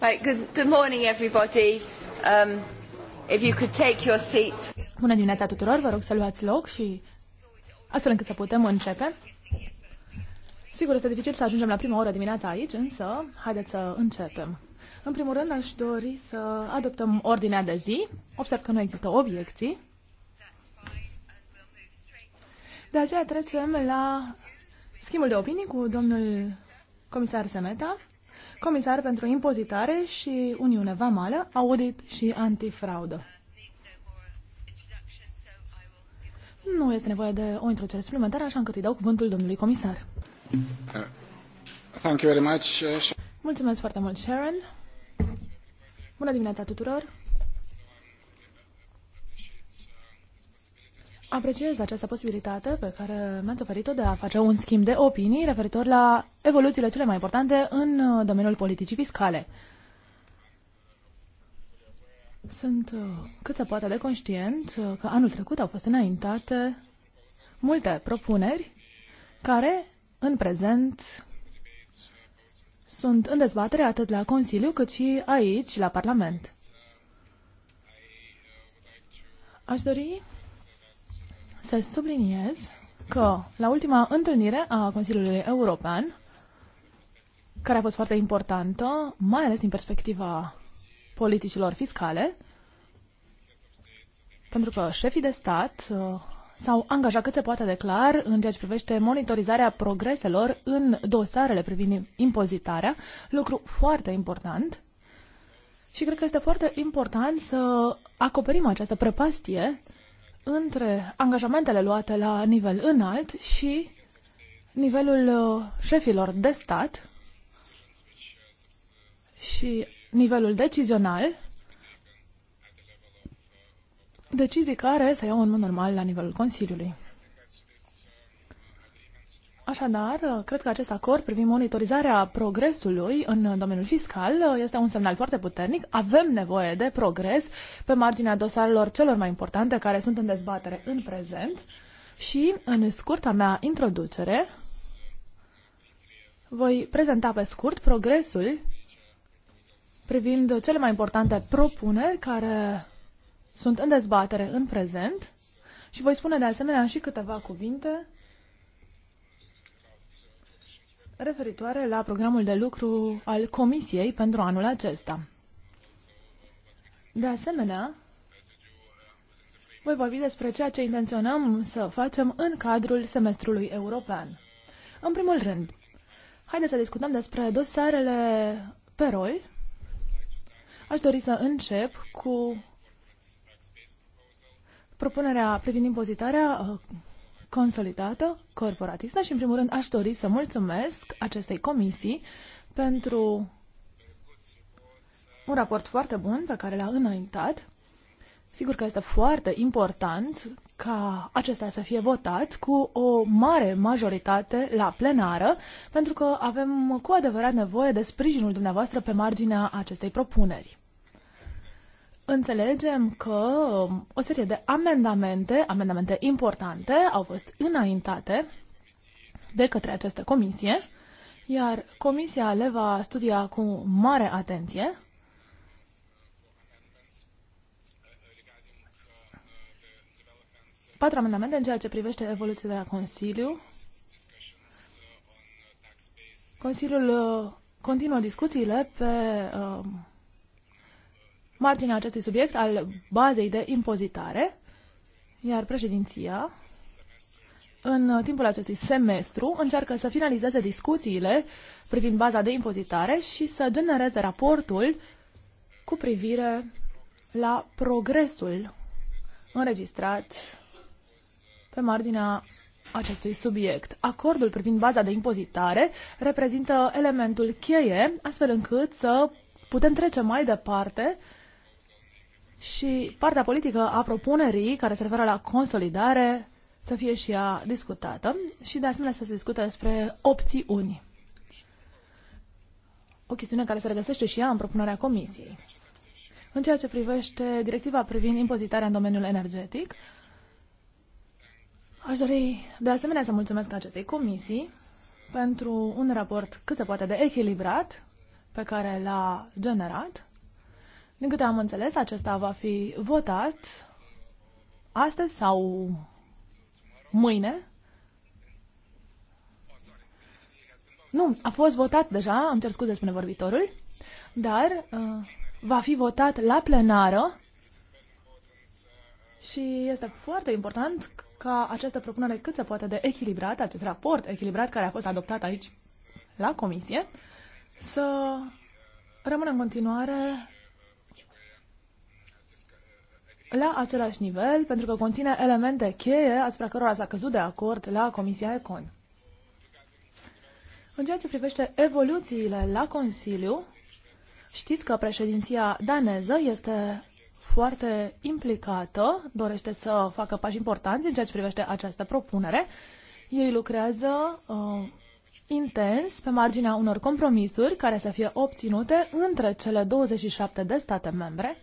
Right, good, good morning everybody. Um, if you could take your seat. Bună dimineața tuturor, vă rog să luați loc și astfel încât să putem începe. Sigur, este dificil să ajungem la prima oră dimineața aici, însă haideți să începem. În primul rând, aș dori să adoptăm ordinea de zi. Observ că nu există obiecții. De aceea trecem la schimbul de opinii cu domnul comisar Semeta comisar pentru impozitare și Uniune Vamală, audit și antifraudă. Nu este nevoie de o introducere suplimentară, așa încât îi dau cuvântul domnului comisar. Thank you very much. Uh, Mulțumesc foarte mult, Sharon. Bună dimineața tuturor! Apreciez această posibilitate pe care mi-ați oferit-o de a face un schimb de opinii referitor la evoluțiile cele mai importante în uh, domeniul politicii fiscale. Sunt uh, cât se poate de conștient uh, că anul trecut au fost înaintate multe propuneri care în prezent sunt în dezbatere atât la Consiliu cât și aici, la Parlament. Aș dori să subliniez că la ultima întâlnire a Consiliului European, care a fost foarte importantă, mai ales din perspectiva politicilor fiscale, pentru că șefii de stat uh, s-au angajat cât se poate de clar în ceea ce privește monitorizarea progreselor în dosarele privind impozitarea, lucru foarte important. Și cred că este foarte important să acoperim această prăpastie între angajamentele luate la nivel înalt și nivelul uh, șefilor de stat și nivelul decizional, decizii care se iau în mod normal la nivelul Consiliului. Așadar, cred că acest acord privind monitorizarea progresului în domeniul fiscal este un semnal foarte puternic. Avem nevoie de progres pe marginea dosarelor celor mai importante care sunt în dezbatere în prezent. Și, în scurta mea introducere, voi prezenta pe scurt progresul privind cele mai importante propuneri care sunt în dezbatere în prezent și voi spune de asemenea și câteva cuvinte referitoare la programul de lucru al Comisiei pentru anul acesta. De asemenea, voi vorbi despre ceea ce intenționăm să facem în cadrul semestrului european. În primul rând, haideți să discutăm despre dosarele pe rol. Aș dori să încep cu propunerea privind impozitarea uh, consolidată, corporatistă și, în primul rând, aș dori să mulțumesc acestei comisii pentru un raport foarte bun pe care l-a înaintat. Sigur că este foarte important ca acesta să fie votat cu o mare majoritate la plenară, pentru că avem cu adevărat nevoie de sprijinul dumneavoastră pe marginea acestei propuneri. Înțelegem că o serie de amendamente, amendamente importante, au fost înaintate de către această comisie, iar comisia le va studia cu mare atenție. Patru amendamente în ceea ce privește evoluția de la Consiliu. Consiliul uh, continuă discuțiile pe uh, marginea acestui subiect al bazei de impozitare, iar președinția în timpul acestui semestru încearcă să finalizeze discuțiile privind baza de impozitare și să genereze raportul cu privire la progresul înregistrat pe marginea acestui subiect. Acordul privind baza de impozitare reprezintă elementul cheie, astfel încât să putem trece mai departe și partea politică a propunerii care se referă la consolidare să fie și ea discutată și de asemenea să se discute despre opțiuni. O chestiune care se regăsește și ea în propunerea Comisiei. În ceea ce privește directiva privind impozitarea în domeniul energetic, aș dori de asemenea să mulțumesc acestei comisii pentru un raport cât se poate de echilibrat pe care l-a generat din câte am înțeles, acesta va fi votat astăzi sau mâine. Nu, a fost votat deja, Am cer scuze, spune vorbitorul, dar uh, va fi votat la plenară și este foarte important ca această propunere cât se poate de echilibrată, acest raport echilibrat care a fost adoptat aici la comisie, să rămână în continuare la același nivel, pentru că conține elemente cheie asupra cărora s-a căzut de acord la Comisia Econ. În ceea ce privește evoluțiile la Consiliu, știți că președinția daneză este foarte implicată, dorește să facă pași importanți în ceea ce privește această propunere. Ei lucrează uh, intens pe marginea unor compromisuri care să fie obținute între cele 27 de state membre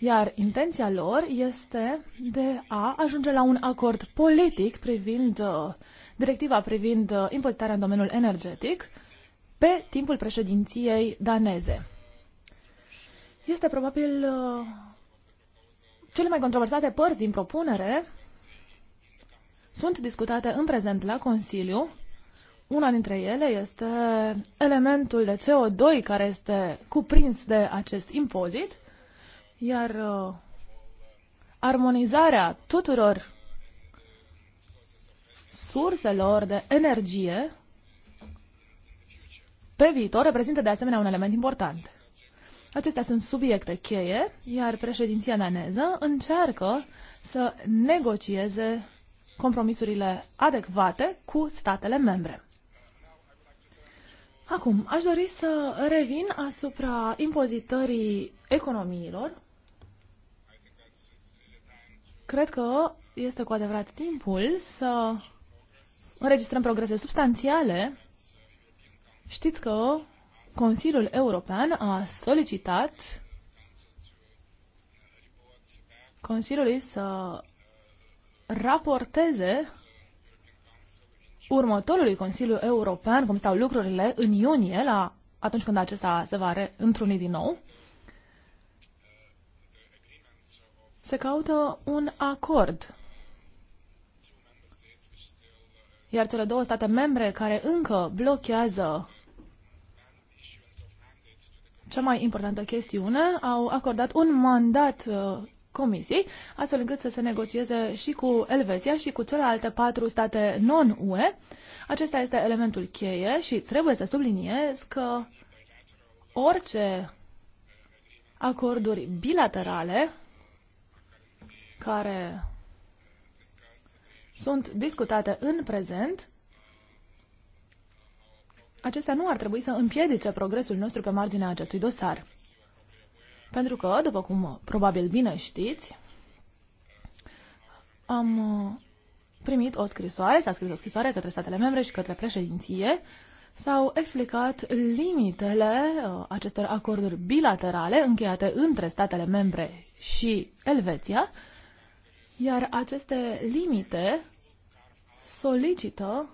iar intenția lor este de a ajunge la un acord politic privind uh, directiva privind uh, impozitarea în domeniul energetic pe timpul președinției daneze. Este probabil uh, cele mai controversate părți din propunere sunt discutate în prezent la Consiliu. Una dintre ele este elementul de CO2 care este cuprins de acest impozit iar uh, armonizarea tuturor surselor de energie pe viitor reprezintă de asemenea un element important. Acestea sunt subiecte cheie, iar președinția daneză încearcă să negocieze compromisurile adecvate cu statele membre. Acum, aș dori să revin asupra impozitării economiilor Cred că este cu adevărat timpul să înregistrăm progrese substanțiale. Știți că Consiliul European a solicitat Consiliului să raporteze următorului Consiliu European cum stau lucrurile în iunie, la atunci când acesta se va întruni din nou. se caută un acord. Iar cele două state membre care încă blochează cea mai importantă chestiune, au acordat un mandat uh, Comisiei, astfel încât să se negocieze și cu Elveția și cu celelalte patru state non-UE. Acesta este elementul cheie și trebuie să subliniez că orice acorduri bilaterale care sunt discutate în prezent, acestea nu ar trebui să împiedice progresul nostru pe marginea acestui dosar. Pentru că, după cum probabil bine știți, am uh, primit o scrisoare, s-a scris o scrisoare către statele membre și către președinție, s-au explicat limitele uh, acestor acorduri bilaterale încheiate între statele membre și Elveția iar aceste limite solicită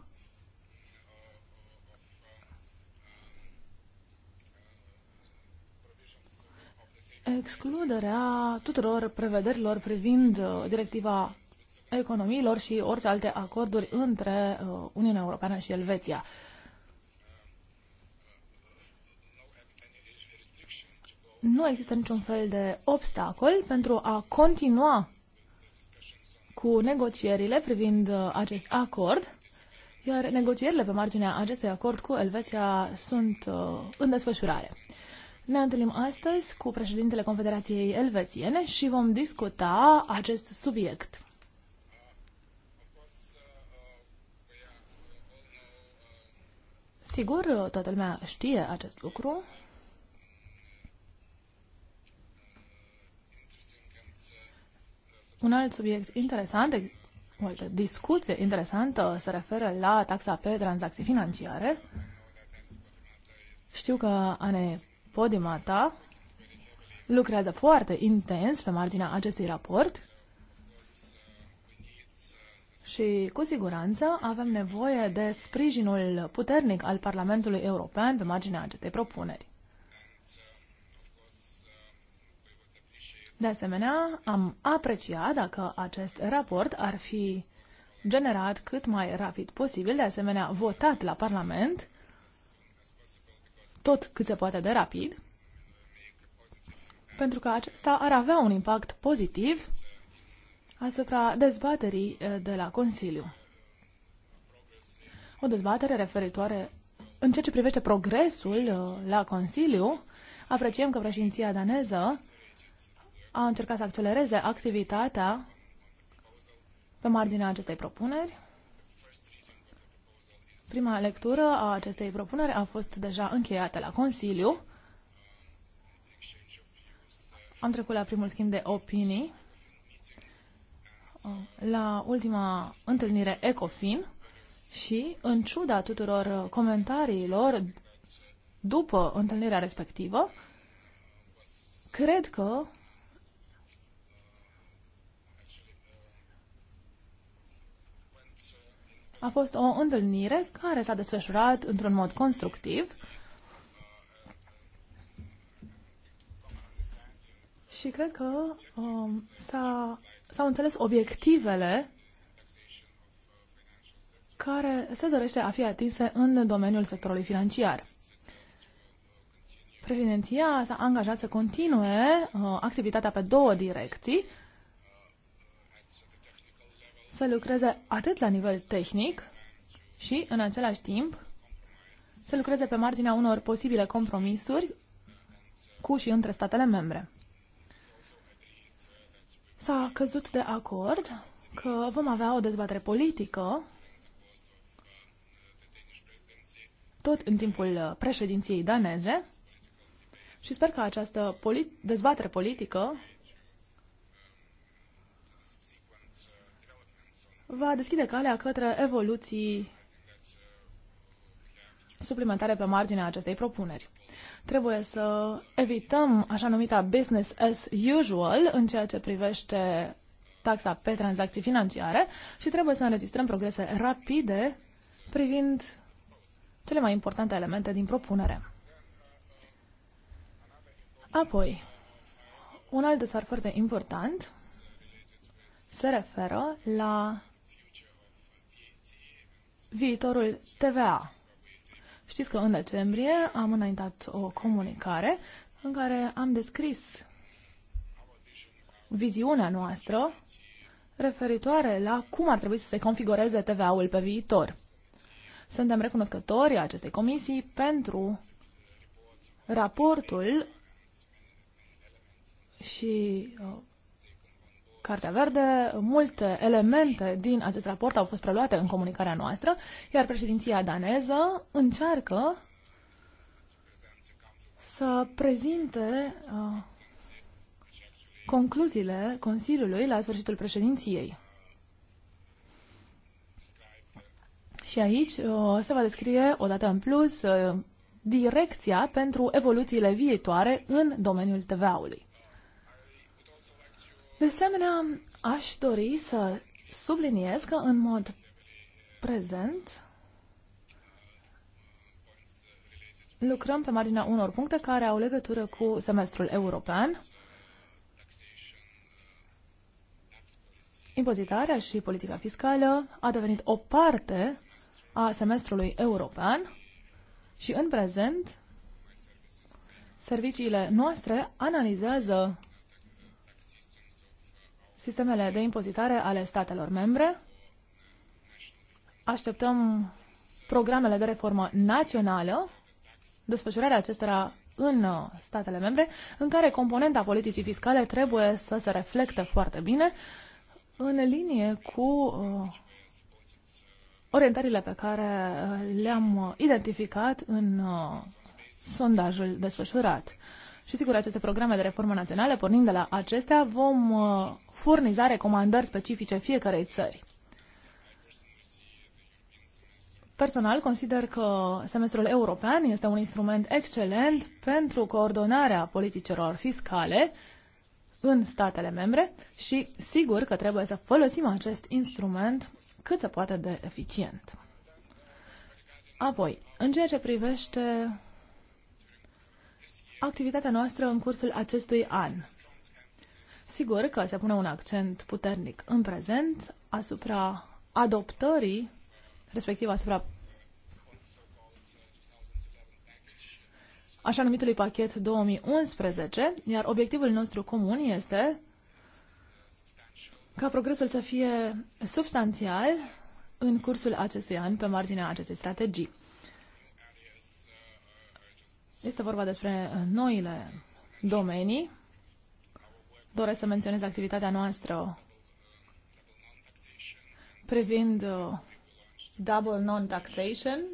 excluderea tuturor prevederilor privind uh, directiva economiilor și orice alte acorduri între uh, Uniunea Europeană și Elveția. Nu există niciun fel de obstacol pentru a continua cu negocierile privind uh, acest acord, iar negocierile pe marginea acestui acord cu Elveția sunt uh, în desfășurare. Ne întâlnim astăzi cu președintele Confederației Elvețiene și vom discuta acest subiect. Sigur, toată lumea știe acest lucru. Un alt subiect interesant, o altă discuție interesantă se referă la taxa pe tranzacții financiare. Știu că Ane Podimata lucrează foarte intens pe marginea acestui raport și cu siguranță avem nevoie de sprijinul puternic al Parlamentului European pe marginea acestei propuneri. De asemenea, am apreciat dacă acest raport ar fi generat cât mai rapid posibil, de asemenea votat la Parlament, tot cât se poate de rapid, pentru că acesta ar avea un impact pozitiv asupra dezbaterii eh, de la Consiliu. O dezbatere referitoare în ceea ce privește progresul eh, la Consiliu, apreciem că președinția daneză a încercat să accelereze activitatea pe marginea acestei propuneri. Prima lectură a acestei propuneri a fost deja încheiată la Consiliu. Am trecut la primul schimb de opinii, la ultima întâlnire ECOFIN și, în ciuda tuturor comentariilor după întâlnirea respectivă, cred că A fost o întâlnire care s-a desfășurat într-un mod constructiv și cred că um, s-a, s-au înțeles obiectivele care se dorește a fi atinse în domeniul sectorului financiar. Președinția s-a angajat să continue uh, activitatea pe două direcții, să lucreze atât la nivel tehnic și, în același timp, să lucreze pe marginea unor posibile compromisuri cu și între statele membre. S-a căzut de acord că vom avea o dezbatere politică tot în timpul președinției daneze și sper că această polit- dezbatere politică va deschide calea către evoluții suplimentare pe marginea acestei propuneri. Trebuie să evităm așa numita business as usual în ceea ce privește taxa pe tranzacții financiare și trebuie să înregistrăm progrese rapide privind cele mai importante elemente din propunere. Apoi, un alt dosar foarte important se referă la viitorul TVA. Știți că în decembrie am înaintat o comunicare în care am descris viziunea noastră referitoare la cum ar trebui să se configureze TVA-ul pe viitor. Suntem recunoscători acestei comisii pentru raportul și uh, Cartea Verde, multe elemente din acest raport au fost preluate în comunicarea noastră, iar președinția daneză încearcă să prezinte uh, concluziile Consiliului la sfârșitul președinției. Și aici uh, se va descrie, odată în plus, uh, direcția pentru evoluțiile viitoare în domeniul TVA-ului. De asemenea, aș dori să subliniez că în mod prezent lucrăm pe marginea unor puncte care au legătură cu semestrul european, impozitarea și politica fiscală a devenit o parte a semestrului european și în prezent serviciile noastre analizează sistemele de impozitare ale statelor membre. Așteptăm programele de reformă națională, desfășurarea acestora în uh, statele membre, în care componenta politicii fiscale trebuie să se reflecte foarte bine în linie cu uh, orientările pe care uh, le-am identificat în sondajul desfășurat. Și sigur, aceste programe de reformă naționale, pornind de la acestea, vom uh, furniza recomandări specifice fiecarei țări. Personal, consider că semestrul european este un instrument excelent pentru coordonarea politicilor fiscale în statele membre și sigur că trebuie să folosim acest instrument cât se poate de eficient. Apoi, în ceea ce privește activitatea noastră în cursul acestui an. Sigur că se pune un accent puternic în prezent asupra adoptării, respectiv asupra așa numitului pachet 2011, iar obiectivul nostru comun este ca progresul să fie substanțial în cursul acestui an pe marginea acestei strategii. Este vorba despre uh, noile domenii. Doresc să menționez activitatea noastră privind uh, double non-taxation.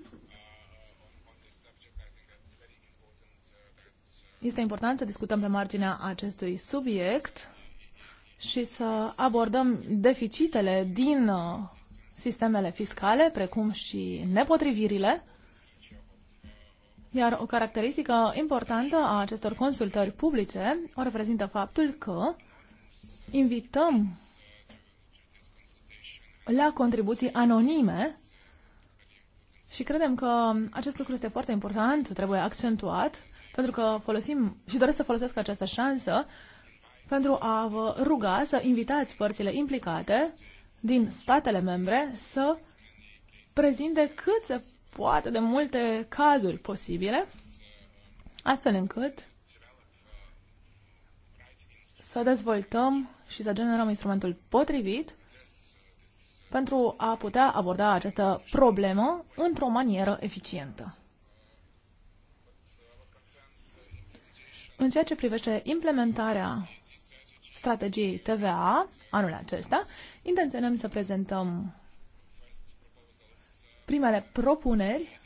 Este important să discutăm pe marginea acestui subiect și să abordăm deficitele din uh, sistemele fiscale, precum și nepotrivirile. Iar o caracteristică importantă a acestor consultări publice o reprezintă faptul că invităm la contribuții anonime și credem că acest lucru este foarte important, trebuie accentuat, pentru că folosim și doresc să folosesc această șansă pentru a vă ruga să invitați părțile implicate din statele membre să prezinte cât se poate de multe cazuri posibile, astfel încât să dezvoltăm și să generăm instrumentul potrivit pentru a putea aborda această problemă într-o manieră eficientă. În ceea ce privește implementarea strategiei TVA anul acesta, intenționăm să prezentăm primele propuneri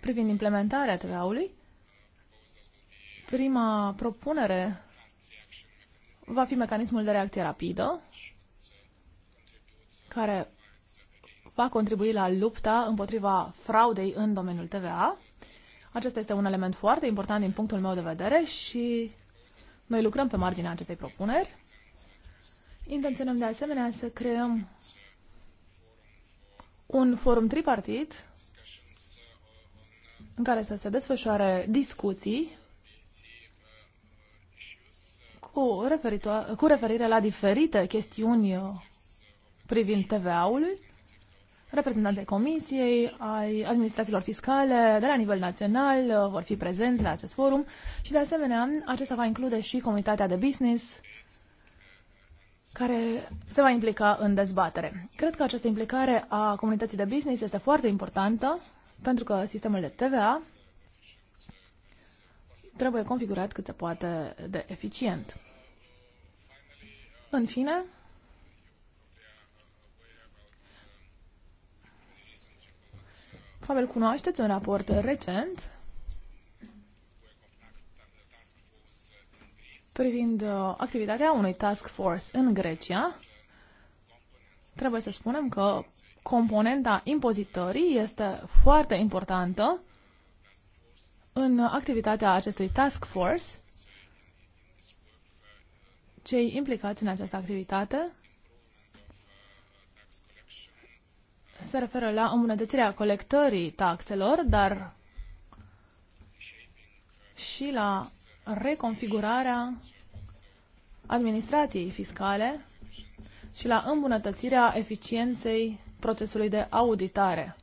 privind implementarea TVA-ului. Prima propunere va fi mecanismul de reacție rapidă, care va contribui la lupta împotriva fraudei în domeniul TVA. Acesta este un element foarte important din punctul meu de vedere și noi lucrăm pe marginea acestei propuneri. Intenționăm de asemenea să creăm un forum tripartit în care să se desfășoare discuții cu, cu referire la diferite chestiuni privind TVA-ului, reprezentanții Comisiei, ai administrațiilor fiscale de la nivel național vor fi prezenți la acest forum și, de asemenea, acesta va include și comunitatea de Business care se va implica în dezbatere. Cred că această implicare a comunității de business este foarte importantă pentru că sistemul de TVA trebuie configurat cât se poate de eficient. În fine, probabil cunoașteți un raport recent privind uh, activitatea unei task force în Grecia, trebuie să spunem că componenta impozitării este foarte importantă în activitatea acestui task force. Cei implicați în această activitate se referă la îmbunătățirea colectării taxelor, dar și la reconfigurarea administrației fiscale și la îmbunătățirea eficienței procesului de auditare,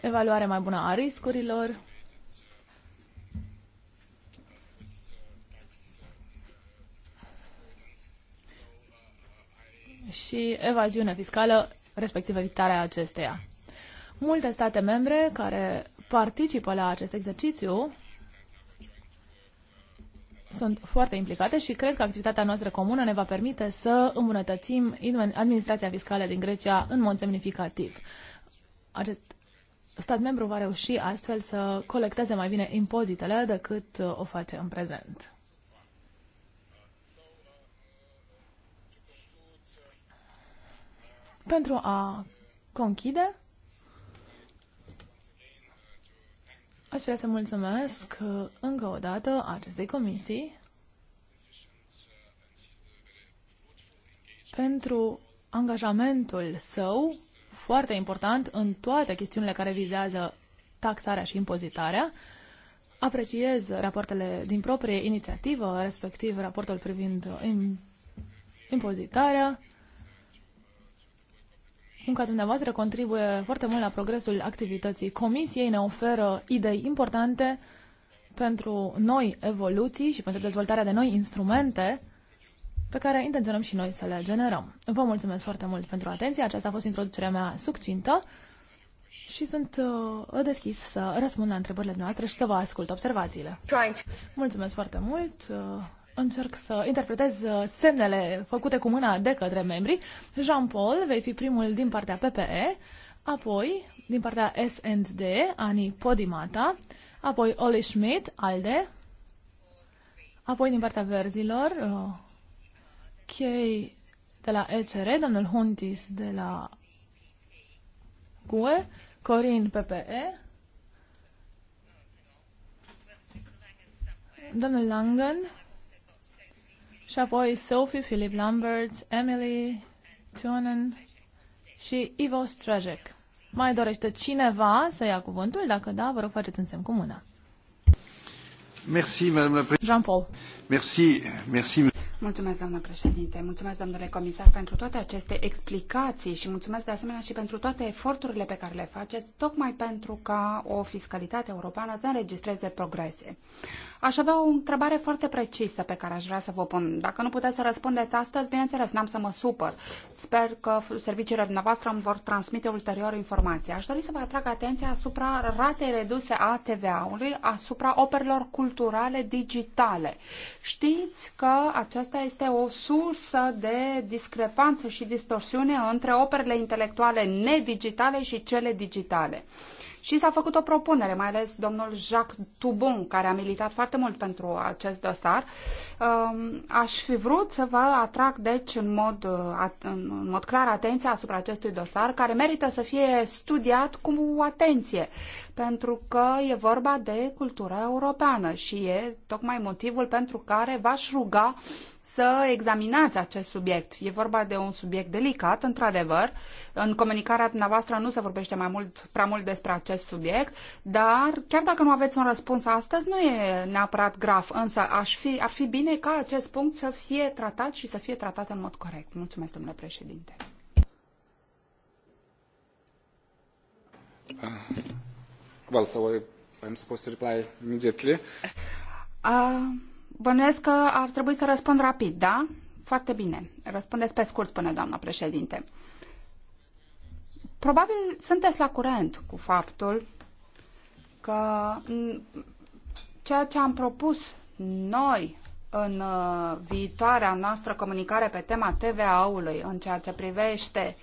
evaluare mai bună a riscurilor, și evaziune fiscală, respectiv evitarea acesteia. Multe state membre care participă la acest exercițiu sunt foarte implicate și cred că activitatea noastră comună ne va permite să îmbunătățim administrația fiscală din Grecia în mod semnificativ. Acest stat membru va reuși astfel să colecteze mai bine impozitele decât uh, o face în prezent. Pentru a conchide, Aș vrea să mulțumesc uh, încă o dată acestei comisii pentru angajamentul său foarte important în toate chestiunile care vizează taxarea și impozitarea. Apreciez rapoartele din proprie inițiativă, respectiv raportul privind uh, impozitarea Munca dumneavoastră contribuie foarte mult la progresul activității comisiei, ne oferă idei importante pentru noi evoluții și pentru dezvoltarea de noi instrumente pe care intenționăm și noi să le generăm. Vă mulțumesc foarte mult pentru atenție. Aceasta a fost introducerea mea succintă și sunt uh, deschis să răspund la întrebările noastre și să vă ascult observațiile. Mulțumesc foarte mult! Uh, încerc să interpretez uh, semnele făcute cu mâna de către membri. Jean-Paul, vei fi primul din partea PPE, apoi din partea S&D, Ani Podimata, apoi Oli Schmidt, ALDE, apoi din partea verzilor, Chei uh, de la ECR, domnul Huntis de la GUE, Corin PPE, domnul Langen, și apoi Sophie, Philip Lambert, Emily Tunen și Ivo Strajek. Mai dorește cineva să ia cuvântul? Dacă da, vă rog faceți în semn cu mâna. Merci, Madame la Jean-Paul. Merci, merci. Mulțumesc, doamnă președinte, mulțumesc, domnule comisar, pentru toate aceste explicații și mulțumesc de asemenea și pentru toate eforturile pe care le faceți, tocmai pentru ca o fiscalitate europeană să înregistreze progrese. Aș avea o întrebare foarte precisă pe care aș vrea să vă pun. Dacă nu puteți să răspundeți astăzi, bineînțeles, n-am să mă supăr. Sper că serviciile dumneavoastră îmi vor transmite ulterior informații. Aș dori să vă atrag atenția asupra ratei reduse a TVA-ului, asupra operelor culturale digitale. Știți că această acesta este o sursă de discrepanță și distorsiune între operele intelectuale nedigitale și cele digitale. Și s-a făcut o propunere, mai ales domnul Jacques Toubon, care a militat foarte mult pentru acest dosar. Um, aș fi vrut să vă atrag, deci, în mod, uh, în mod clar atenția asupra acestui dosar, care merită să fie studiat cu atenție, pentru că e vorba de cultura europeană și e tocmai motivul pentru care v-aș ruga să examinați acest subiect. E vorba de un subiect delicat, într-adevăr. În comunicarea dumneavoastră nu se vorbește mai mult, prea mult despre acest subiect, dar chiar dacă nu aveți un răspuns astăzi, nu e neapărat grav, însă aș fi, ar fi bine ca acest punct să fie tratat și să fie tratat în mod corect. Mulțumesc, domnule președinte. Well, so uh, I'm supposed to reply immediately. Uh, Bănuiesc că ar trebui să răspund rapid, da? Foarte bine. Răspundeți pe scurt, spune doamna președinte. Probabil sunteți la curent cu faptul că ceea ce am propus noi în uh, viitoarea noastră comunicare pe tema TVA-ului, în ceea ce privește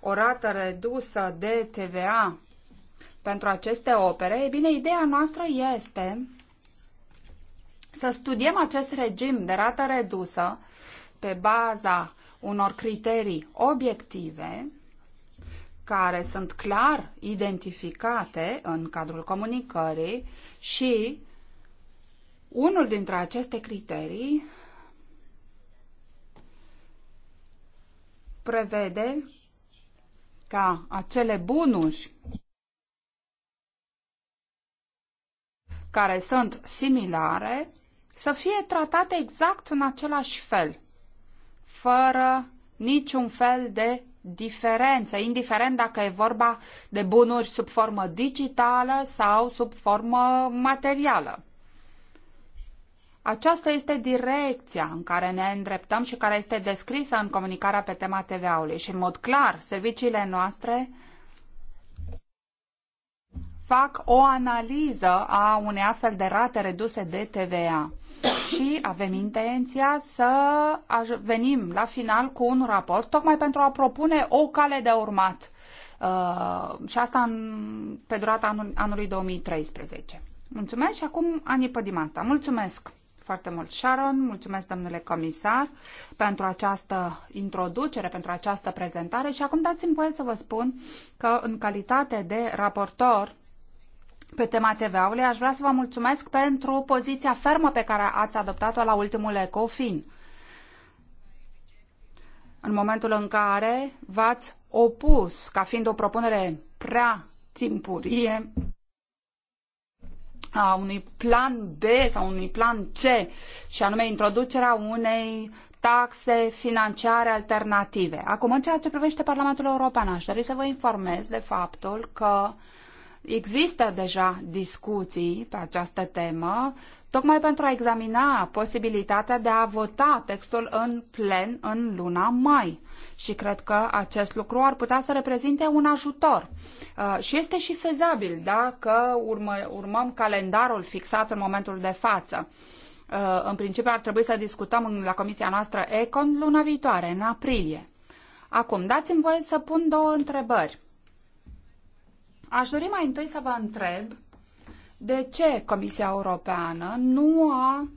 o rată redusă de TVA pentru aceste opere, e bine, ideea noastră este să studiem acest regim de rată redusă pe baza unor criterii obiective care sunt clar identificate în cadrul comunicării și unul dintre aceste criterii prevede ca acele bunuri care sunt similare să fie tratate exact în același fel, fără niciun fel de diferență, indiferent dacă e vorba de bunuri sub formă digitală sau sub formă materială. Aceasta este direcția în care ne îndreptăm și care este descrisă în comunicarea pe tema TVA-ului și, în mod clar, serviciile noastre fac o analiză a unei astfel de rate reduse de TVA și avem intenția să venim la final cu un raport tocmai pentru a propune o cale de urmat uh, și asta în, pe durata anului 2013. Mulțumesc și acum Ani Pădimata. Mulțumesc foarte mult, Sharon. Mulțumesc, domnule comisar, pentru această introducere, pentru această prezentare și acum dați-mi voie să vă spun că în calitate de raportor pe tema TVA-ului, aș vrea să vă mulțumesc pentru poziția fermă pe care ați adoptat-o la ultimul ECOFIN. În momentul în care v-ați opus ca fiind o propunere prea timpurie a unui plan B sau unui plan C, și anume introducerea unei taxe financiare alternative. Acum, în ceea ce privește Parlamentul European, aș dori să vă informez de faptul că Există deja discuții pe această temă, tocmai pentru a examina posibilitatea de a vota textul în plen în luna mai. Și cred că acest lucru ar putea să reprezinte un ajutor. Uh, și este și fezabil dacă urmă, urmăm calendarul fixat în momentul de față. Uh, în principiu ar trebui să discutăm la comisia noastră ECON luna viitoare, în aprilie. Acum, dați-mi voie să pun două întrebări Aș dori mai întâi să vă întreb de ce Comisia Europeană nu a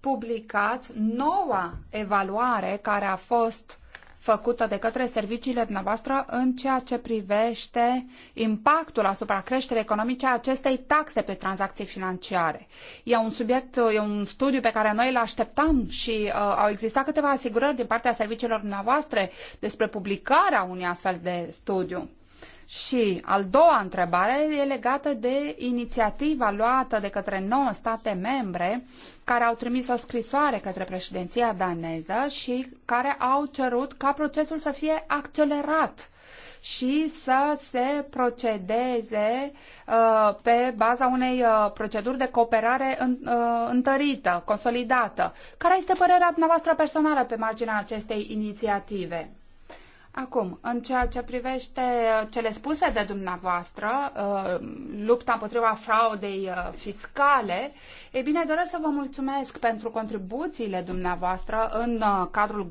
publicat noua evaluare care a fost făcută de către serviciile dumneavoastră în ceea ce privește impactul asupra creșterii economice a acestei taxe pe tranzacții financiare. E un subiect, e un studiu pe care noi îl așteptam și uh, au existat câteva asigurări din partea serviciilor dumneavoastră despre publicarea unui astfel de studiu. Și al doua întrebare e legată de inițiativa luată de către nouă state membre care au trimis o scrisoare către președinția daneză și care au cerut ca procesul să fie accelerat și să se procedeze uh, pe baza unei uh, proceduri de cooperare în, uh, întărită, consolidată. Care este părerea dumneavoastră personală pe marginea acestei inițiative? Acum, în ceea ce privește uh, cele spuse de dumneavoastră, uh, lupta împotriva fraudei uh, fiscale, e bine, doresc să vă mulțumesc pentru contribuțiile dumneavoastră în cadrul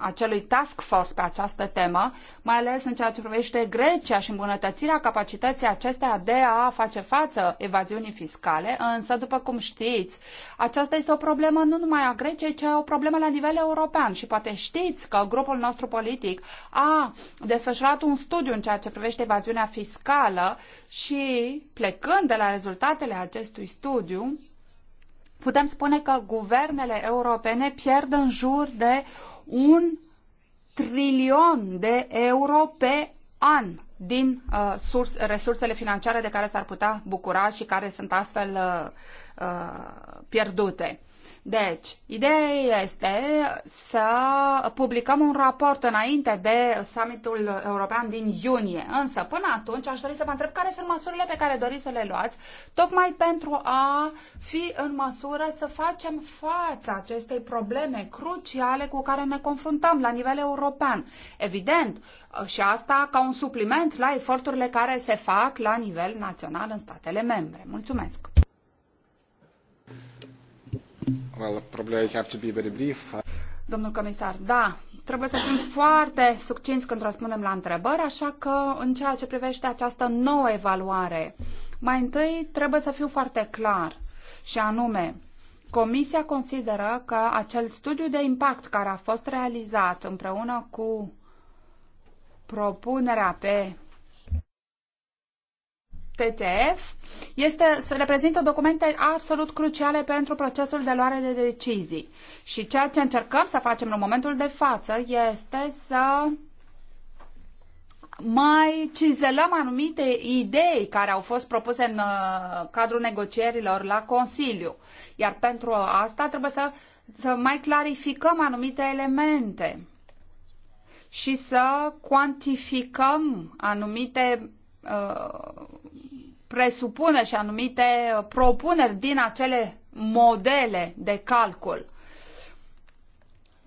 acelui task force pe această temă, mai ales în ceea ce privește Grecia și îmbunătățirea capacității acestea de a face față evaziunii fiscale, însă, după cum știți, aceasta este o problemă nu numai a Greciei, ci o problemă la nivel european și poate știți că grupul nostru politic a desfășurat un studiu în ceea ce privește evaziunea fiscală și, plecând de la rezultatele acestui studiu, putem spune că guvernele europene pierd în jur de un trilion de euro pe an din uh, surs, resursele financiare de care s-ar putea bucura și care sunt astfel uh, uh pierdute. Deci, ideea este să publicăm un raport înainte de summitul european din iunie. Însă, până atunci, aș dori să vă întreb care sunt măsurile pe care doriți să le luați, tocmai pentru a fi în măsură să facem fața acestei probleme cruciale cu care ne confruntăm la nivel european. Evident, și asta ca un supliment la eforturile care se fac la nivel național în statele membre. Mulțumesc! Domnule Domnul comisar, da, trebuie să fim foarte succinți când răspundem la întrebări, așa că în ceea ce privește această nouă evaluare, mai întâi trebuie să fiu foarte clar și anume, Comisia consideră că acel studiu de impact care a fost realizat împreună cu propunerea pe TTF este, reprezintă documente absolut cruciale pentru procesul de luare de decizii. Și ceea ce încercăm să facem în momentul de față este să mai cizelăm anumite idei care au fost propuse în uh, cadrul negocierilor la Consiliu. Iar pentru asta trebuie să, să mai clarificăm anumite elemente și să cuantificăm anumite Uh, presupune și anumite uh, propuneri din acele modele de calcul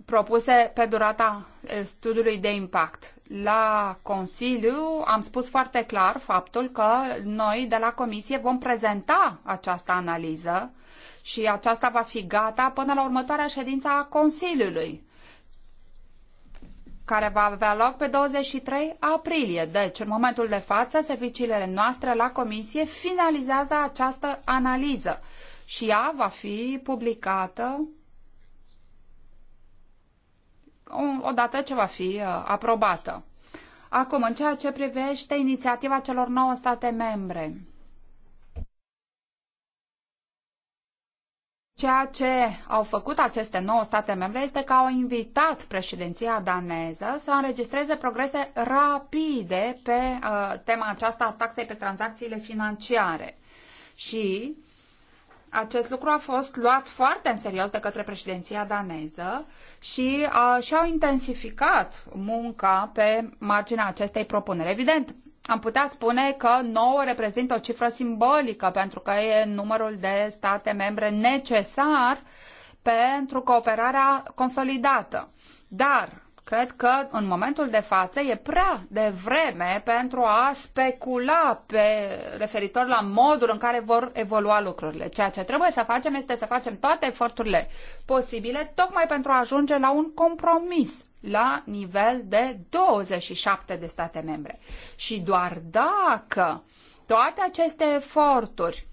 propuse pe durata uh, studiului de impact. La Consiliu am spus foarte clar faptul că noi de la Comisie vom prezenta această analiză și aceasta va fi gata până la următoarea ședință a Consiliului care va avea loc pe 23 aprilie. Deci, în momentul de față, serviciile noastre la Comisie finalizează această analiză și ea va fi publicată odată ce va fi uh, aprobată. Acum, în ceea ce privește inițiativa celor nouă state membre, Ceea ce au făcut aceste nouă state membre este că au invitat președinția daneză să înregistreze progrese rapide pe uh, tema aceasta a taxei pe tranzacțiile financiare. Și acest lucru a fost luat foarte în serios de către președinția daneză și uh, și-au intensificat munca pe marginea acestei propuneri. Evident, am putea spune că 9 reprezintă o cifră simbolică pentru că e numărul de state membre necesar pentru cooperarea consolidată. Dar cred că în momentul de față e prea de vreme pentru a specula pe referitor la modul în care vor evolua lucrurile. Ceea ce trebuie să facem este să facem toate eforturile posibile tocmai pentru a ajunge la un compromis la nivel de 27 de state membre. Și doar dacă toate aceste eforturi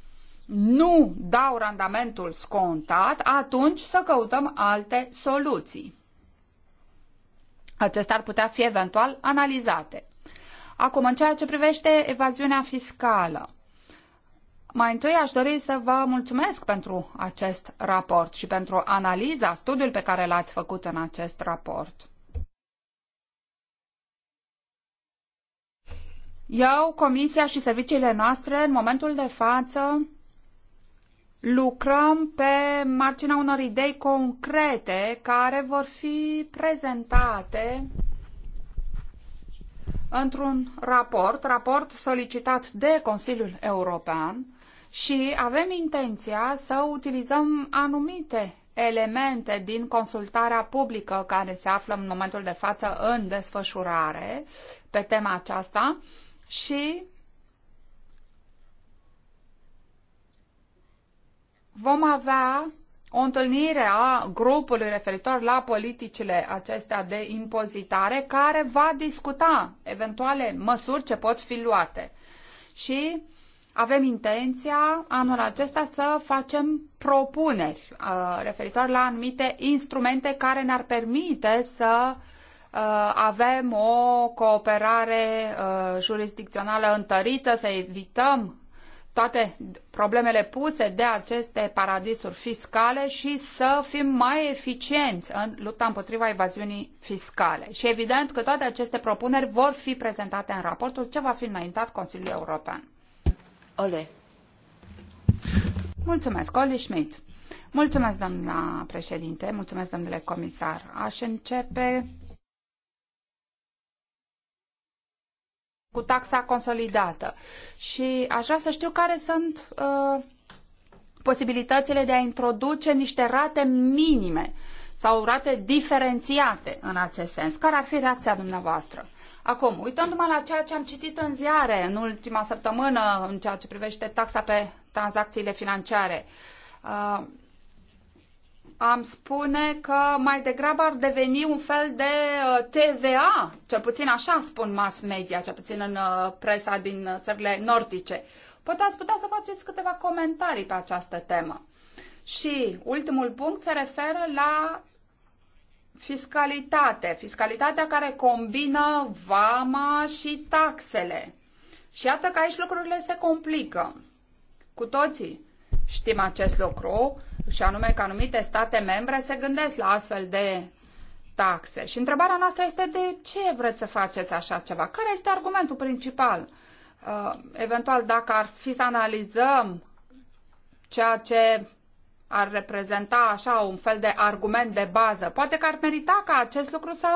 nu dau randamentul scontat, atunci să căutăm alte soluții. Acestea ar putea fi eventual analizate. Acum, în ceea ce privește evaziunea fiscală, mai întâi aș dori să vă mulțumesc pentru acest raport și pentru analiza, studiul pe care l-ați făcut în acest raport. Eu, Comisia și serviciile noastre, în momentul de față, lucrăm pe marginea unor idei concrete care vor fi prezentate într-un raport, raport solicitat de Consiliul European și avem intenția să utilizăm anumite elemente din consultarea publică care se află în momentul de față în desfășurare pe tema aceasta și vom avea o întâlnire a grupului referitor la politicile acestea de impozitare care va discuta eventuale măsuri ce pot fi luate. Și avem intenția anul acesta să facem propuneri uh, referitor la anumite instrumente care ne-ar permite să uh, Uh, avem o cooperare uh, jurisdicțională întărită, să evităm toate problemele puse de aceste paradisuri fiscale și să fim mai eficienți în lupta împotriva evaziunii fiscale. Și evident că toate aceste propuneri vor fi prezentate în raportul ce va fi înaintat Consiliul European. Ole. Mulțumesc, Oli Schmidt. Mulțumesc, doamna președinte, mulțumesc, domnule comisar. Aș începe cu taxa consolidată. Și aș vrea să știu care sunt uh, posibilitățile de a introduce niște rate minime sau rate diferențiate în acest sens. Care ar fi reacția dumneavoastră? Acum, uitându-mă la ceea ce am citit în ziare în ultima săptămână în ceea ce privește taxa pe tranzacțiile financiare, uh, am spune că mai degrabă ar deveni un fel de uh, TVA, cel puțin așa spun mass media, cel puțin în uh, presa din uh, țările nordice. Poate ați putea să faceți câteva comentarii pe această temă. Și ultimul punct se referă la fiscalitate, fiscalitatea care combină vama și taxele. Și iată că aici lucrurile se complică. Cu toții Știm acest lucru și anume că anumite state membre se gândesc la astfel de taxe. Și întrebarea noastră este de ce vreți să faceți așa ceva? Care este argumentul principal? Uh, eventual, dacă ar fi să analizăm ceea ce ar reprezenta așa un fel de argument de bază. Poate că ar merita ca acest lucru să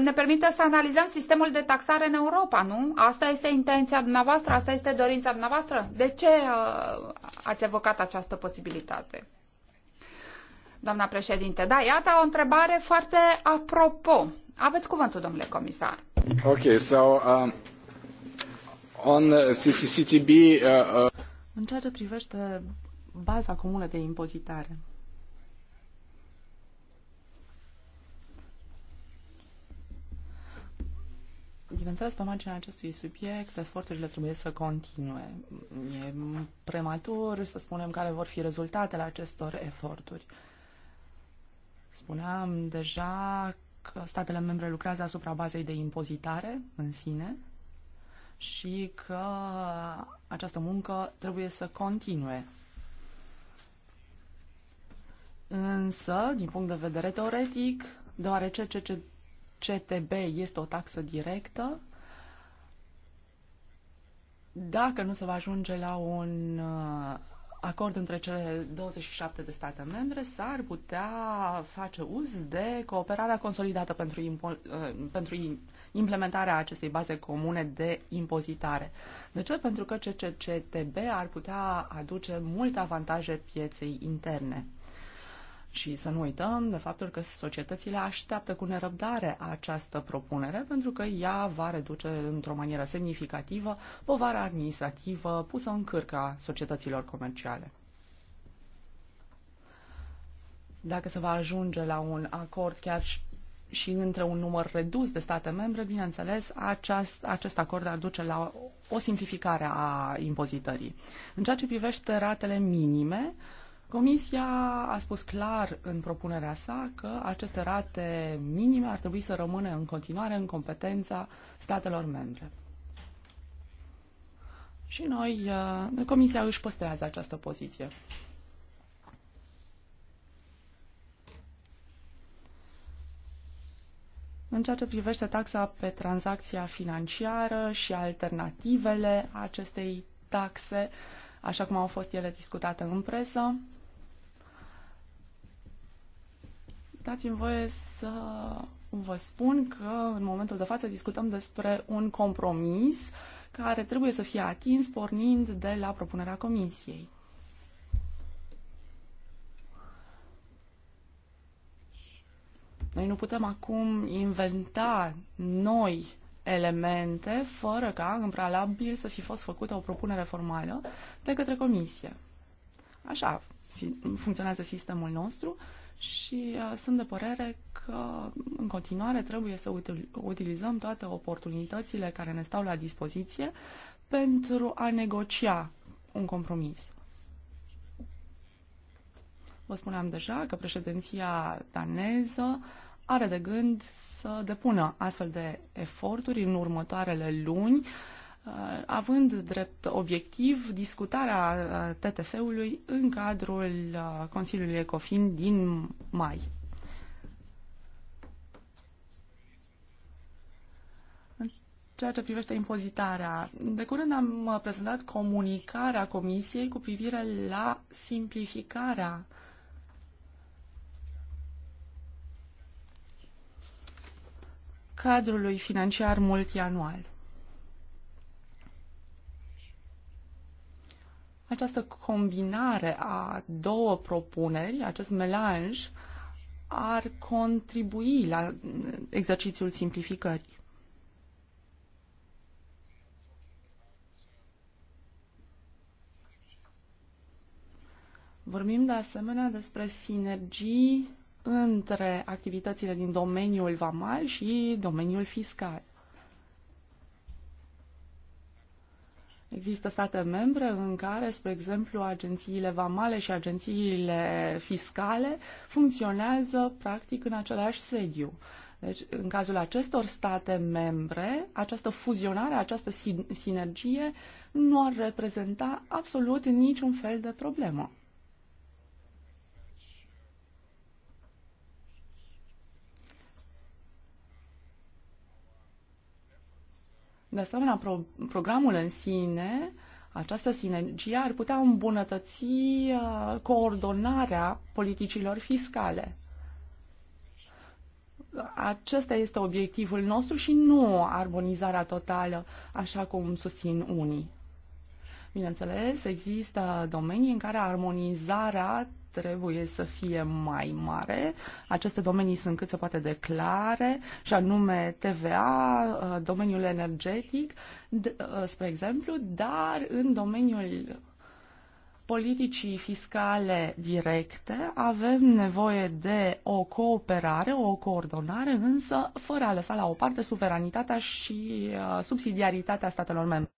ne permită să analizăm sistemul de taxare în Europa, nu? Asta este intenția dumneavoastră, asta este dorința dumneavoastră? De ce uh, ați evocat această posibilitate? Doamna președinte, da, iată o întrebare foarte apropo. Aveți cuvântul, domnule comisar. Ok, so um, on CCCTB... Uh, uh... În ceea ce privește baza comună de impozitare. Bineînțeles, pe marginea acestui subiect, eforturile trebuie să continue. E prematur să spunem care vor fi rezultatele acestor eforturi. Spuneam deja că statele membre lucrează asupra bazei de impozitare în sine și că această muncă trebuie să continue Însă, din punct de vedere teoretic, deoarece CTB este o taxă directă, dacă nu se va ajunge la un uh, acord între cele 27 de state membre, s-ar putea face uz de cooperarea consolidată pentru, impo- uh, pentru implementarea acestei baze comune de impozitare. De ce? Pentru că CCCTB ar putea aduce multe avantaje pieței interne. Și să nu uităm de faptul că societățile așteaptă cu nerăbdare această propunere, pentru că ea va reduce într-o manieră semnificativă povara administrativă pusă în cârca societăților comerciale. Dacă se va ajunge la un acord chiar și între un număr redus de state membre, bineînțeles, aceast, acest acord ar duce la o simplificare a impozitării. În ceea ce privește ratele minime, uh, Comisia a spus clar în propunerea sa că aceste rate minime ar trebui să rămână în continuare în competența statelor membre. Și noi, uh, Comisia își păstrează această poziție. În ceea ce privește taxa pe tranzacția financiară și alternativele acestei taxe, așa cum au fost ele discutate în presă, Dați-mi voie să vă spun că în momentul de față discutăm despre un compromis care trebuie să fie atins pornind de la propunerea Comisiei. Noi nu putem acum inventa noi elemente fără ca în prealabil să fi fost făcută o propunere formală de către comisie. Așa funcționează sistemul nostru și uh, sunt de părere că în continuare trebuie să utilizăm toate oportunitățile care ne stau la dispoziție pentru a negocia un compromis. Vă spuneam deja că președinția daneză are de gând să depună astfel de eforturi în următoarele luni Uh, având drept obiectiv discutarea uh, TTF-ului în cadrul uh, Consiliului Ecofin din mai. ceea ce privește impozitarea. De curând am prezentat comunicarea Comisiei cu privire la simplificarea cadrului financiar multianual. Această combinare a două propuneri, acest melanj, ar contribui la mm, exercițiul simplificării. Vorbim de asemenea despre sinergii între activitățile din domeniul vamal și domeniul fiscal. Există state membre în care, spre exemplu, agențiile vamale și agențiile fiscale funcționează practic în același sediu. Deci, în cazul acestor state membre, această fuzionare, această sin sinergie nu ar reprezenta absolut niciun fel de problemă. De asemenea, pro- programul în sine, această sinergie ar putea îmbunătăți uh, coordonarea politicilor fiscale. Acesta este obiectivul nostru și nu armonizarea totală, așa cum susțin unii. Bineînțeles, există domenii în care armonizarea trebuie să fie mai mare. Aceste domenii sunt cât se poate de clare, și anume TVA, uh, domeniul energetic, uh, spre exemplu, dar în domeniul politicii fiscale directe avem nevoie de o cooperare, o coordonare, însă fără a lăsa la o parte suveranitatea și uh, subsidiaritatea statelor membre.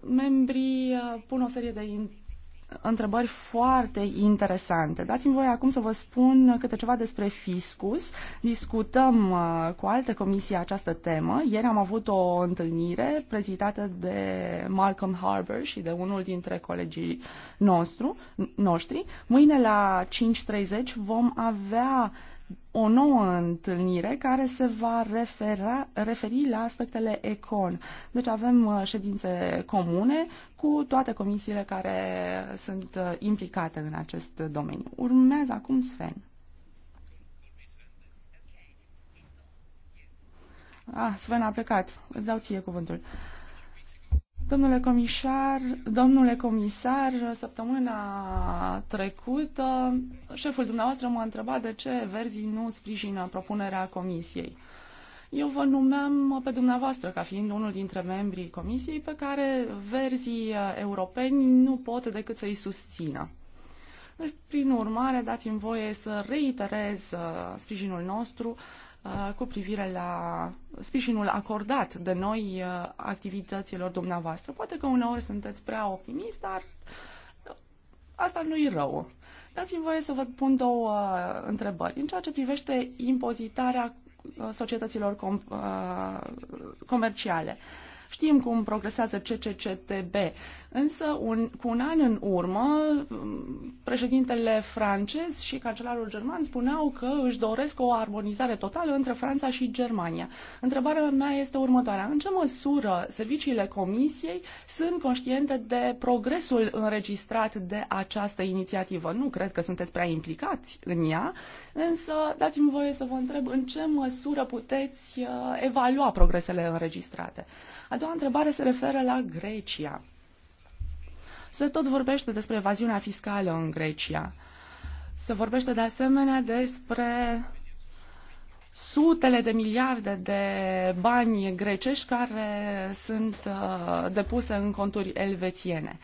membrii pun o serie de întrebări foarte interesante. Dați-mi voie acum să vă spun câte ceva despre fiscus. Discutăm uh, cu alte comisii această temă. Ieri am avut o întâlnire prezidată de Malcolm Harbour și de unul dintre colegii nostru, noștri. Mâine la 5.30 vom avea uh, o nouă întâlnire care se va refera, referi la aspectele ECON. Deci avem uh, ședințe comune cu toate comisiile care sunt uh, implicate în acest domeniu. Urmează acum Sven. Ah, Sven a plecat. Îți dau ție cuvântul. Uh, Domnule comisar, domnule comisar, săptămâna trecută șeful dumneavoastră m-a întrebat de ce verzii nu sprijină propunerea comisiei. Eu vă numeam pe dumneavoastră ca fiind unul dintre membrii comisiei pe care verzii europeni nu pot decât să-i susțină. Deci, prin urmare, dați-mi voie să reiterez uh, sprijinul nostru uh, Uh, cu privire la sprijinul acordat de noi uh, activităților dumneavoastră. Poate că uneori sunteți prea optimist, dar asta nu e rău. Dați-mi voie să vă pun două uh, întrebări. În ceea ce privește impozitarea societăților com- comerciale, uh, Știm cum progresează CCCTB, însă un, cu un an în urmă, președintele francez și cancelarul german spuneau că își doresc o armonizare totală între Franța și Germania. Întrebarea mea este următoarea. În ce măsură serviciile Comisiei sunt conștiente de progresul înregistrat de această inițiativă? Nu cred că sunteți prea implicați în ea, însă dați-mi voie să vă întreb în ce măsură puteți uh, evalua progresele înregistrate. A doua întrebare se referă la Grecia. Se tot vorbește despre evaziunea fiscală în Grecia. Se vorbește de asemenea despre sutele de miliarde de bani grecești care sunt uh, depuse în conturi elvețiene.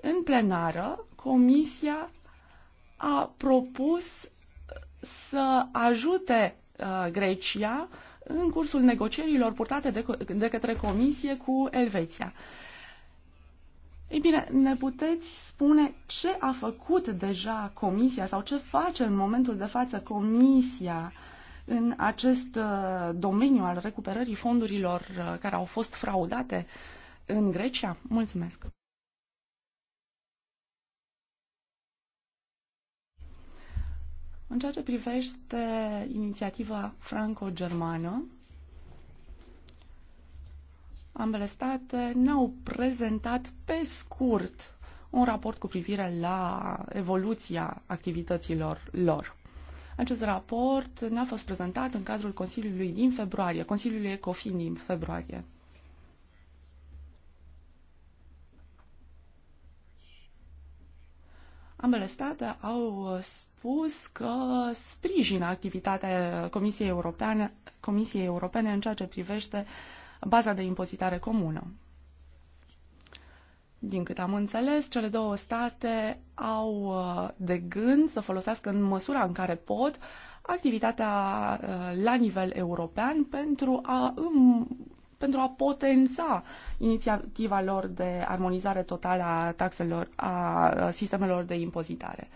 În plenară, Comisia a propus să ajute uh, Grecia în cursul negocierilor purtate de, de către Comisie cu Elveția. Ei bine, ne puteți spune ce a făcut deja Comisia sau ce face în momentul de față Comisia în acest uh, domeniu al recuperării fondurilor uh, care au fost fraudate în Grecia? Mulțumesc! În ceea ce privește inițiativa franco-germană, ambele state ne-au prezentat pe scurt un raport cu privire la evoluția activităților lor. Acest raport ne-a fost prezentat în cadrul Consiliului din februarie, Consiliului Ecofin din februarie. Ambele state au spus că sprijină activitatea Comisiei Europene, Comisiei Europene în ceea ce privește baza de impozitare comună. Din câte am înțeles, cele două state au uh, de gând să folosească în măsura în care pot activitatea uh, la nivel european pentru a pentru a potența inițiativa lor de armonizare totală a taxelor, a sistemelor de impozitare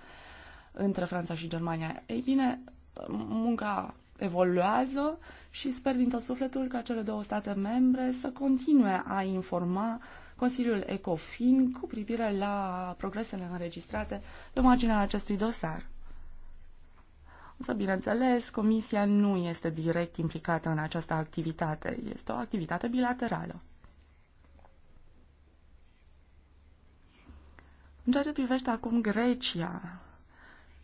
între Franța și Germania. Ei bine, munca evoluează și sper din tot sufletul ca cele două state membre să continue a informa Consiliul ECOFIN cu privire la progresele înregistrate pe marginea acestui dosar. Însă, bineînțeles, Comisia nu este direct implicată în această activitate. Este o activitate bilaterală. În ceea ce privește acum Grecia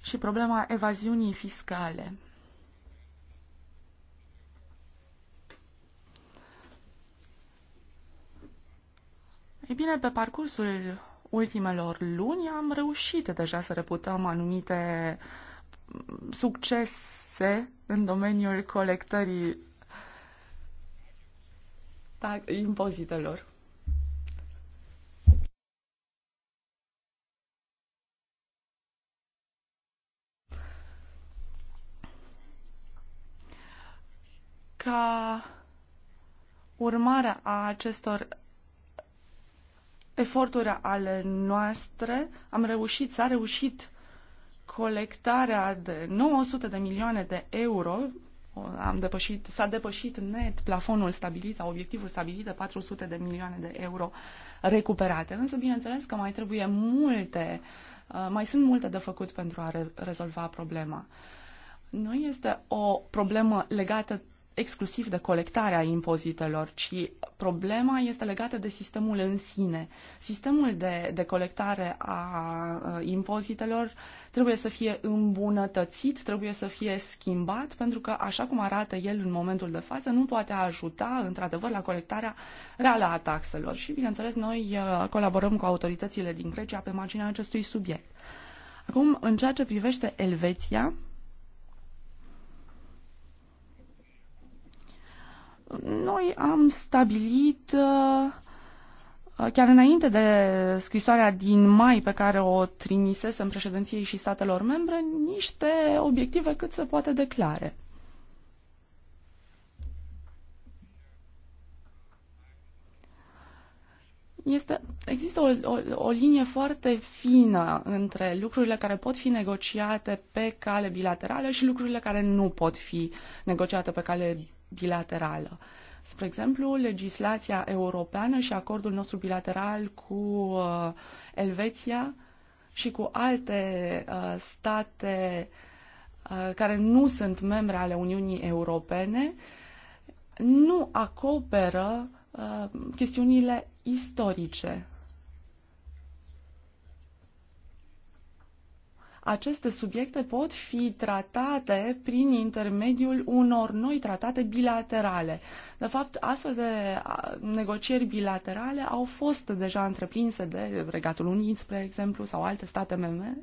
și problema evaziunii fiscale, Ei bine, pe parcursul ultimelor luni am reușit deja să reputăm anumite uh, succese în domeniul colectării impozitelor. Ca urmare a acestor eforturi ale noastre, am reușit, s-a reușit colectarea de 900 de milioane de euro am depășit, s-a depășit net plafonul stabilit sau obiectivul stabilit de 400 de milioane de euro recuperate. Însă, bineînțeles că mai trebuie multe, uh, mai sunt multe de făcut pentru a re- rezolva problema. Nu este o problemă legată exclusiv de colectarea impozitelor, ci problema este legată de sistemul în sine. Sistemul de, de colectare a impozitelor trebuie să fie îmbunătățit, trebuie să fie schimbat, pentru că așa cum arată el în momentul de față, nu poate ajuta într-adevăr la colectarea reală a taxelor. Și, bineînțeles, noi uh, colaborăm cu autoritățile din Grecia pe marginea acestui subiect. Acum, în ceea ce privește Elveția, Noi am stabilit uh, chiar înainte de scrisoarea din mai pe care o în președinției și statelor membre, niște obiective cât se poate declare. Este, există o, o, o linie foarte fină între lucrurile care pot fi negociate pe cale bilaterală și lucrurile care nu pot fi negociate pe cale bilaterală. Spre exemplu, legislația europeană și acordul nostru bilateral cu uh, Elveția și cu alte uh, state uh, care nu sunt membre ale Uniunii Europene nu acoperă chestiunile istorice aceste subiecte pot fi tratate prin intermediul unor noi tratate bilaterale. De fapt, astfel de negocieri bilaterale au fost deja întreprinse de Regatul Unit, spre exemplu, sau alte state membre,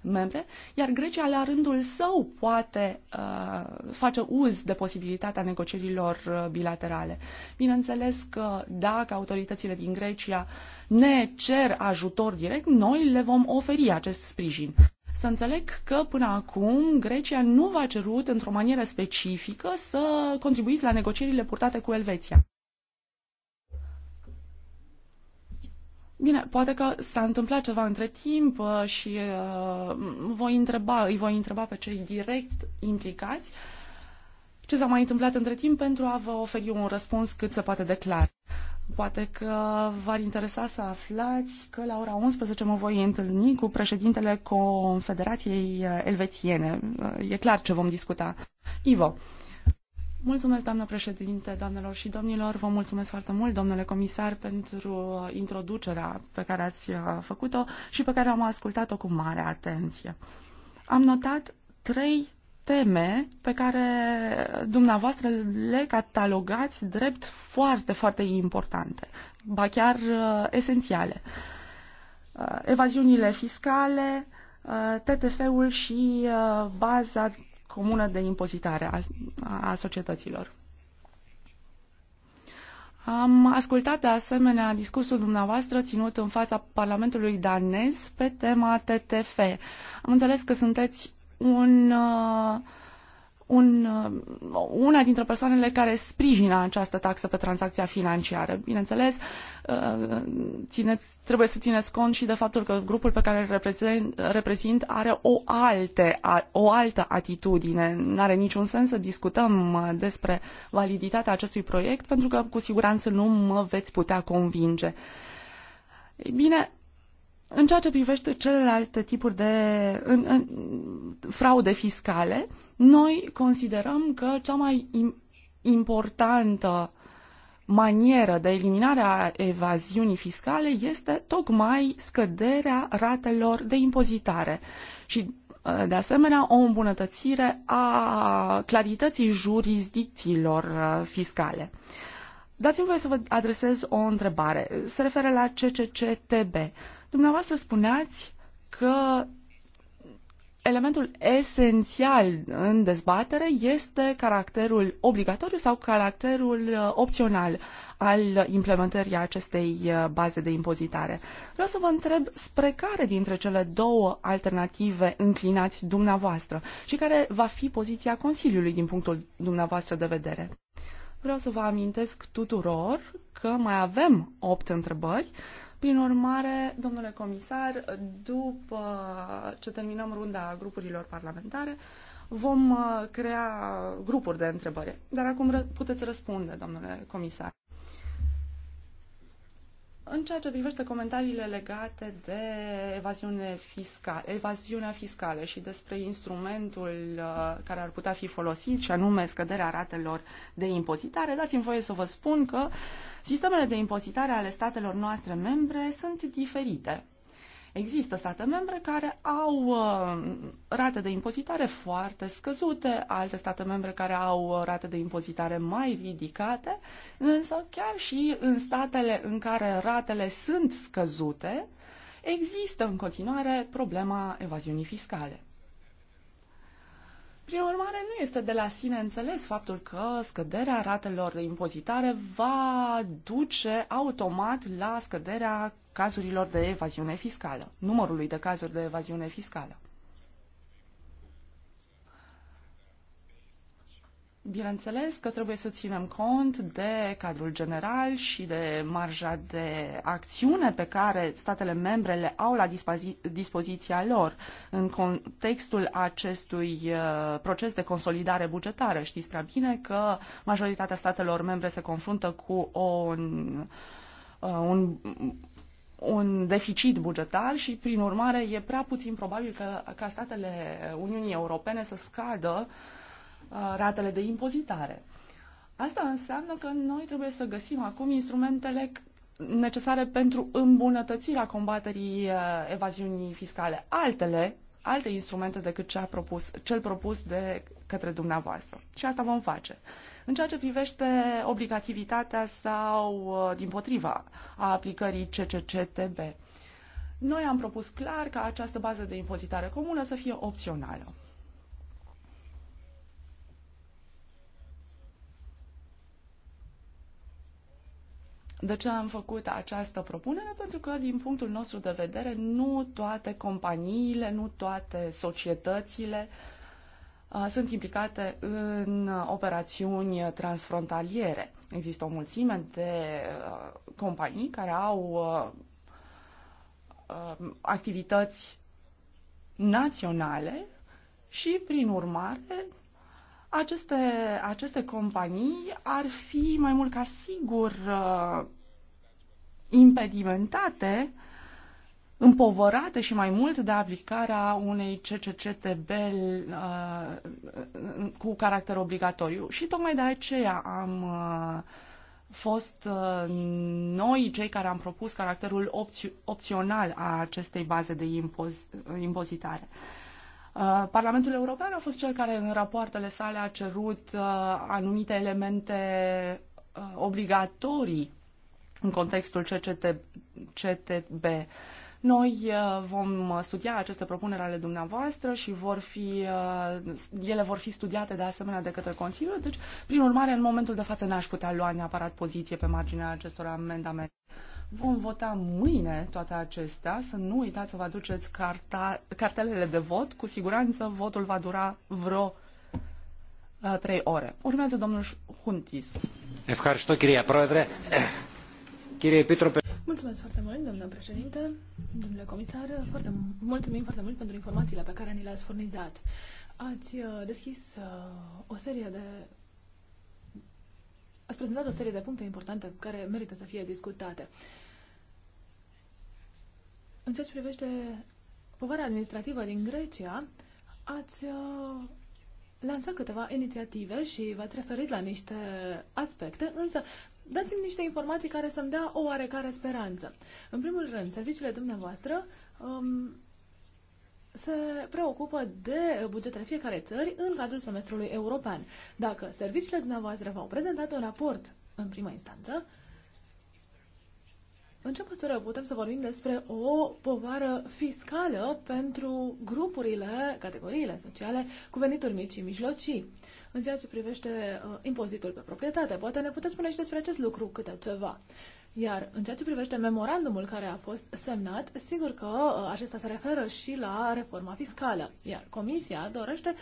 membre iar Grecia, la rândul său, poate uh, face uz de posibilitatea negocierilor bilaterale. Bineînțeles că dacă autoritățile din Grecia ne cer ajutor direct, noi le vom oferi acest sprijin. Să înțeleg că până acum Grecia nu v-a cerut într-o manieră specifică să contribuiți la negocierile purtate cu Elveția. Bine, poate că s-a întâmplat ceva între timp uh, și uh, voi întreba, îi voi întreba pe cei direct implicați ce s-a mai întâmplat între timp pentru a vă oferi un răspuns cât se poate de clar. Poate că v-ar interesa să aflați că la ora 11 mă voi întâlni cu președintele Confederației uh, Elvețiene. Uh, e clar ce vom discuta. Ivo. Mulțumesc, doamnă președinte, doamnelor și domnilor. Vă mulțumesc foarte mult, domnule comisar, pentru introducerea pe care ați uh, făcut-o și pe care am ascultat-o cu mare atenție. Am notat trei teme pe care dumneavoastră le catalogați drept foarte, foarte importante, ba chiar uh, esențiale. Uh, evaziunile fiscale, uh, TTF-ul și baza comună de impozitare a, a societăților. Am ascultat de asemenea discursul dumneavoastră ținut în fața Parlamentului danez pe tema TTF. Am înțeles că sunteți un, uh, un, uh, una dintre persoanele care sprijină această taxă pe tranzacția financiară. Bineînțeles, uh, țineți, trebuie să țineți cont și de faptul că grupul pe care îl reprezint, reprezint are o, alte, o altă atitudine. Nu are niciun sens să discutăm despre validitatea acestui proiect pentru că cu siguranță nu mă veți putea convinge. Ei bine, în ceea ce privește celelalte tipuri de în, în, fraude fiscale, noi considerăm că cea mai importantă manieră de eliminare a evaziunii fiscale este tocmai scăderea ratelor de impozitare și, ă, de asemenea, o îmbunătățire a clarității jurisdicțiilor ă, fiscale. Dați-mi voie să vă adresez o întrebare. Se referă la CCCTB. Dumneavoastră spuneați că elementul esențial în dezbatere este caracterul obligatoriu sau caracterul uh, opțional al implementării acestei uh, baze de impozitare. Vreau să vă întreb spre care dintre cele două alternative înclinați dumneavoastră și care va fi poziția Consiliului din punctul dumneavoastră de vedere. Vreau să vă amintesc tuturor că mai avem opt întrebări prin urmare, domnule comisar, după ce terminăm runda grupurilor parlamentare, vom uh, crea grupuri de întrebări. Dar acum puteți răspunde, domnule comisar. În ceea ce privește comentariile legate de evaziune fiscal, evaziunea fiscală și despre instrumentul uh, care ar putea fi folosit, și anume scăderea ratelor de impozitare, dați-mi voie să vă spun că Sistemele de impozitare ale statelor noastre membre sunt diferite. Există state membre care au uh, rate de impozitare foarte scăzute, alte state membre care au uh, rate de impozitare mai ridicate, însă chiar și în statele în care ratele sunt scăzute, există în continuare problema evaziunii fiscale. Prin urmare, nu este de la sine înțeles faptul că scăderea ratelor de impozitare va duce automat la scăderea cazurilor de evaziune fiscală, numărului de cazuri de evaziune fiscală. Bineînțeles că trebuie să ținem cont de cadrul general și de marja de acțiune pe care statele membre le au la dispozi dispoziția lor în contextul acestui uh, proces de consolidare bugetară. Știți prea bine că majoritatea statelor membre se confruntă cu un, uh, un un deficit bugetar și, prin urmare, e prea puțin probabil că, ca statele Uniunii Europene să scadă uh, Uh, ratele de impozitare. Asta înseamnă că noi trebuie să găsim acum instrumentele necesare pentru îmbunătățirea combaterii uh, evaziunii fiscale. Altele, alte instrumente decât cea propus, cel propus de către dumneavoastră. Și asta vom face. În ceea ce privește obligativitatea sau, uh, din potriva, a aplicării CCCTB, noi am propus clar ca această bază de impozitare comună să fie opțională. De ce am făcut această propunere? Pentru că, din punctul nostru de vedere, nu toate companiile, nu toate societățile uh, sunt implicate în operațiuni transfrontaliere. Există o mulțime de uh, companii care au uh, activități naționale și, prin urmare, aceste, aceste companii ar fi mai mult ca sigur uh, impedimentate, împovărate și mai mult de aplicarea unei CCCTB uh, cu caracter obligatoriu. Și tocmai de aceea am uh, fost uh, noi cei care am propus caracterul opțio- opțional a acestei baze de impoz- impozitare. Uh, Parlamentul European a fost cel care în rapoartele sale a cerut uh, anumite elemente uh, obligatorii în contextul CTB. Noi vom studia aceste propuneri ale dumneavoastră și vor fi, ele vor fi studiate de asemenea de către Consiliu, deci, prin urmare, în momentul de față n-aș putea lua neapărat poziție pe marginea acestor amendamente. Vom vota mâine toate acestea. Să nu uitați să vă aduceți carta, cartelele de vot. Cu siguranță votul va dura vreo uh, trei ore. Urmează domnul Huntis. Mulțumesc foarte mult, domnule președinte, domnule comisar, foarte, mulțumim foarte mult pentru informațiile pe care ni le-ați furnizat. Ați uh, deschis uh, o serie de Ați prezentat o serie de puncte importante care merită să fie discutate. În ceea ce privește povara administrativă din Grecia, ați uh, lansat câteva inițiative și v-ați referit la niște aspecte, însă dați-mi niște informații care să-mi dea o oarecare speranță. În primul rând, serviciile dumneavoastră um, se preocupă de bugetele fiecare țări în cadrul semestrului european. Dacă serviciile dumneavoastră v-au prezentat un raport în prima instanță, în ce măsură putem să vorbim despre o povară fiscală pentru grupurile, categoriile sociale cu venituri mici și mijlocii? În ceea ce privește uh, impozitul pe proprietate, poate ne puteți spune și despre acest lucru câte ceva. Iar în ceea ce privește memorandumul care a fost semnat, sigur că uh, acesta se referă și la reforma fiscală. Iar Comisia dorește,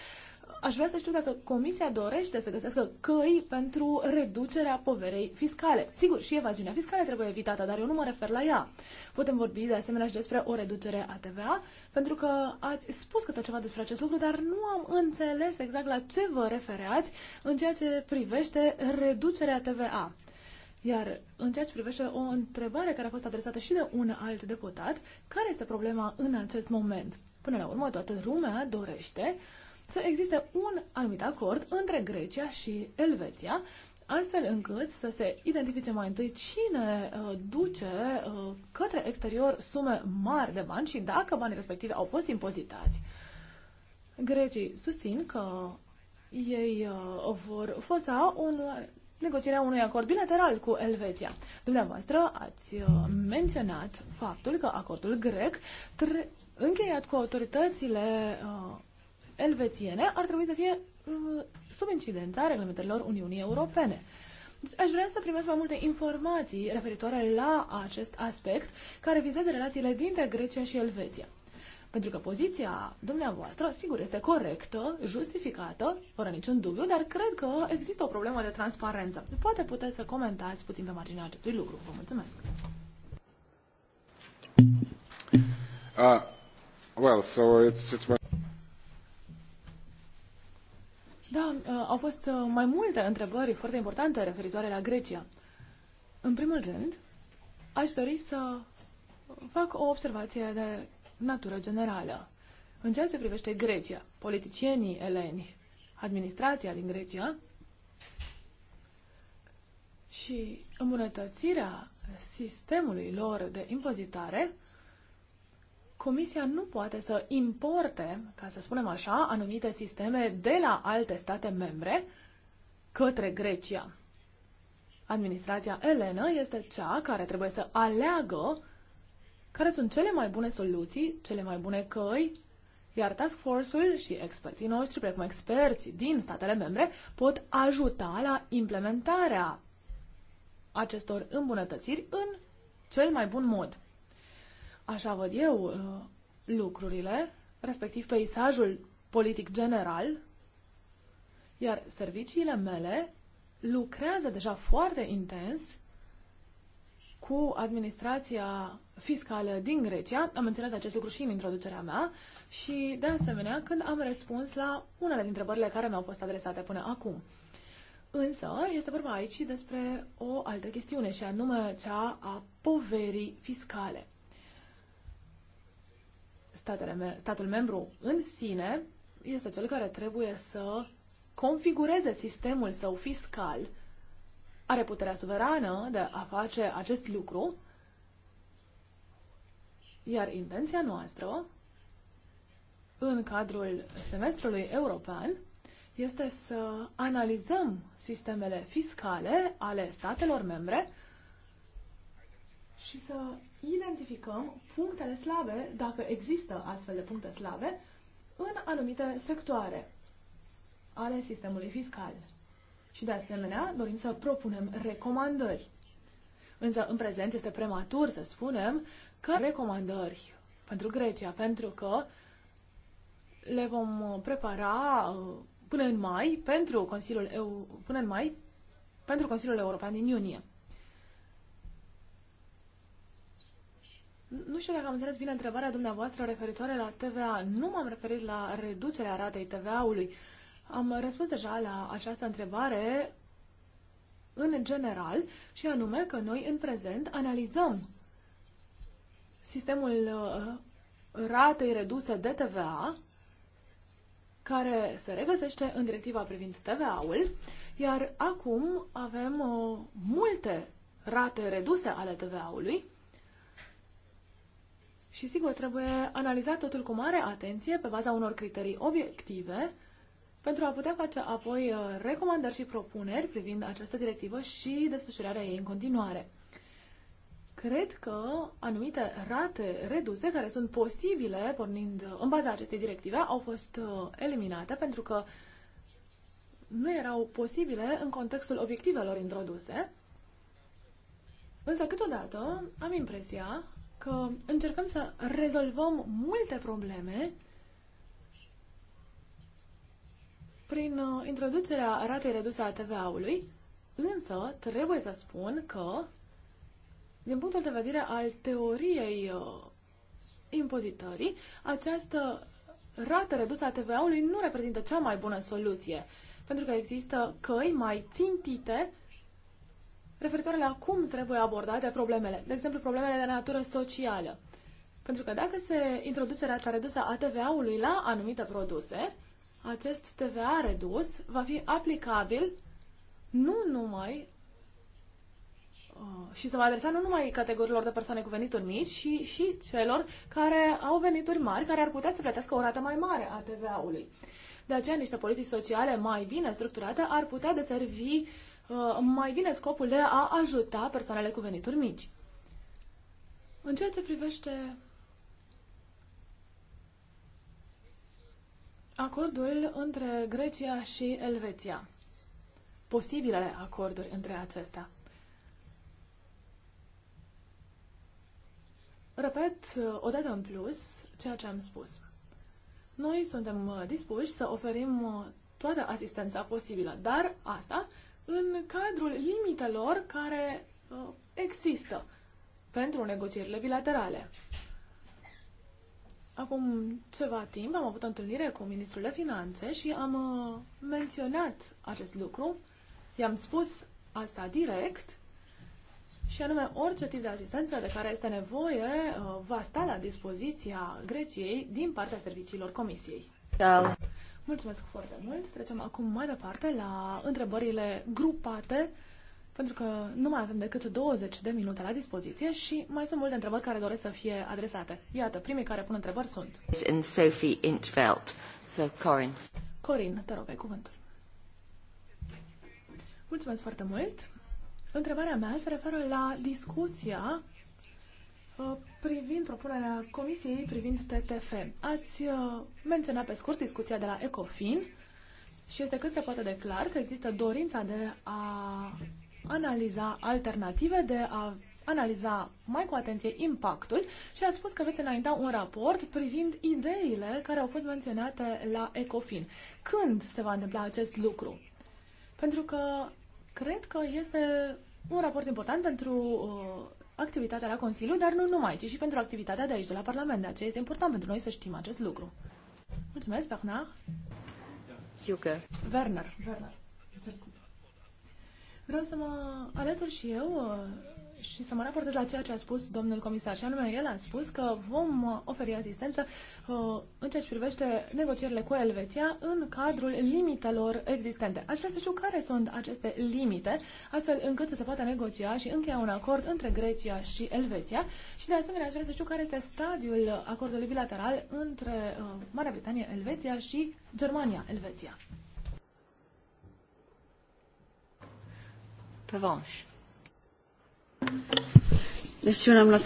aș vrea să știu dacă Comisia dorește să găsească căi pentru reducerea poverei fiscale. Sigur, și evaziunea fiscală trebuie evitată, dar eu nu mă refer la ea. Putem vorbi de asemenea și despre o reducere a TVA, pentru că ați spus câte ceva despre acest lucru, dar nu am înțeles exact la ce vă refereați în ceea ce privește reducerea TVA. Iar în ceea ce privește o întrebare care a fost adresată și de un alt deputat, care este problema în acest moment? Până la urmă, toată lumea dorește să existe un anumit acord între Grecia și Elveția, astfel încât să se identifice mai întâi cine uh, duce uh, către exterior sume mari de bani și dacă banii respective au fost impozitați. Grecii susțin că ei uh, vor forța un negocierea unui acord bilateral cu Elveția. Dumneavoastră ați uh, menționat faptul că acordul grec încheiat cu autoritățile uh, elvețiene ar trebui să fie uh, sub incidența reglementărilor Uniunii Europene. Deci aș vrea să primesc mai multe informații referitoare la acest aspect care vizează relațiile dintre Grecia și Elveția. Pentru că poziția dumneavoastră, sigur, este corectă, justificată, fără niciun dubiu, dar cred că există o problemă de transparență. Poate puteți să comentați puțin pe marginea acestui lucru. Vă mulțumesc. Uh, well, so it's, it's... Da, uh, au fost uh, mai multe întrebări foarte importante referitoare la Grecia. În primul rând, aș dori să fac o observație de natură generală. În ceea ce privește Grecia, politicienii eleni, administrația din Grecia și îmbunătățirea sistemului lor de impozitare, Comisia nu poate să importe, ca să spunem așa, anumite sisteme de la alte state membre către Grecia. Administrația elenă este cea care trebuie să aleagă care sunt cele mai bune soluții, cele mai bune căi, iar task force-ul și experții noștri, precum experți din statele membre, pot ajuta la implementarea acestor îmbunătățiri în cel mai bun mod. Așa văd eu uh, lucrurile, respectiv peisajul politic general, iar serviciile mele lucrează deja foarte intens cu administrația fiscală din Grecia. Am menționat acest lucru și în introducerea mea și, de asemenea, când am răspuns la unele dintre întrebările care mi-au fost adresate până acum. Însă, este vorba aici despre o altă chestiune, și anume cea a poverii fiscale. Statele me- statul membru în sine este cel care trebuie să configureze sistemul său fiscal are puterea suverană de a face acest lucru, iar intenția noastră în cadrul semestrului european este să analizăm sistemele fiscale ale statelor membre și să identificăm punctele slabe, dacă există astfel de puncte slabe, în anumite sectoare ale sistemului fiscal și de asemenea dorim să propunem recomandări. Însă în prezent este prematur să spunem că recomandări pentru Grecia, pentru că le vom prepara uh, până în mai pentru Consiliul, EU, până în mai, pentru Consiliul European din iunie. Nu știu dacă am înțeles bine întrebarea dumneavoastră referitoare la TVA. Nu m-am referit la reducerea ratei TVA-ului. Am răspuns deja la această întrebare în general și anume că noi în prezent analizăm sistemul uh, ratei reduse de TVA care se regăsește în directiva privind TVA-ul, iar acum avem uh, multe rate reduse ale TVA-ului și sigur trebuie analizat totul cu mare atenție pe baza unor criterii obiective pentru a putea face apoi uh, recomandări și propuneri privind această directivă și desfășurarea ei în continuare. Cred că anumite rate reduse care sunt posibile pornind uh, în baza acestei directive au fost uh, eliminate pentru că nu erau posibile în contextul obiectivelor introduse. Însă câteodată am impresia că încercăm să rezolvăm multe probleme prin uh, introducerea ratei reduse a TVA-ului, însă trebuie să spun că, din punctul de vedere al teoriei uh, impozitării, această rată redusă a TVA-ului nu reprezintă cea mai bună soluție, pentru că există căi mai țintite referitoare la cum trebuie abordate problemele, de exemplu problemele de natură socială. Pentru că dacă se introduce rata redusă a TVA-ului la anumite produse, acest TVA redus va fi aplicabil nu numai uh, și se va adresa nu numai categoriilor de persoane cu venituri mici, ci și celor care au venituri mari, care ar putea să plătească o rată mai mare a TVA-ului. De aceea, niște politici sociale mai bine structurate ar putea deservi servi uh, mai bine scopul de a ajuta persoanele cu venituri mici. În ceea ce privește Acordul între Grecia și Elveția. Posibilele acorduri între acestea. Repet uh, o dată în plus ceea ce am spus. Noi suntem uh, dispuși să oferim uh, toată asistența posibilă, dar asta în cadrul limitelor care există pentru negocierile bilaterale. Acum ceva timp am avut o întâlnire cu ministrul de finanțe și am uh, menționat acest lucru. I-am spus asta direct și anume orice tip de asistență de care este nevoie uh, va sta la dispoziția Greciei din partea serviciilor Comisiei. Da. Mulțumesc foarte mult. Trecem acum mai departe la întrebările grupate pentru că nu mai avem decât 20 de minute la dispoziție și mai sunt multe întrebări care doresc să fie adresate. Iată, primii care pun întrebări sunt... In Sophie Intveld. So, Corin. Corin, te rog, ai cuvântul. Mulțumesc foarte mult. Întrebarea mea se referă la discuția uh, privind propunerea Comisiei privind TTF. Ați uh, menționat pe scurt discuția de la ECOFIN și este cât se poate declar că există dorința de a analiza alternative, de a analiza mai cu atenție impactul și ați spus că veți înainta un raport privind ideile care au fost menționate la Ecofin. Când se va întâmpla acest lucru? Pentru că cred că este un raport important pentru uh, activitatea la Consiliu, dar nu numai, ci și pentru activitatea de aici, de la Parlament. De aceea este important pentru noi să știm acest lucru. Mulțumesc, Bernard. Siucă. Werner. Werner. Cer scuze. Vreau să mă alătur și eu uh, și să mă raportez la ceea ce a spus domnul comisar. Și anume, el a spus că vom uh, oferi asistență uh, în ceea ce privește negocierile cu Elveția în cadrul limitelor existente. Aș vrea să știu care sunt aceste limite, astfel încât să se poată negocia și încheia un acord între Grecia și Elveția. Și de asemenea, aș vrea să știu care este stadiul acordului bilateral între Marea Britanie, Elveția și Germania, Elveția. Pervenche. Euh,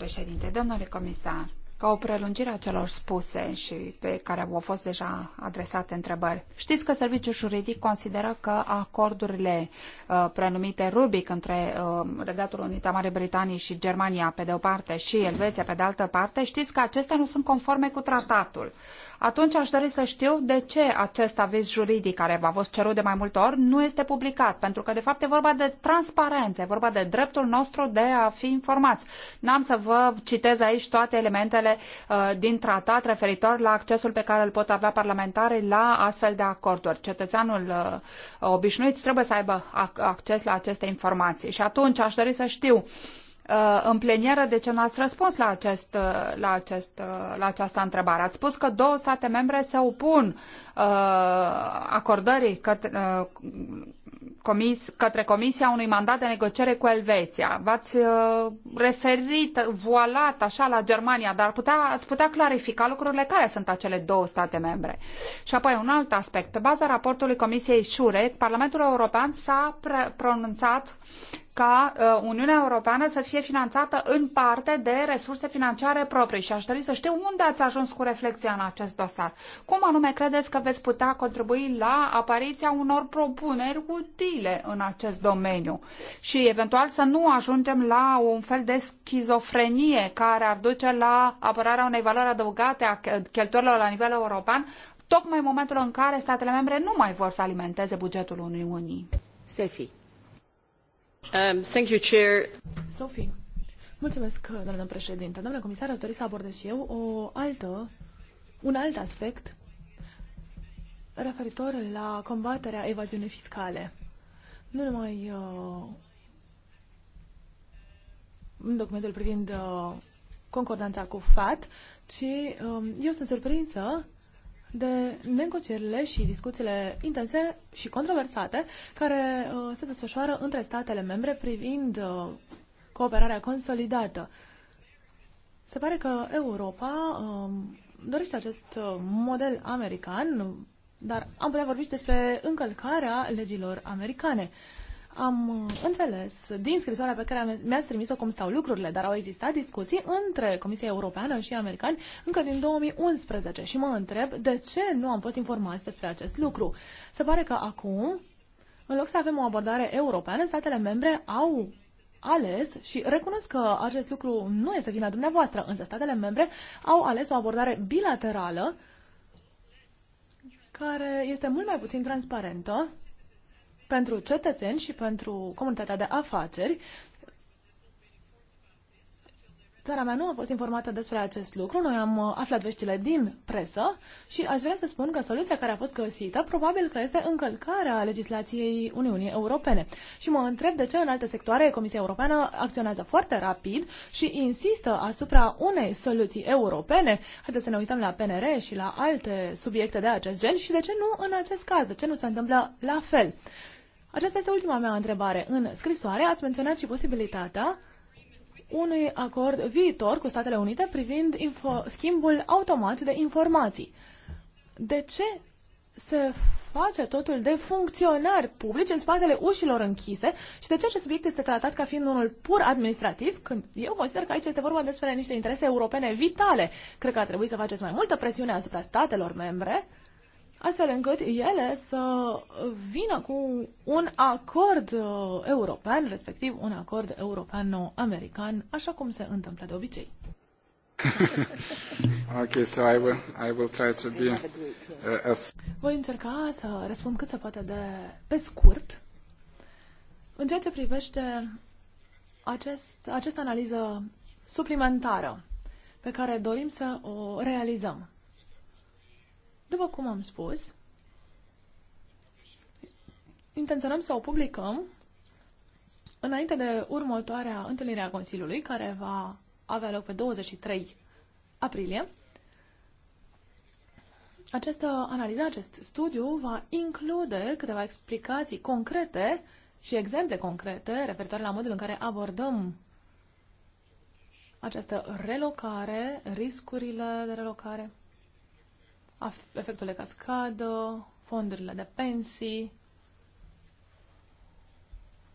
președinte. Domnule comisar, ca o prelungire a celor spuse și pe care au fost deja adresate întrebări. Știți că serviciul juridic consideră că acordurile uh, prenumite Rubic între uh, Regatul Unit a Marii Britanii și Germania pe de o parte și Elveția pe de altă parte, știți că acestea nu sunt conforme cu tratatul atunci aș dori să știu de ce acest aviz juridic, care v-a fost cerut de mai multe ori, nu este publicat. Pentru că, de fapt, e vorba de transparență, e vorba de dreptul nostru de a fi informați. N-am să vă citez aici toate elementele uh, din tratat referitor la accesul pe care îl pot avea parlamentarii la astfel de acorduri. Cetățeanul uh, obișnuit trebuie să aibă acces la aceste informații. Și atunci aș dori să știu uh, Uh, în plenieră de ce nu ați răspuns la, acest, uh, la, acest, uh, la această întrebare. Ați spus că două state membre se opun acordării către, comis, către Comisia unui mandat de negociere cu Elveția. V-ați referit, voalat așa la Germania, dar putea, ați putea clarifica lucrurile care sunt acele două state membre. Și apoi un alt aspect. Pe baza raportului Comisiei Șurec, Parlamentul European s-a pronunțat ca uh, Uniunea Europeană să fie finanțată în parte de resurse financiare proprii și aș dori să știu unde ați ajuns cu reflexia în acest dosar. Cum anume credeți că veți putea contribui la apariția unor propuneri utile în acest domeniu și eventual să nu ajungem la un fel de schizofrenie care ar duce la apărarea unei valori adăugate a cheltuielor la nivel european, tocmai în momentul în care statele membre nu mai vor să alimenteze bugetul Uniunii. Sefi. Um, thank you, Chair. Sophie. Mulțumesc, doamnă președinte. Doamnă comisar, aș dori să abordez și eu o altă, un alt aspect referitor la combaterea evaziunii fiscale. Nu numai uh, în documentul privind uh, concordanța cu FAT, ci uh, eu sunt surprinsă de negocierile și discuțiile intense și controversate care uh, se desfășoară între statele membre privind uh, cooperarea consolidată. Se pare că Europa uh, dorește acest uh, model american, dar am putea vorbi și despre încălcarea legilor americane. Uh, am uh, înțeles din scrisoarea pe care mi-ați trimis-o cum stau lucrurile, dar au existat discuții între Comisia Europeană și americani încă din 2011 și mă întreb de ce nu am fost informați despre acest lucru. Se pare că acum, în loc să avem o abordare europeană, statele membre au ales și recunosc că acest lucru nu este vina dumneavoastră, însă statele membre au ales o abordare bilaterală care este mult mai puțin transparentă pentru cetățeni și pentru comunitatea de afaceri. Țara mea nu a fost informată despre acest lucru, noi am uh, aflat veștile din presă și aș vrea să spun că soluția care a fost găsită probabil că este încălcarea legislației Uniunii Europene. Și mă întreb de ce în alte sectoare Comisia Europeană acționează foarte rapid și insistă asupra unei soluții europene. Haideți să ne uităm la PNR și la alte subiecte de acest gen și de ce nu în acest caz, de ce nu se întâmplă la fel. Aceasta este ultima mea întrebare. În scrisoare ați menționat și posibilitatea unui acord viitor cu Statele Unite privind info- schimbul automat de informații. De ce se face totul de funcționari publici în spatele ușilor închise și de ce acest subiect este tratat ca fiind unul pur administrativ, când eu consider că aici este vorba despre niște interese europene vitale. Cred că ar trebui să faceți mai multă presiune asupra statelor membre astfel încât ele să vină cu un acord uh, european, respectiv un acord european-american, așa cum se întâmplă de obicei. okay, so I will, I will try to be, uh, as... Voi încerca să răspund cât se poate de pe scurt. În ceea ce privește acest, această analiză suplimentară pe care dorim să o realizăm. După cum am spus, intenționăm să o publicăm înainte de următoarea întâlnire a Consiliului, care va avea loc pe 23 aprilie. Această analiză, acest studiu va include câteva explicații concrete și exemple concrete referitoare la modul în care abordăm această relocare, riscurile de relocare efectul de cascadă, fondurile de pensii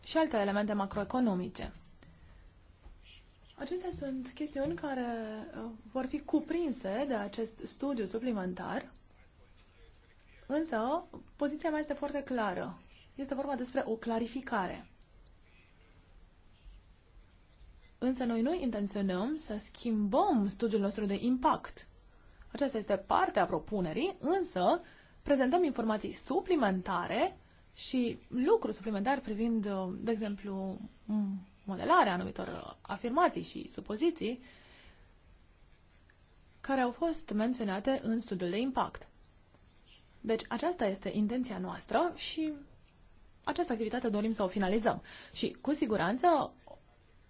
și alte elemente macroeconomice. Acestea sunt chestiuni care uh, vor fi cuprinse de acest studiu suplimentar, însă poziția mea este foarte clară. Este vorba despre o clarificare. Însă noi nu intenționăm să schimbăm studiul nostru de impact. Aceasta este parte a propunerii, însă prezentăm informații suplimentare și lucruri suplimentare privind, uh, de exemplu, modelarea anumitor afirmații și supoziții care au fost menționate în studiul de impact. Deci aceasta este intenția noastră și această activitate dorim să o finalizăm. Și cu siguranță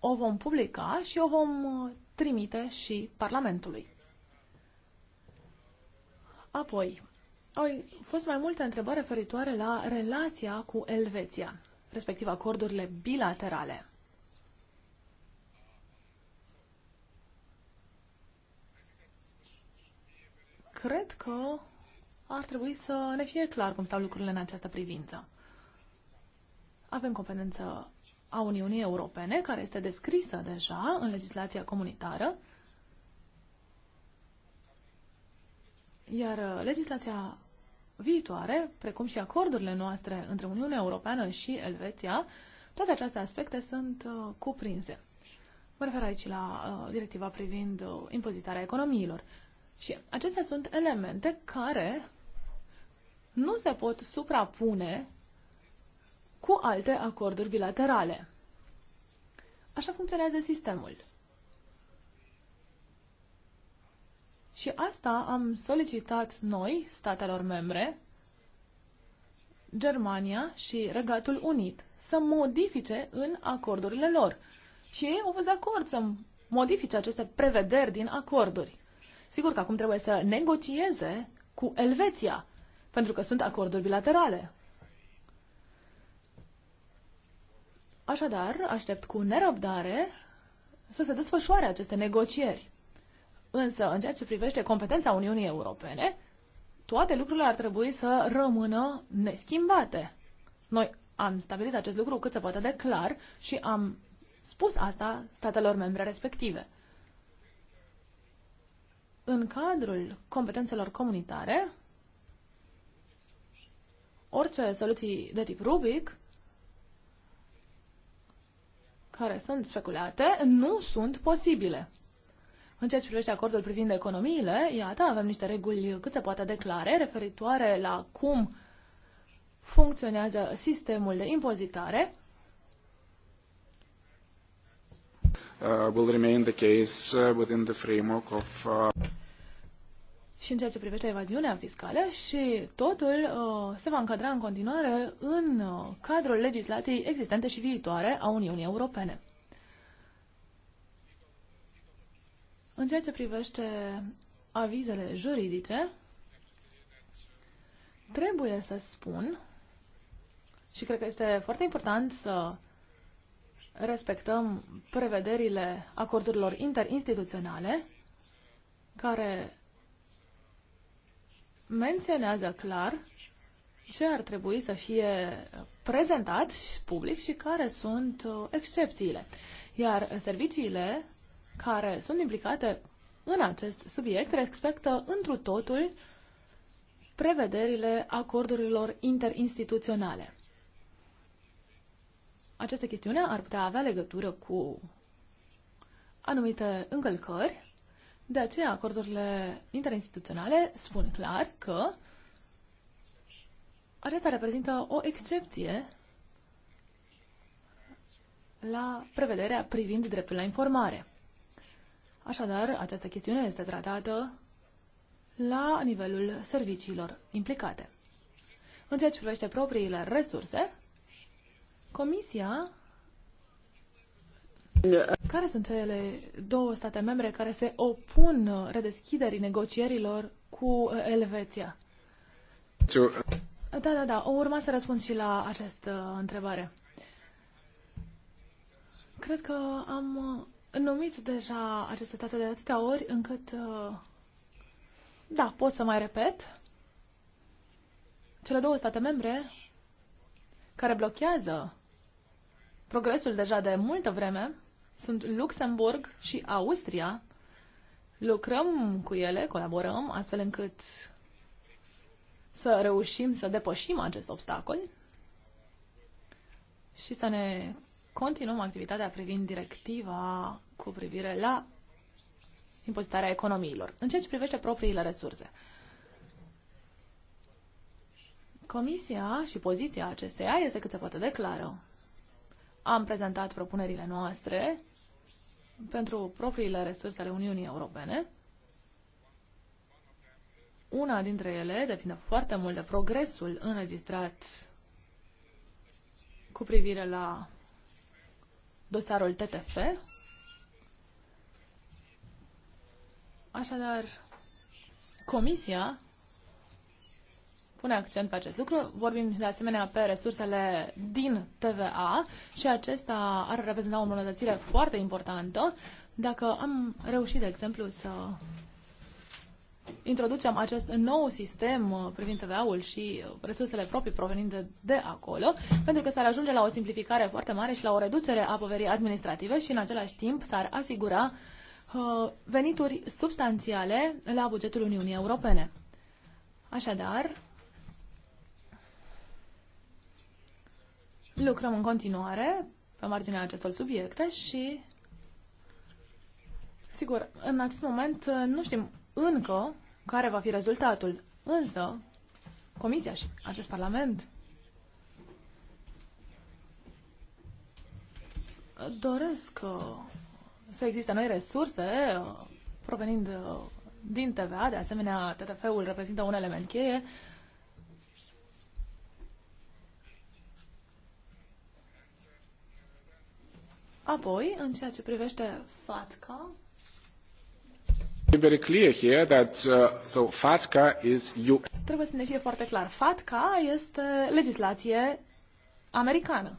o vom publica și o vom uh, trimite și Parlamentului. Apoi, au fost mai multe întrebări referitoare la relația cu Elveția, respectiv acordurile bilaterale. Cred că ar trebui să ne fie clar cum stau lucrurile în această privință. Avem competență a Uniunii Europene, care este descrisă deja în legislația comunitară, Iar uh, legislația viitoare, precum și acordurile noastre între Uniunea Europeană și Elveția, toate aceste aspecte sunt uh, cuprinse. Mă refer aici la uh, directiva privind impozitarea economiilor. Și acestea sunt elemente care nu se pot suprapune cu alte acorduri bilaterale. Așa funcționează sistemul. Și asta am solicitat noi, statelor membre, Germania și Regatul Unit, să modifice în acordurile lor. Și ei au fost de acord să modifice aceste prevederi din acorduri. Sigur că acum trebuie să negocieze cu Elveția, pentru că sunt acorduri bilaterale. Așadar, aștept cu nerăbdare să se desfășoare aceste negocieri. Însă, în ceea ce privește competența Uniunii Europene, toate lucrurile ar trebui să rămână neschimbate. Noi am stabilit acest lucru cât se poate de clar și am spus asta statelor membre respective. În cadrul competențelor comunitare, orice soluții de tip Rubik care sunt speculate nu sunt posibile. În ceea ce privește acordul privind economiile, iată, avem niște reguli cât se poate declare referitoare la cum funcționează sistemul de impozitare. Uh, will remain the case uh, within the framework of uh... și în ceea ce privește evaziunea fiscală și totul uh, se va încadra în continuare în uh, cadrul legislației existente și viitoare a Uniunii Europene. În ceea ce privește avizele juridice, trebuie să spun și cred că este foarte important să respectăm prevederile acordurilor interinstituționale care menționează clar ce ar trebui să fie prezentat public și care sunt uh, excepțiile. Iar serviciile care sunt implicate în acest subiect respectă întru totul prevederile acordurilor interinstituționale. Această chestiune ar putea avea legătură cu anumite încălcări, de aceea acordurile interinstituționale spun clar că acesta reprezintă o excepție la prevederea privind dreptul la informare. Așadar, această chestiune este tratată la nivelul serviciilor implicate. În ceea ce privește propriile resurse, Comisia care sunt cele două state membre care se opun redeschiderii negocierilor cu Elveția? Da, da, da. O urma să răspund și la această întrebare. Cred că am numit deja aceste state de atâtea ori încât, uh, da, pot să mai repet, cele două state membre care blochează progresul deja de multă vreme sunt Luxemburg și Austria. Lucrăm cu ele, colaborăm, astfel încât să reușim să depășim acest obstacol și să ne continuăm activitatea privind directiva cu privire la impozitarea economiilor. În ceea ce privește propriile resurse, Comisia și poziția acesteia este cât se poate de clară. Am prezentat propunerile noastre pentru propriile resurse ale Uniunii Europene. Una dintre ele depinde foarte mult de progresul înregistrat cu privire la dosarul TTF. Așadar, Comisia pune accent pe acest lucru. Vorbim de asemenea pe resursele din TVA și acesta ar reprezenta o îmbunătățire foarte importantă. Dacă am reușit, de exemplu, să introducem acest nou sistem uh, privind TVA-ul și uh, resursele proprii provenite de acolo, pentru că s-ar ajunge la o simplificare foarte mare și la o reducere a poverii administrative și în același timp s-ar asigura uh, venituri substanțiale la bugetul Uniunii Europene. Așadar, lucrăm în continuare pe marginea acestor subiecte și, sigur, în acest moment nu știm încă care va fi rezultatul. Însă, Comisia și acest Parlament doresc uh, să existe noi resurse uh, provenind uh, din TVA, de asemenea TTF-ul reprezintă un element cheie. Apoi, în ceea ce privește FATCA, Trebuie să ne fie foarte clar. FATCA este legislație americană.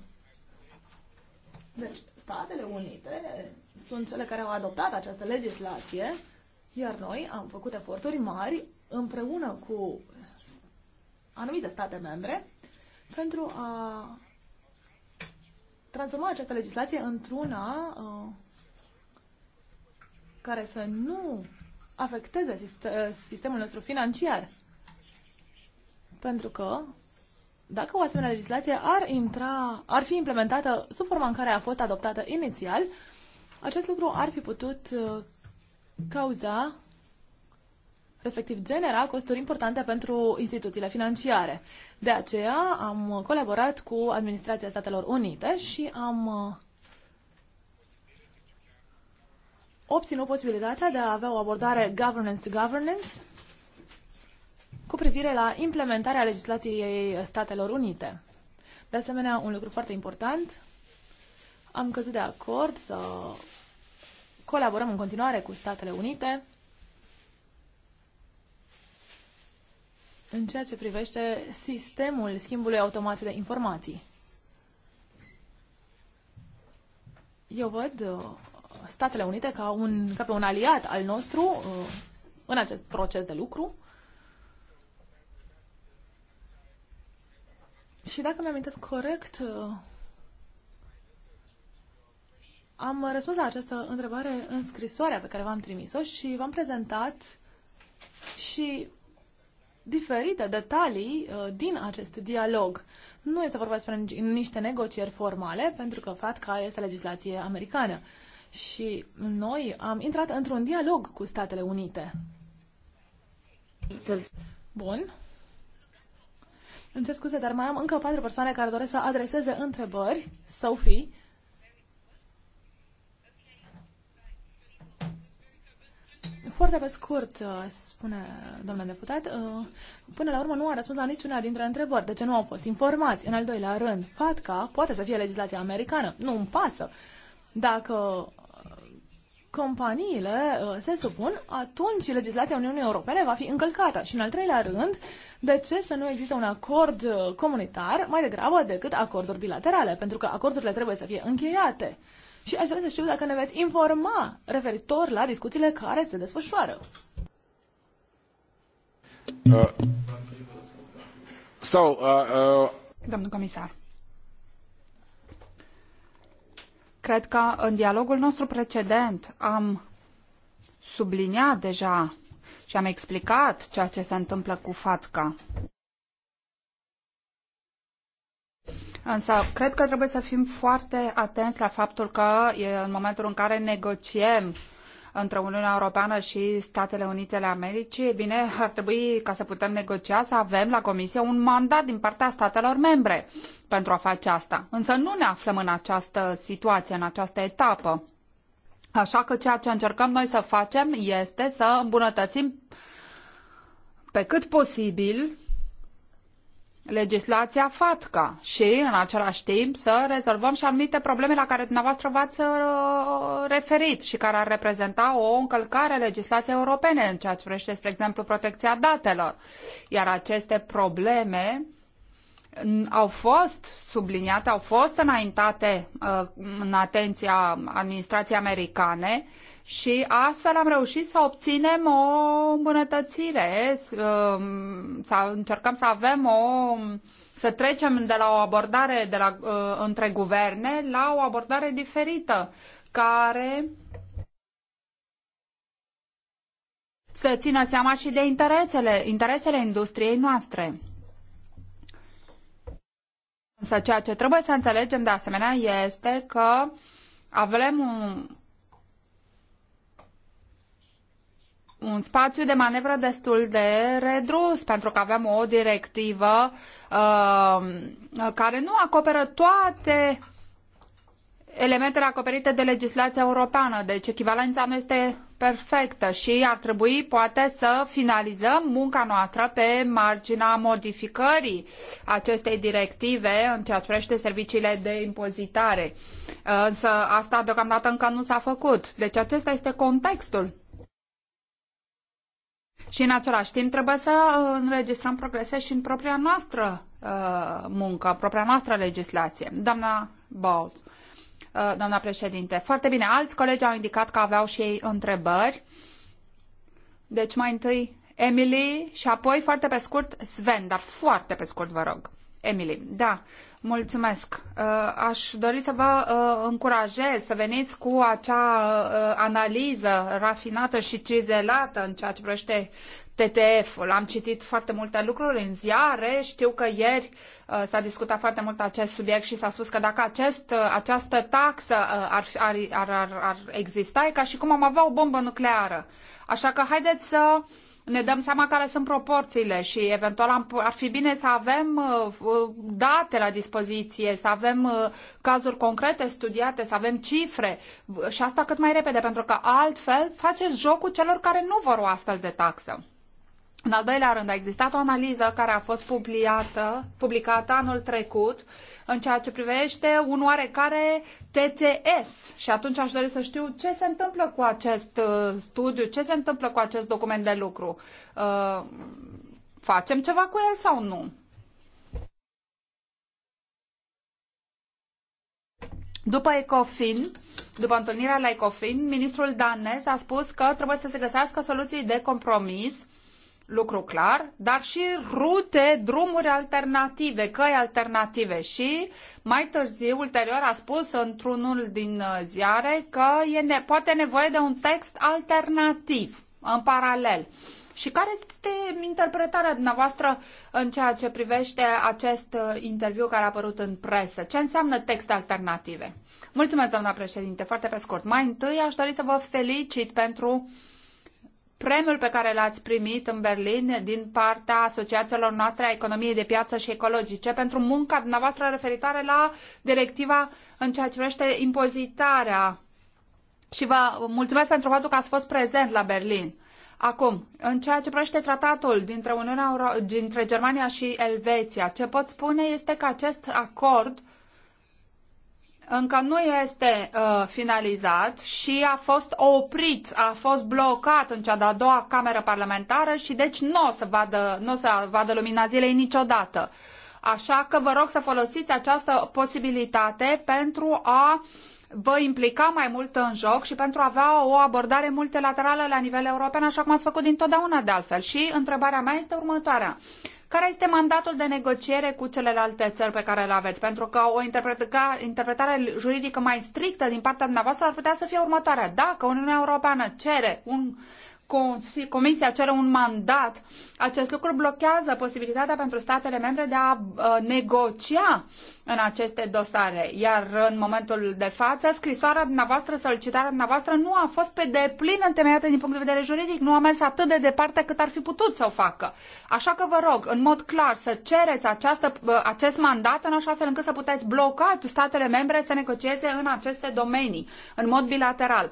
Deci, Statele Unite sunt cele care au adoptat această legislație, iar noi am făcut eforturi mari împreună cu anumite state membre pentru a transforma această legislație într-una uh, care să nu afecteze ă, sistemul nostru financiar. Pentru că dacă o asemenea legislație ar intra, ar fi implementată sub forma în care a fost adoptată inițial, acest lucru ar fi putut ă, cauza respectiv genera costuri importante pentru instituțiile financiare. De aceea am colaborat cu Administrația Statelor Unite și am ă, obținut posibilitatea de a avea o abordare governance to governance cu privire la implementarea legislației Statelor Unite. De asemenea, un lucru foarte important, am căzut de acord să colaborăm în continuare cu Statele Unite în ceea ce privește sistemul schimbului automat de informații. Eu văd uh, Statele Unite ca, un, ca pe un aliat al nostru uh, în acest proces de lucru. Și dacă mi amintesc corect, uh, am răspuns la această întrebare în scrisoarea pe care v-am trimis-o și v-am prezentat și diferite detalii uh, din acest dialog. Nu este vorba despre niște negocieri formale, pentru că FATCA este legislație americană și noi am intrat într-un dialog cu Statele Unite. Bun. Îmi cer scuze, dar mai am încă patru persoane care doresc să adreseze întrebări. Sophie. Foarte pe scurt, uh, spune domnul deputat, uh, până la urmă nu a răspuns la niciuna dintre întrebări. De ce nu au fost informați? În al doilea rând, FATCA poate să fie legislația americană. Nu îmi pasă. Dacă uh, companiile uh, se supun, atunci legislația Uniunii Europene va fi încălcată. Și în al treilea rând, de ce să nu existe un acord uh, comunitar mai degrabă decât acorduri bilaterale? Pentru că acordurile trebuie să fie încheiate. Și aș vrea să știu dacă ne veți informa referitor la discuțiile care se desfășoară. Uh, so, uh, uh... Domnul comisar. Cred că în dialogul nostru precedent am subliniat deja și am explicat ceea ce se întâmplă cu FATCA. Însă, cred că trebuie să fim foarte atenți la faptul că în momentul în care negociem uh, între Uniunea Europeană și Statele Unite ale Americii, bine, ar trebui ca să putem negocia să avem la Comisie un mandat din partea statelor membre pentru a face asta. Însă nu ne aflăm în această situație, în această etapă. Așa că ceea ce încercăm noi să facem este să îmbunătățim pe cât posibil legislația FATCA și în același timp să rezolvăm și anumite probleme la care dumneavoastră v-ați uh, referit și care ar reprezenta o încălcare a legislației europene în ceea ce privește, spre exemplu, protecția datelor. Iar aceste probleme au fost subliniate, au fost înaintate uh, în atenția administrației americane și astfel am reușit să obținem o îmbunătățire, um, să încercăm să avem o să trecem de la o abordare de la, uh, între guverne la o abordare diferită care să țină seama și de interesele, interesele industriei noastre. Însă ceea ce trebuie să înțelegem de asemenea este că avem un, un spațiu de manevră destul de redus, pentru că avem o directivă uh, care nu acoperă toate elementele acoperite de legislația europeană. Deci echivalența nu este perfectă și ar trebui poate să finalizăm munca noastră pe marginea modificării acestei directive în ceea ce privește serviciile de impozitare. Uh, însă asta deocamdată încă nu s-a făcut. Deci acesta este contextul și în același timp trebuie să uh, înregistrăm progrese și în propria noastră uh, muncă, în propria noastră legislație. Doamna Bowles, uh, doamna președinte, foarte bine. Alți colegi au indicat că aveau și ei întrebări. Deci mai întâi Emily și apoi foarte pe scurt Sven, dar foarte pe scurt vă rog. Emily. Da, mulțumesc. Uh, aș dori să vă uh, încurajez să veniți cu acea uh, analiză rafinată și cizelată în ceea ce privește TTF-ul. Am citit foarte multe lucruri în ziare, știu că ieri s-a discutat foarte mult acest subiect și s-a spus că dacă acest, această taxă ar, ar, ar, ar, ar exista, e ca și cum am avea o bombă nucleară. Așa că haideți să ne dăm seama care sunt proporțiile și eventual ar fi bine să avem uh, uh, date la dispoziție, să avem uh, cazuri concrete studiate, să avem cifre și asta cât mai repede, pentru că altfel faceți jocul celor care nu vor o astfel de taxă. În al doilea rând, a existat o analiză care a fost publicată, publicată anul trecut în ceea ce privește un oarecare TTS. Și atunci aș dori să știu ce se întâmplă cu acest uh, studiu, ce se întâmplă cu acest document de lucru. Uh, facem ceva cu el sau nu? După Ecofin, după întâlnirea la Ecofin, ministrul danez a spus că trebuie să se găsească soluții de compromis lucru clar, dar și rute, drumuri alternative, căi alternative și mai târziu, ulterior, a spus într-unul din uh, ziare că e ne- poate nevoie de un text alternativ, în paralel. Și care este interpretarea dumneavoastră în ceea ce privește acest uh, interviu care a apărut în presă? Ce înseamnă texte alternative? Mulțumesc, doamna președinte, foarte pe scurt. Mai întâi aș dori să vă felicit pentru uh, premiul pe care l-ați primit în Berlin din partea asociațiilor noastre a economiei de piață și ecologice pentru munca dumneavoastră referitoare la directiva în ceea ce privește impozitarea. Și vă mulțumesc pentru faptul că ați fost prezent la Berlin. Acum, în ceea ce privește tratatul dintre, Uniunea Euro- dintre Germania și Elveția, ce pot spune este că acest acord încă nu este uh, finalizat și a fost oprit, a fost blocat în cea de-a doua cameră parlamentară și deci nu o să vadă, nu o să vadă lumina zilei niciodată. Așa că vă rog să folosiți această posibilitate pentru a vă implica mai mult în joc și pentru a avea o abordare multilaterală la nivel european, așa cum ați făcut dintotdeauna de altfel. Și întrebarea mea este următoarea. Uh, care este mandatul de negociere cu celelalte țări pe care le aveți? Pentru că o interpretare juridică mai strictă din partea dumneavoastră ar putea să fie următoarea. Dacă Uniunea Europeană cere un Comisia cere un mandat, acest lucru blochează posibilitatea pentru statele membre de a uh, negocia în aceste dosare. Iar în momentul de față, scrisoarea dumneavoastră, solicitarea dumneavoastră nu a fost pe deplin întemeiată din punct de vedere juridic, nu a mers atât de departe cât ar fi putut să o facă. Așa că vă rog, în mod clar, să cereți această, uh, acest mandat în așa fel încât să puteți bloca statele membre să negocieze în aceste domenii, în mod bilateral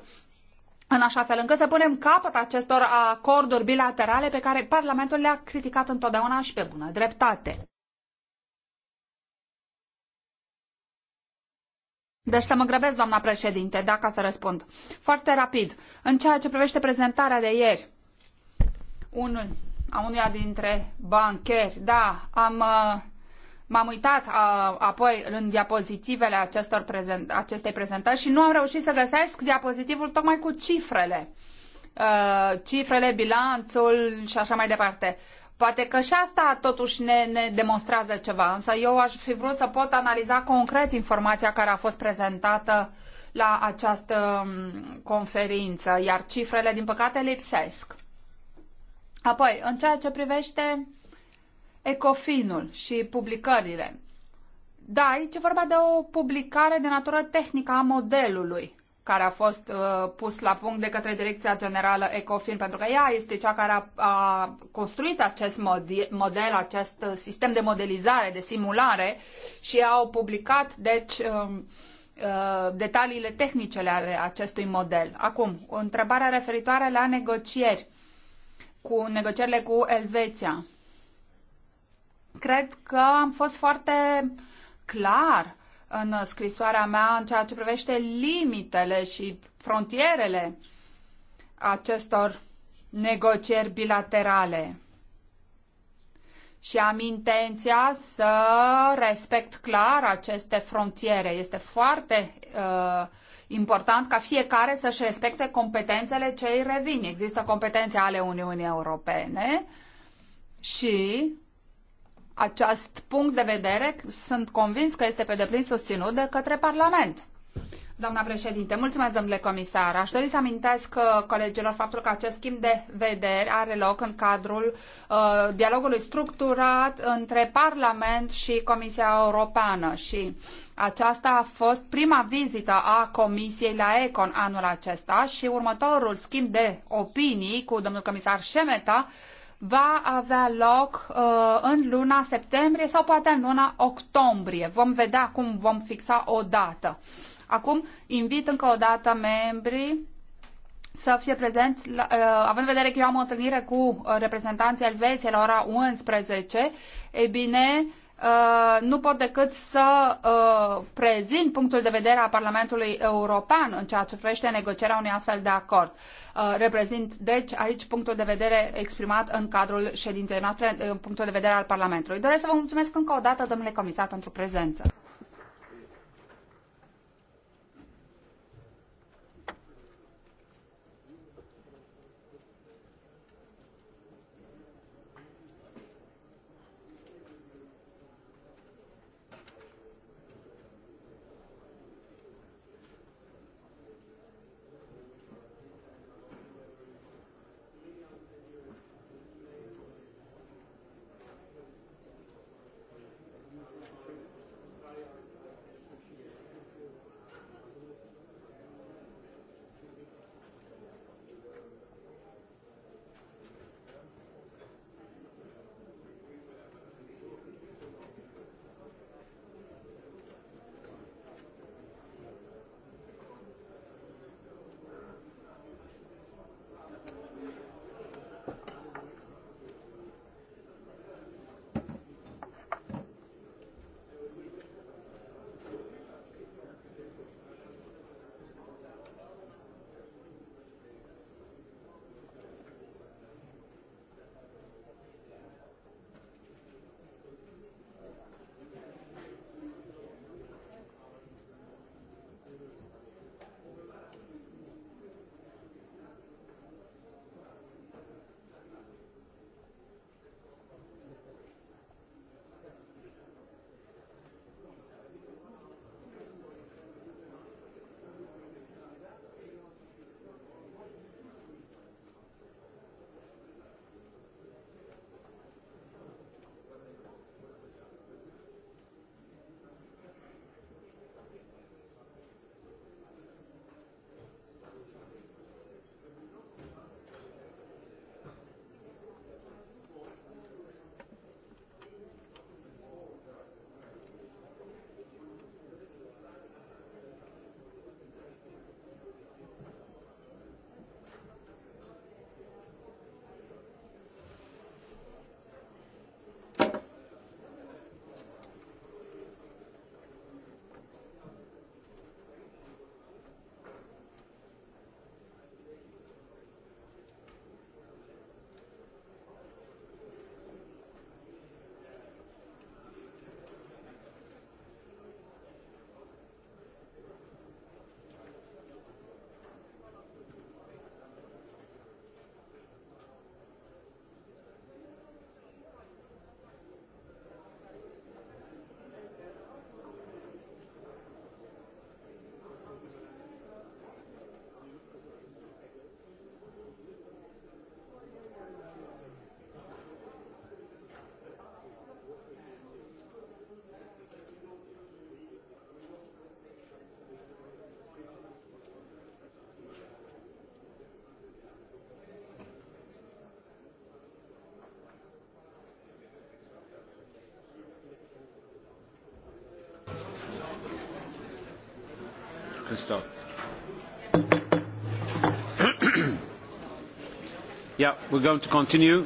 în așa fel încât să punem capăt acestor acorduri bilaterale pe care Parlamentul le-a criticat întotdeauna și pe bună dreptate. Deci să mă grăbesc, doamna președinte, dacă să răspund. Foarte rapid, în ceea ce privește prezentarea de ieri, unul, a unuia dintre bancheri, da, am uh, M-am uitat a, apoi în diapozitivele acestor prezent, acestei prezentări și nu am reușit să găsesc diapozitivul tocmai cu cifrele. Uh, cifrele, bilanțul și așa mai departe. Poate că și asta totuși ne, ne demonstrează ceva, însă eu aș fi vrut să pot analiza concret informația care a fost prezentată la această um, conferință, iar cifrele, din păcate, lipsesc. Apoi, în ceea ce privește Ecofinul și publicările. Da, aici e vorba de o publicare de natură tehnică a modelului care a fost uh, pus la punct de către Direcția Generală Ecofin, pentru că ea este cea care a, a construit acest model, model, acest uh, sistem de modelizare, de simulare și au publicat, deci, uh, uh, detaliile tehnice ale acestui model. Acum, întrebarea referitoare la negocieri, cu negocierile cu Elveția. Cred că am fost foarte clar în scrisoarea mea în ceea ce privește limitele și frontierele acestor negocieri bilaterale. Și am intenția să respect clar aceste frontiere. Este foarte uh, important ca fiecare să-și respecte competențele ce îi revin. Există competențe ale Uniunii Europene și acest punct de vedere sunt convins că este pe deplin susținut de către Parlament. Doamna președinte, mulțumesc, domnule comisar. Aș dori să amintesc uh, colegilor faptul că acest schimb de vedere are loc în cadrul uh, dialogului structurat între Parlament și Comisia Europeană și aceasta a fost prima vizită a Comisiei la Econ anul acesta și următorul schimb de opinii cu domnul comisar Șemeta uh, va avea loc uh, în luna septembrie sau poate în luna octombrie. Vom vedea cum vom fixa o dată. Acum invit încă o dată membrii să fie prezenți, uh, având în vedere că eu am o întâlnire cu uh, reprezentanții Elveției la ora 11, e bine, uh, Uh, nu pot decât să uh, prezint punctul de vedere al Parlamentului European în ceea ce privește negocierea unui astfel de acord. Uh, reprezint, deci, aici punctul de vedere exprimat în cadrul ședinței noastre, punctul de vedere al Parlamentului. Doresc să vă mulțumesc încă o dată, domnule comisar, pentru prezență. Christoph. yeah, we're going to continue.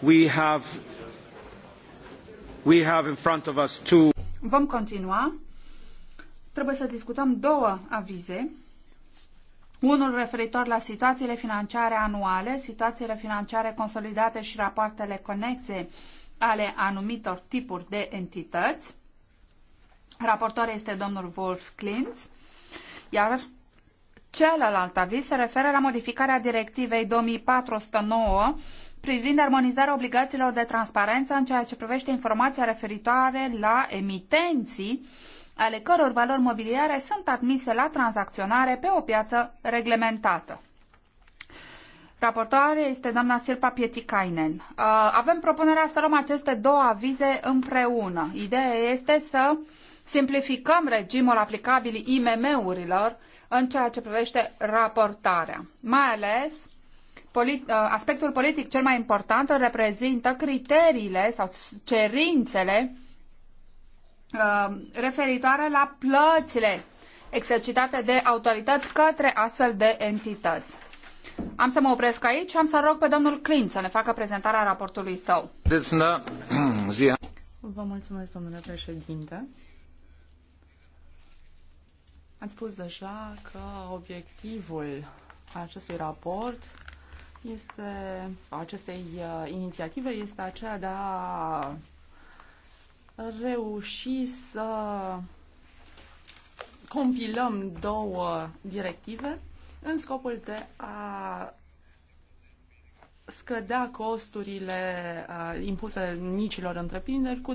We have, we have in front of us two... Vom continua. Trebuie să discutăm două avize. Unul referitor la situațiile financiare anuale, situațiile financiare consolidate și rapoartele conexe ale anumitor tipuri de entități Raportor este domnul Wolf Klintz, iar celălalt aviz se referă la modificarea directivei 2409 privind armonizarea obligațiilor de transparență în ceea ce privește informația referitoare la emitenții ale căror valori mobiliare sunt admise la tranzacționare pe o piață reglementată. Raportoare este doamna Sirpa Pietikainen. Uh, avem propunerea să luăm aceste două avize împreună. Ideea este să uh, simplificăm regimul aplicabil IMM-urilor în ceea ce privește raportarea. Mai ales, polit, uh, aspectul politic cel mai important îl reprezintă criteriile sau cerințele uh, referitoare la plățile exercitate de autorități către astfel de entități. Am să mă opresc aici și am să rog pe domnul Clin să ne facă prezentarea raportului său. Vă mulțumesc, domnule președinte. Am spus deja că obiectivul acestui raport este, acestei uh, inițiative este aceea de a reuși să compilăm două directive în scopul de a scădea costurile uh, impuse micilor întreprinderi cu 25%.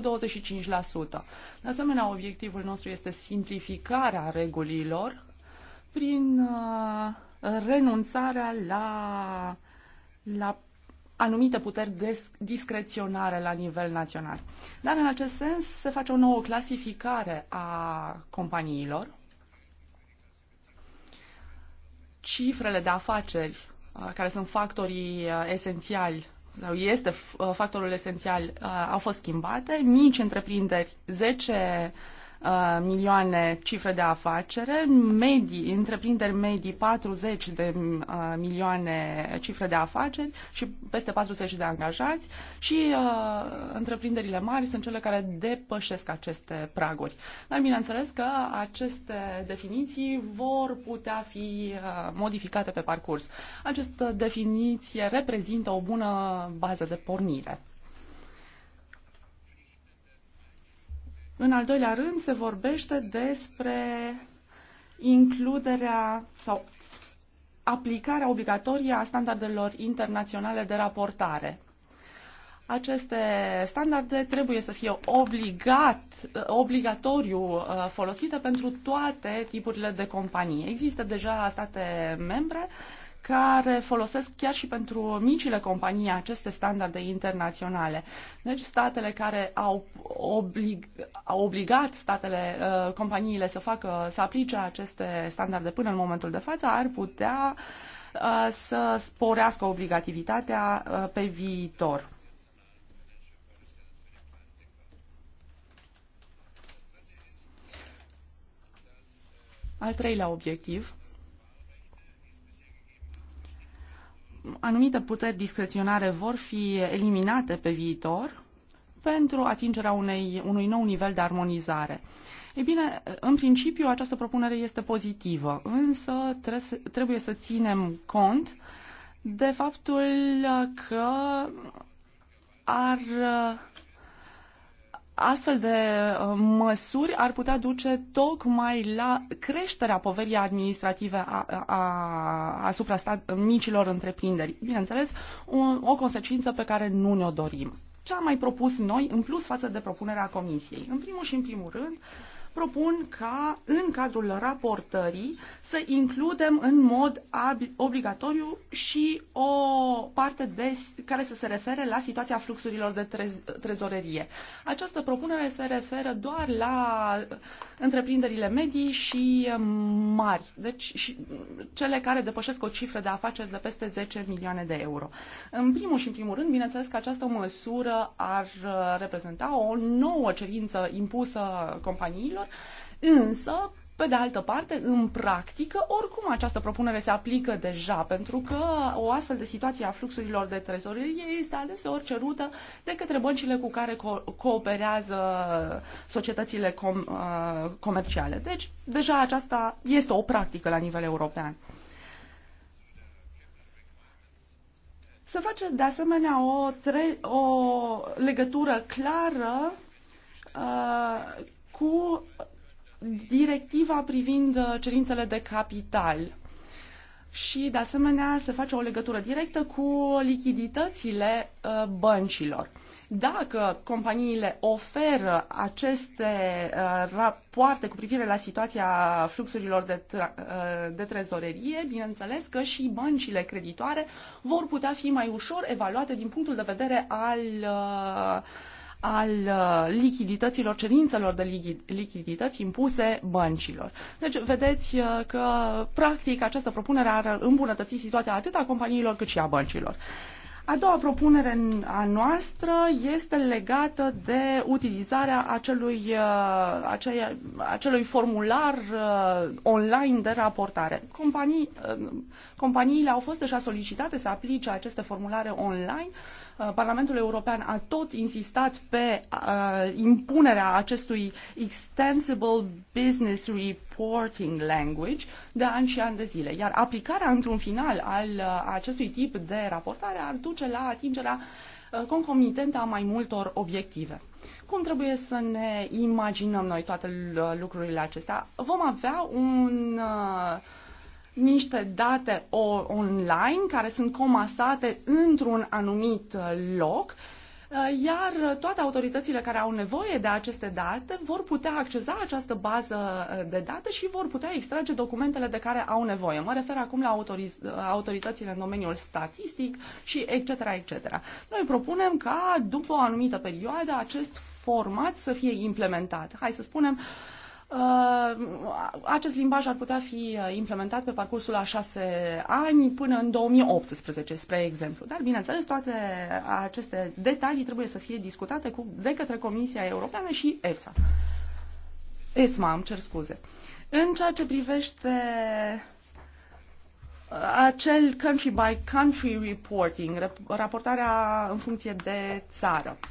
De asemenea, obiectivul nostru este simplificarea regulilor prin uh, renunțarea la, la anumite puteri discreționare la nivel național. Dar în acest sens se face o nouă clasificare a companiilor. Cifrele de afaceri Uh, care sunt factorii uh, esențiali sau este uh, factorul esențial, au fost schimbate. Mici întreprinderi, 10 Uh, milioane cifre de afacere, medii, întreprinderi medii 40 de uh, milioane cifre de afaceri și peste 40 de angajați și uh, întreprinderile mari sunt cele care depășesc aceste praguri. Dar bineînțeles că aceste definiții vor putea fi uh, modificate pe parcurs. Această definiție reprezintă o bună bază de pornire. În al doilea rând, se vorbește despre includerea sau aplicarea obligatorie a standardelor internaționale de raportare. Aceste standarde trebuie să fie obligat, obligatoriu uh, folosite pentru toate tipurile de companii. Există deja state membre uh, care folosesc chiar și pentru micile companii aceste standarde internaționale. Deci statele care au, oblig, au obligat statele, uh, companiile să facă, să aplice aceste standarde până în momentul de față, ar putea uh, să sporească obligativitatea uh, pe viitor. Al treilea obiectiv anumite puteri discreționare vor fi eliminate pe viitor pentru atingerea unei, unui nou nivel de armonizare. Ei bine, în principiu această propunere este pozitivă, însă trebuie să ținem cont de faptul că ar astfel de uh, măsuri ar putea duce tocmai la creșterea poverii administrative a, a, asupra stat, micilor întreprinderi. Bineînțeles, un, o consecință pe care nu ne-o dorim. Ce am mai propus noi, în plus față de propunerea Comisiei? În primul și în primul rând, uh, propun ca în cadrul raportării să includem în mod obligatoriu și o parte de, care să se refere la situația fluxurilor de trez, trezorerie. Această propunere se referă doar la întreprinderile medii și um, mari, deci și mm, cele care depășesc o cifră de afaceri de peste 10 milioane de euro. În primul și în primul rând, bineînțeles că această măsură ar uh, reprezenta o nouă cerință impusă companiilor lor. Însă, pe de altă parte, în practică, oricum această propunere se aplică deja, pentru că o astfel de situație a fluxurilor de trezorerie este adeseori cerută de către băncile cu care co- cooperează societățile com- uh, comerciale. Deci, deja aceasta este o practică la nivel european. Se face de asemenea o, tre- o legătură clară uh, cu directiva privind uh, cerințele de capital. Și, de asemenea, se face o legătură directă cu lichiditățile uh, băncilor. Dacă companiile oferă aceste uh, rapoarte cu privire la situația fluxurilor de, de trezorerie, bineînțeles că și băncile creditoare vor putea fi mai ușor evaluate din punctul de vedere al uh, al uh, lichidităților, cerințelor de lichidități impuse băncilor. Deci vedeți uh, că, practic, această propunere ar îmbunătăți situația atât a companiilor cât și a băncilor. A doua propunere a noastră este legată de utilizarea acelui, uh, acelui, acelui formular online de raportare. Companii, companiile au fost deja solicitate să aplice aceste formulare online Uh, Parlamentul European a tot insistat pe uh, impunerea acestui extensible business reporting language de ani și ani de zile. Iar aplicarea într-un final al uh, acestui tip de raportare ar duce la atingerea uh, concomitentă a mai multor obiective. Cum trebuie să ne imaginăm noi toate uh, lucrurile acestea? Vom avea un uh, niște date online care sunt comasate într-un anumit uh, loc, uh, iar toate autoritățile care au nevoie de aceste date vor putea acceza această bază uh, de date și vor putea extrage documentele de care au nevoie. Mă refer acum la autoritățile în domeniul statistic și etc. etc. Noi propunem ca după o anumită perioadă acest format să fie implementat. Hai să spunem, uh, Uh, acest limbaj ar putea fi uh, implementat pe parcursul a șase ani până în 2018, spre exemplu. Dar, bineînțeles, toate aceste detalii trebuie să fie discutate cu, de către Comisia Europeană și EFSA. ESMA, îmi cer scuze. În ceea ce privește uh, acel country by country reporting, raportarea în funcție de țară. Uh,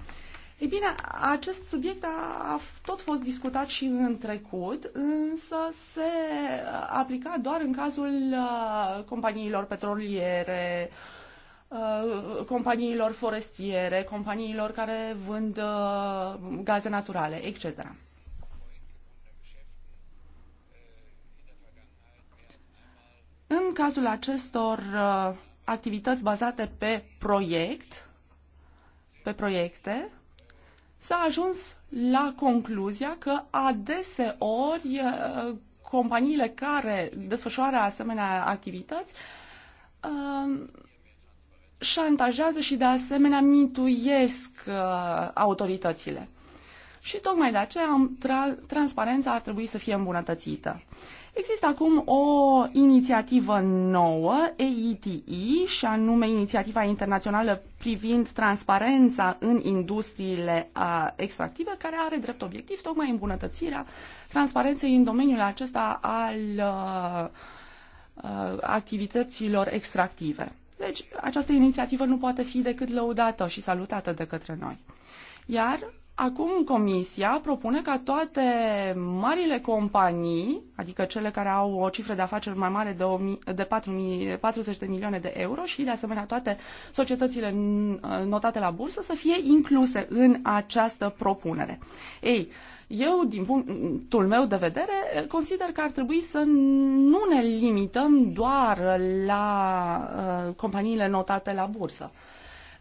ei bine, acest subiect a, a tot fost discutat și în trecut, însă se aplica doar în cazul uh, companiilor petroliere, uh, companiilor forestiere, companiilor care vând uh, gaze naturale, etc. În cazul acestor uh, activități bazate pe proiect, pe proiecte, s-a ajuns la concluzia că adeseori uh, companiile care desfășoară asemenea activități uh, șantajează și de asemenea mituiesc uh, autoritățile. Și tocmai de aceea transparența ar trebui să fie îmbunătățită. Există acum o inițiativă nouă, EITI, și anume inițiativa internațională privind transparența în industriile extractive, care are drept obiectiv tocmai îmbunătățirea transparenței în domeniul acesta al activităților extractive. Deci, această inițiativă nu poate fi decât lăudată și salutată de către noi. Iar Acum Comisia propune ca toate marile companii, adică cele care au o cifră de afaceri mai mare de, 1000, de 4000, 40 de milioane de euro și de asemenea toate societățile uh, notate la bursă să fie incluse în această propunere. Ei, eu, din punctul meu de vedere, consider că ar trebui să nu ne limităm doar la uh, companiile notate la bursă. Uh,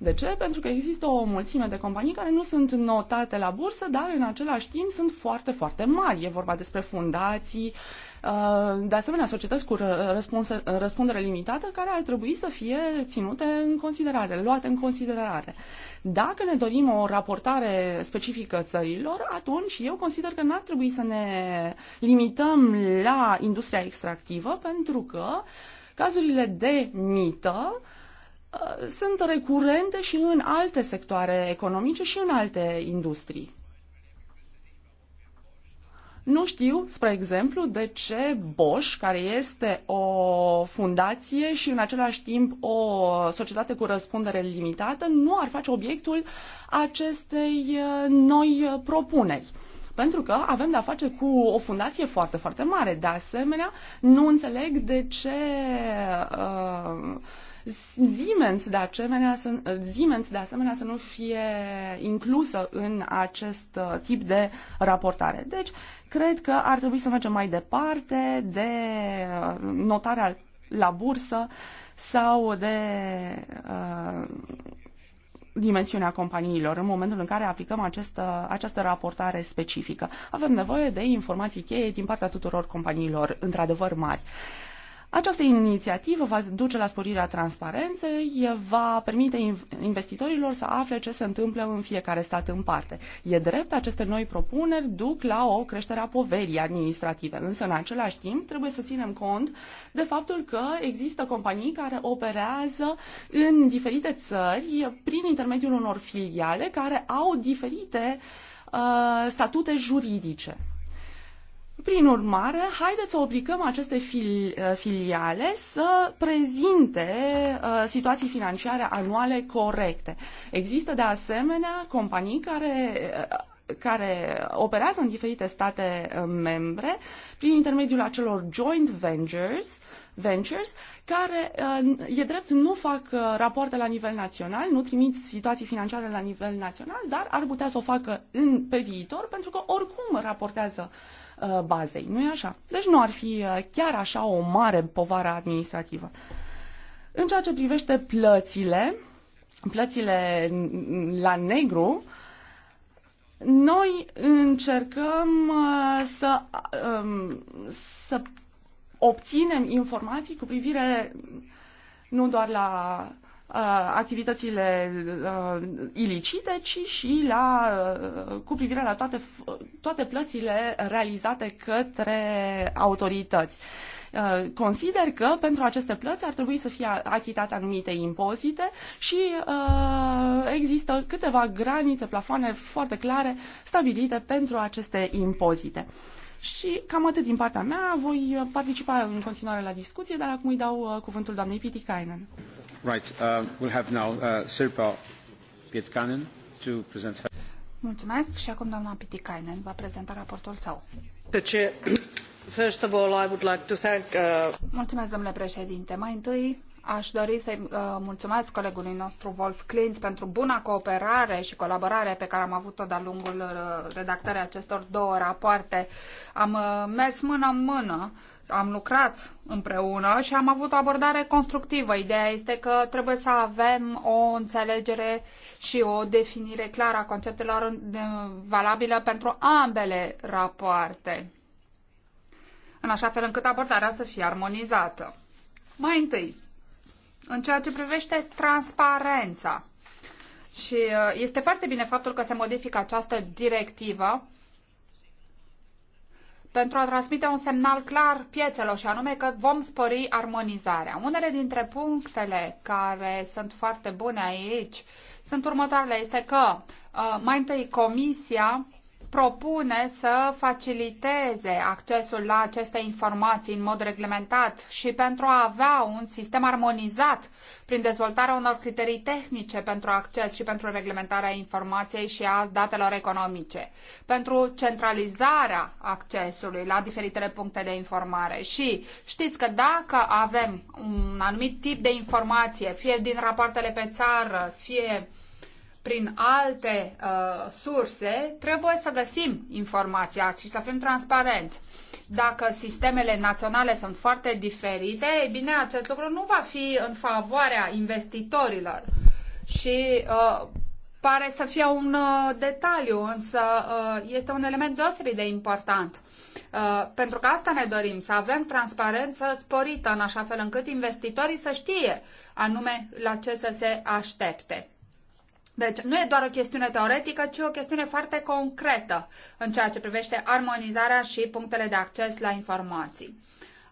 de ce? Pentru că există o mulțime de companii care nu sunt notate la bursă, dar în același timp sunt foarte, foarte mari. E vorba despre fundații, uh, de asemenea societăți cu răspundere limitată care ar trebui să fie ținute în considerare, luate în considerare. Dacă ne dorim o raportare specifică țărilor, atunci eu consider că n-ar trebui să ne limităm la industria extractivă, pentru că cazurile de mită Uh, sunt recurente și în alte sectoare economice și în alte industrii. Nu știu, spre exemplu, de ce Bosch, care este o fundație și în același timp o societate cu răspundere limitată, nu ar face obiectul acestei uh, noi propuneri. Pentru că avem de-a face cu o fundație foarte, foarte mare. De asemenea, nu înțeleg de ce. Uh, Siemens de, asemenea, să, Siemens de asemenea să nu fie inclusă în acest uh, tip de raportare. Deci, cred că ar trebui să mergem mai departe de uh, notarea la bursă sau de uh, dimensiunea companiilor în momentul în care aplicăm această, uh, această raportare specifică. Avem nevoie de informații cheie din partea tuturor companiilor, într-adevăr mari. Uh, această inițiativă va duce la sporirea transparenței, va permite investitorilor să afle ce se întâmplă în fiecare stat în parte. E drept, aceste noi propuneri duc la o creștere a poverii administrative, însă în același timp trebuie să ținem cont de faptul că există companii care operează în diferite țări prin intermediul unor filiale care au diferite uh, statute juridice. Prin urmare, haideți să obligăm aceste fil- uh, filiale să prezinte uh, situații financiare anuale corecte. Există de asemenea companii care uh, care operează în diferite state uh, membre prin intermediul acelor joint ventures, ventures care, uh, e drept, nu fac rapoarte la nivel național, nu trimit situații financiare la nivel național, dar ar putea să o facă în, pe viitor, pentru că oricum raportează uh, Uh, bazei. Nu e așa? Deci nu ar fi uh, chiar așa o mare povară administrativă. În ceea ce privește plățile, plățile la negru, noi încercăm uh, să, um, să obținem informații cu privire nu doar la Uh, activitățile uh, ilicite, ci și la, uh, cu privire la toate, toate plățile realizate către autorități consider că pentru aceste plăți ar trebui să fie achitate anumite impozite și uh, există câteva granițe, plafoane foarte clare stabilite pentru aceste impozite. Și cam atât din partea mea, voi participa în continuare la discuție, dar acum îi dau cuvântul doamnei Kainen. Right, uh, we'll have now uh, Sirpa Pietkanen to present Mulțumesc și acum doamna Pietkanen va prezenta raportul său. First of all, I would like to thank, uh... Mulțumesc, domnule președinte. Mai întâi aș dori să-i uh, mulțumesc colegului nostru Wolf Klintz pentru buna cooperare și colaborare pe care am avut-o de-a lungul uh, redactării acestor două rapoarte. Am uh, mers mână în mână uh, am lucrat împreună și am avut o abordare constructivă. Ideea este că trebuie să avem o înțelegere și o definire clară a conceptelor valabilă pentru ambele rapoarte, în așa fel încât abordarea să fie armonizată. Mai întâi, în ceea ce privește transparența, și uh, este foarte bine faptul că se modifică această directivă, pentru a transmite un semnal clar piețelor și anume că vom spori armonizarea. Unele dintre punctele care sunt foarte bune aici sunt următoarele. Este că uh, mai întâi Comisia propune să faciliteze accesul la aceste informații în mod reglementat și pentru a avea un sistem armonizat prin dezvoltarea unor criterii tehnice pentru acces și pentru reglementarea informației și a datelor economice, pentru centralizarea accesului la diferitele puncte de informare. Și știți că dacă avem un anumit tip de informație, fie din rapoartele pe țară, fie prin alte uh, surse, trebuie să găsim informația și să fim transparenți. Dacă sistemele naționale sunt foarte diferite, e bine, acest lucru nu va fi în favoarea investitorilor. Și uh, pare să fie un uh, detaliu, însă uh, este un element deosebit de important. Uh, pentru că asta ne dorim, să avem transparență sporită, în așa fel încât investitorii să știe anume la ce să se aștepte. Deci nu e doar o chestiune teoretică, ci o chestiune foarte concretă în ceea ce privește armonizarea și punctele de acces la informații.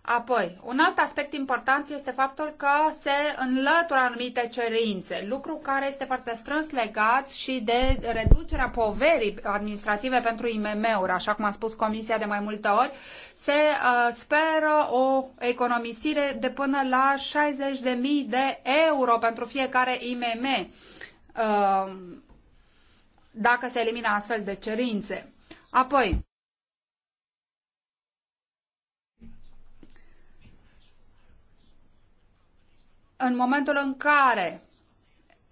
Apoi, un alt aspect important este faptul că se înlătură anumite cerințe, lucru care este foarte strâns legat și de reducerea poverii administrative pentru IMM-uri, așa cum a spus Comisia de mai multe ori, se uh, speră o economisire de până la 60.000 de euro pentru fiecare IMM Um, dacă se elimină astfel de cerințe. Apoi, în momentul în care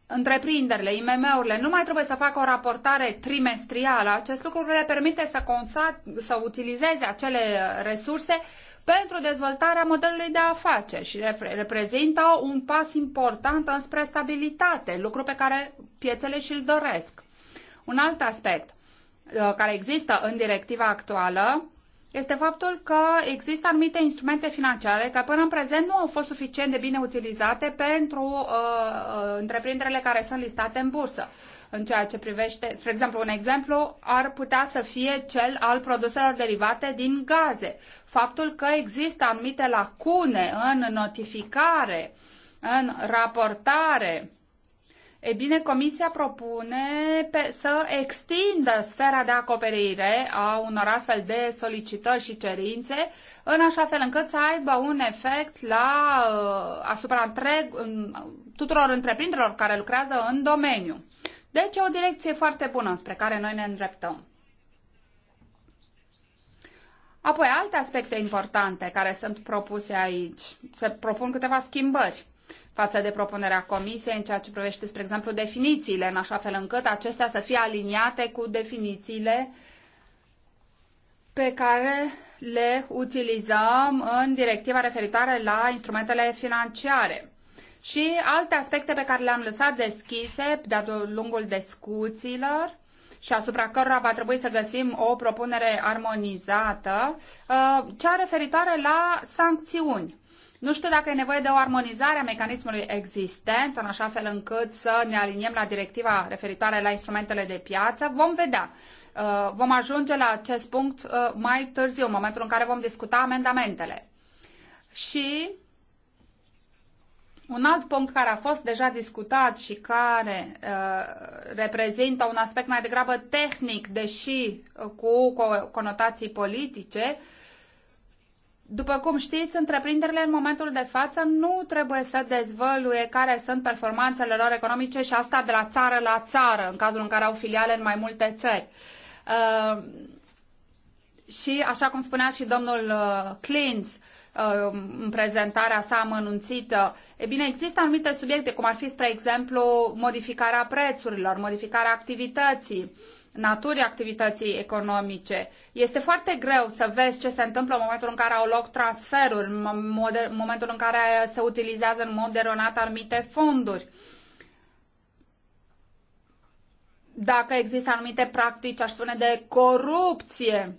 întreprinderile, IMM-urile nu mai trebuie să facă o raportare trimestrială, acest lucru le permite să, consa- să utilizeze acele resurse pentru dezvoltarea modelului de afaceri și reprezintă un pas important înspre stabilitate, lucru pe care piețele și-l doresc. Un alt aspect uh, care există în directiva actuală este faptul că există anumite instrumente financiare care până în prezent nu au fost suficient de bine utilizate pentru uh, uh întreprinderile care sunt listate în bursă în ceea ce privește, spre exemplu, un exemplu ar putea să fie cel al produselor derivate din gaze. Faptul că există anumite lacune în notificare, în raportare, E bine, Comisia propune pe, să extindă sfera de acoperire a unor astfel de solicitări și cerințe, în așa fel încât să aibă un efect la, uh, asupra întreg, tuturor întreprinderilor care lucrează în domeniu. Deci e o direcție foarte bună spre care noi ne îndreptăm. Apoi, alte aspecte importante care sunt propuse aici. Se propun câteva schimbări față de propunerea Comisiei în ceea ce privește, spre exemplu, definițiile, în așa fel încât acestea să fie aliniate cu definițiile pe care le utilizăm în directiva referitoare la instrumentele financiare și alte aspecte pe care le-am lăsat deschise de-a lungul discuțiilor și asupra cărora va trebui să găsim o propunere armonizată, uh, cea referitoare la sancțiuni. Nu știu dacă e nevoie de o armonizare a mecanismului existent, în așa fel încât să ne aliniem la directiva referitoare la instrumentele de piață. Vom vedea. Uh, vom ajunge la acest punct uh, mai târziu, în momentul în care vom discuta amendamentele. Și un alt punct care a fost deja discutat și care uh, reprezintă un aspect mai degrabă tehnic, deși uh, cu conotații politice, după cum știți, întreprinderile în momentul de față nu trebuie să dezvăluie care sunt performanțele lor economice și asta de la țară la țară, în cazul în care au filiale în mai multe țări. Uh, și, așa cum spunea și domnul uh, Clintz uh, în prezentarea sa amănunțită, e bine, există anumite subiecte, cum ar fi, spre exemplu, modificarea prețurilor, modificarea activității, naturii activității economice. Este foarte greu să vezi ce se întâmplă în momentul în care au loc transferuri, în momentul în care se utilizează în mod eronat anumite fonduri dacă există anumite practici, aș spune, de corupție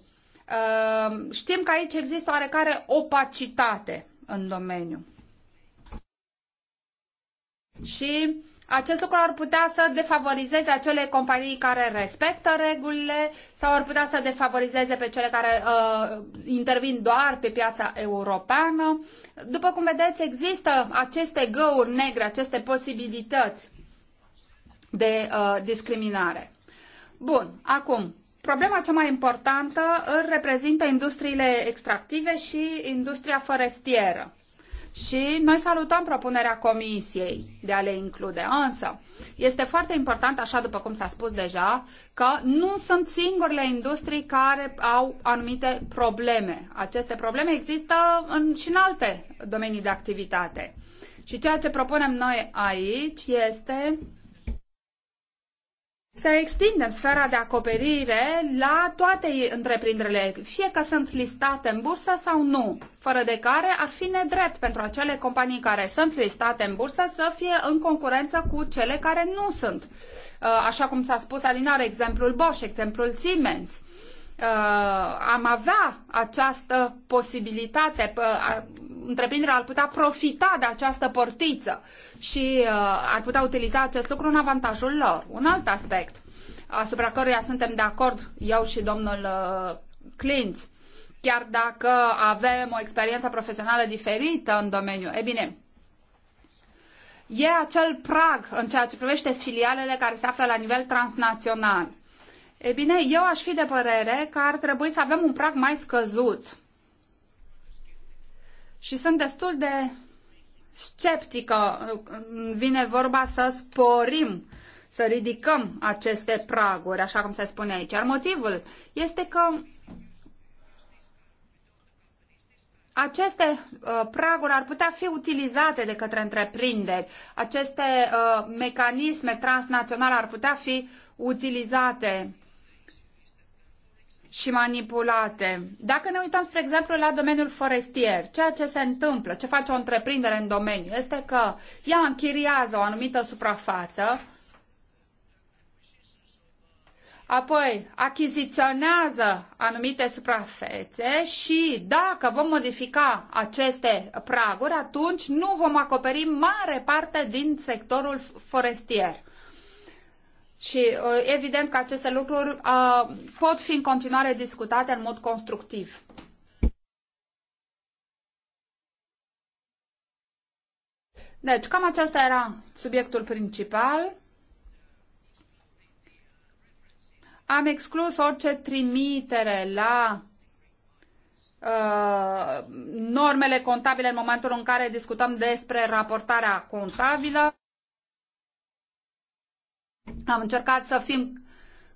Ehm, știm că aici există oarecare opacitate în domeniu. Și acest lucru ar putea să defavorizeze acele companii care respectă regulile sau ar putea să defavorizeze pe cele care uh, intervin doar pe piața europeană. După cum vedeți, există aceste găuri negre, aceste posibilități de uh, discriminare. Bun, acum, Problema cea mai importantă îl reprezintă industriile extractive și industria forestieră. Și noi salutăm propunerea comisiei de a le include. Însă, este foarte important, așa după cum s-a spus deja, că nu sunt singurele industrii care au anumite probleme. Aceste probleme există în, și în alte domenii de activitate. Și ceea ce propunem noi aici este să extindem sfera de acoperire la toate întreprinderile, fie că sunt listate în bursă sau nu, fără de care ar fi nedrept pentru acele companii care sunt listate în bursă să fie în concurență cu cele care nu sunt. Uh, așa cum s-a spus adinar, exemplul Bosch, exemplul Siemens. Uh, am avea această posibilitate uh, întreprinderea ar putea profita de această portiță și uh, ar putea utiliza acest lucru în avantajul lor. Un alt aspect asupra căruia suntem de acord eu și domnul uh, Clintz, chiar dacă avem o experiență profesională diferită în domeniu. E bine, e acel prag în ceea ce privește filialele care se află la nivel transnațional. E bine, eu aș fi de părere că ar trebui să avem un prag mai scăzut și sunt destul de sceptică vine vorba să sporim, să ridicăm aceste praguri, așa cum se spune aici. Iar motivul este că aceste uh, praguri ar putea fi utilizate de către întreprinderi, aceste uh, mecanisme transnaționale ar putea fi utilizate și manipulate. Dacă ne uităm, spre exemplu, la domeniul forestier, ceea ce se întâmplă, ce face o întreprindere în domeniu, este că ea închiriază o anumită suprafață, apoi achiziționează anumite suprafețe și dacă vom modifica aceste praguri, atunci nu vom acoperi mare parte din sectorul forestier. Și uh, evident că aceste lucruri uh, pot fi în continuare discutate în mod constructiv. Deci, cam acesta era subiectul principal. Am exclus orice trimitere la uh, normele contabile în momentul în care discutăm despre raportarea contabilă. Am încercat să fim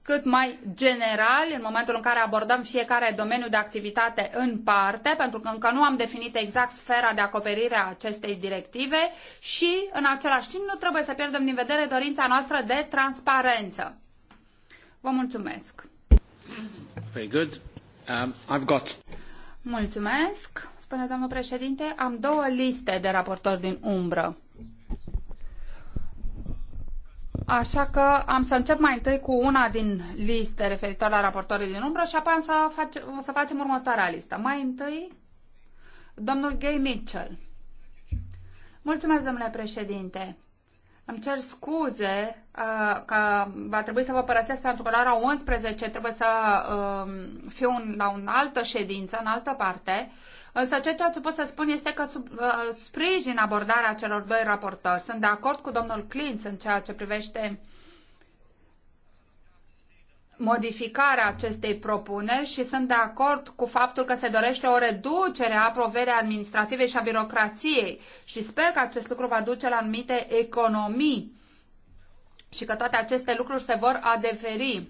cât mai general în momentul în care abordăm fiecare domeniu de activitate în parte, pentru că încă nu am definit exact sfera de acoperire a acestei directive și, în același timp, nu trebuie să pierdem din vedere dorința noastră de transparență. Vă mulțumesc! Very good. Um, I've got... Mulțumesc, spune domnul președinte. Am două liste de raportori din umbră. Așa că am să încep mai întâi cu una din liste referitor la raportorii din umbră și apoi am să, face, să facem următoarea listă. Mai întâi, domnul Gay Mitchell. Mulțumesc, domnule președinte. Îmi cer scuze uh, că va trebui să vă părăsesc pentru că la ora 11 trebuie să uh, fiu un, la o altă ședință, în altă parte. Însă ceea ce pot să spun este că sub, uh, sprijin abordarea celor doi raportori. Sunt de acord cu domnul Clint în ceea ce privește uh, modificarea acestei propuneri și sunt de acord cu faptul că se dorește o reducere a proverii administrative și a birocrației și sper că acest lucru va duce la anumite economii și că toate aceste lucruri se vor adeveri.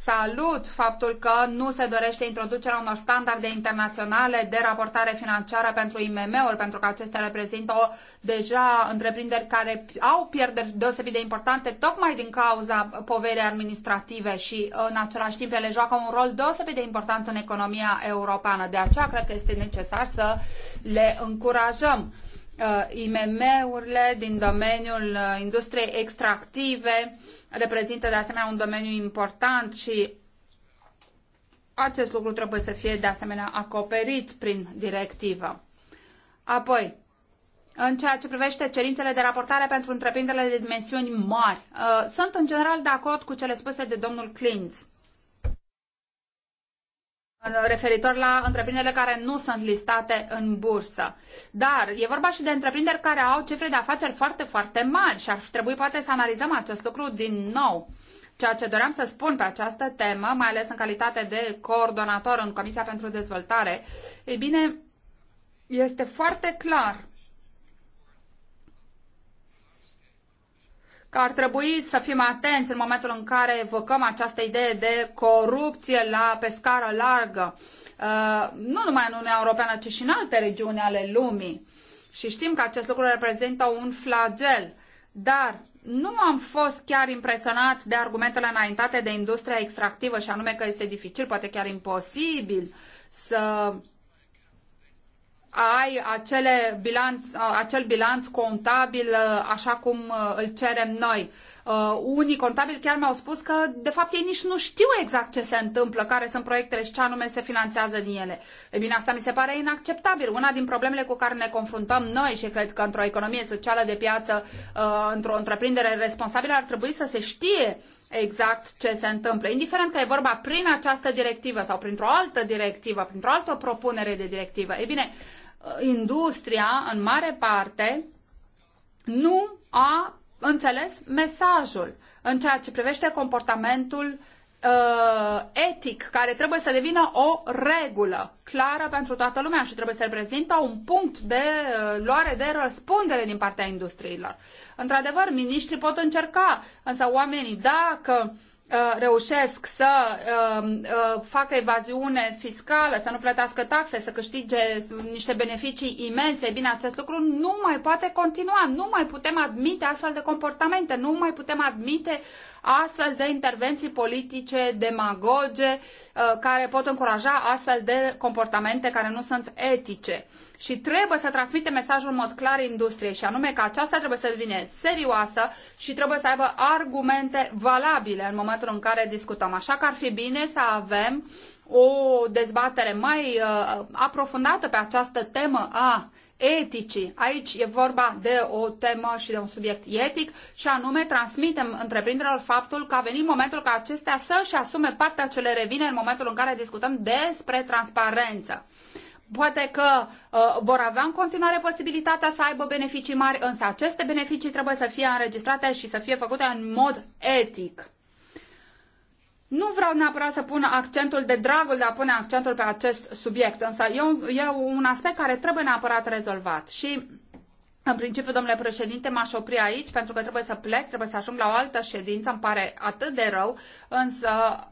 Salut faptul că nu se dorește introducerea unor standarde internaționale de raportare financiară pentru IMM-uri, pentru că acestea reprezintă o, deja întreprinderi care au pierderi deosebit de importante, tocmai din cauza poverii administrative și în același timp ele joacă un rol deosebit de important în economia europeană. De aceea cred că este necesar să le încurajăm. Uh, IMM-urile din domeniul uh, industriei extractive reprezintă de asemenea un domeniu important și acest lucru trebuie să fie de asemenea acoperit prin directivă. Apoi, în ceea ce privește cerințele de raportare pentru întreprinderile de dimensiuni mari, uh, sunt în general de acord cu cele spuse de domnul Klinz referitor la întreprinderile care nu sunt listate în bursă. Dar e vorba și de întreprinderi care au cifre de afaceri foarte, foarte mari și ar trebui poate să analizăm acest lucru din nou. Ceea ce doream să spun pe această temă, mai ales în calitate de coordonator în Comisia pentru Dezvoltare, e bine, este foarte clar că ar trebui să fim atenți în momentul în care evocăm această idee de corupție la, pe scară largă, uh, nu numai în Uniunea Europeană, ci și în alte regiuni ale lumii. Și știm că acest lucru reprezintă un flagel. Dar nu am fost chiar impresionați de argumentele înaintate de industria extractivă și anume că este dificil, poate chiar imposibil să ai acele bilanț, acel bilanț contabil uh, așa cum uh, îl cerem noi. Uh, unii contabili chiar mi-au spus că, de fapt, ei nici nu știu exact ce se întâmplă, care sunt proiectele și ce anume se finanțează din ele. E bine, asta mi se pare inacceptabil. Una din problemele cu care ne confruntăm noi și cred că într-o economie socială de piață, într-o întreprindere responsabilă, ar trebui să se știe exact ce se întâmplă. Indiferent că e vorba prin această directivă sau printr-o altă directivă, printr-o altă propunere de directivă, e bine, industria, în mare parte, nu a înțeles mesajul în ceea ce privește comportamentul uh, etic care trebuie să devină o regulă clară pentru toată lumea și trebuie să reprezintă un punct de uh, luare de răspundere din partea industriilor. Într-adevăr, miniștrii pot încerca, însă oamenii, dacă uh, reușesc să um, uh, facă evaziune fiscală, să nu plătească taxe, să câștige niște beneficii imense, bine, acest lucru nu mai poate continua, nu mai putem admite astfel de comportamente, nu mai putem admite astfel de intervenții politice demagoge uh, care pot încuraja astfel de comportamente care nu sunt etice. Și trebuie să transmitem mesajul în mod clar industriei și anume că aceasta trebuie să devină serioasă și trebuie să aibă argumente valabile în momentul în care discutăm. Așa că ar fi bine să avem o dezbatere mai uh, aprofundată pe această temă a eticii. Aici e vorba de o temă și de un subiect etic și anume transmitem întreprinderilor faptul că a venit momentul ca acestea să-și asume partea ce le revine în momentul în care discutăm despre transparență. Poate că uh, vor avea în continuare posibilitatea să aibă beneficii mari, însă aceste beneficii trebuie să fie înregistrate și să fie făcute în mod etic. Nu vreau neapărat să pun accentul de dragul de a pune accentul pe acest subiect, însă e un, e un aspect care trebuie neapărat rezolvat. Și, în principiu, domnule președinte, m-aș opri aici pentru că trebuie să plec, trebuie să ajung la o altă ședință, îmi pare atât de rău, însă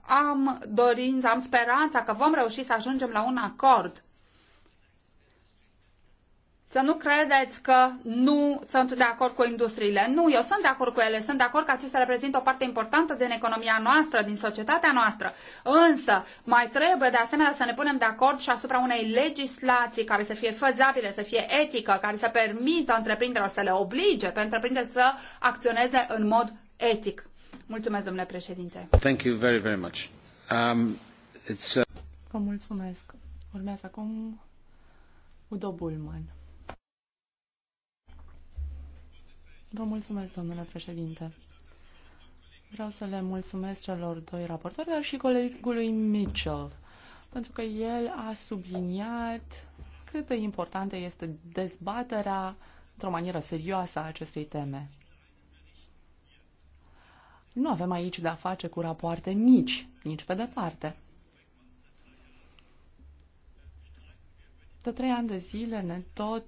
am dorința, am speranța că vom reuși să ajungem la un acord să nu credeți că nu sunt de acord cu industriile. Nu, eu sunt de acord cu ele. Sunt de acord că acestea reprezintă o parte importantă din economia noastră, din societatea noastră. Însă, mai trebuie de asemenea să ne punem de acord și asupra unei legislații care să fie făzabile, să fie etică, care să permită întreprinderilor să le oblige pe întreprinderi să acționeze în mod etic. Mulțumesc, domnule președinte. Thank you very, very much. Um, it's, uh... Vă mulțumesc. Urmează acum Udo Bulman. Vă mulțumesc, domnule președinte. Vreau să le mulțumesc celor doi raportori, dar și colegului Mitchell, pentru că el a subliniat cât de importantă este dezbaterea într-o manieră serioasă a acestei teme. Nu avem aici de-a face cu rapoarte mici, nici pe departe. De trei ani de zile ne tot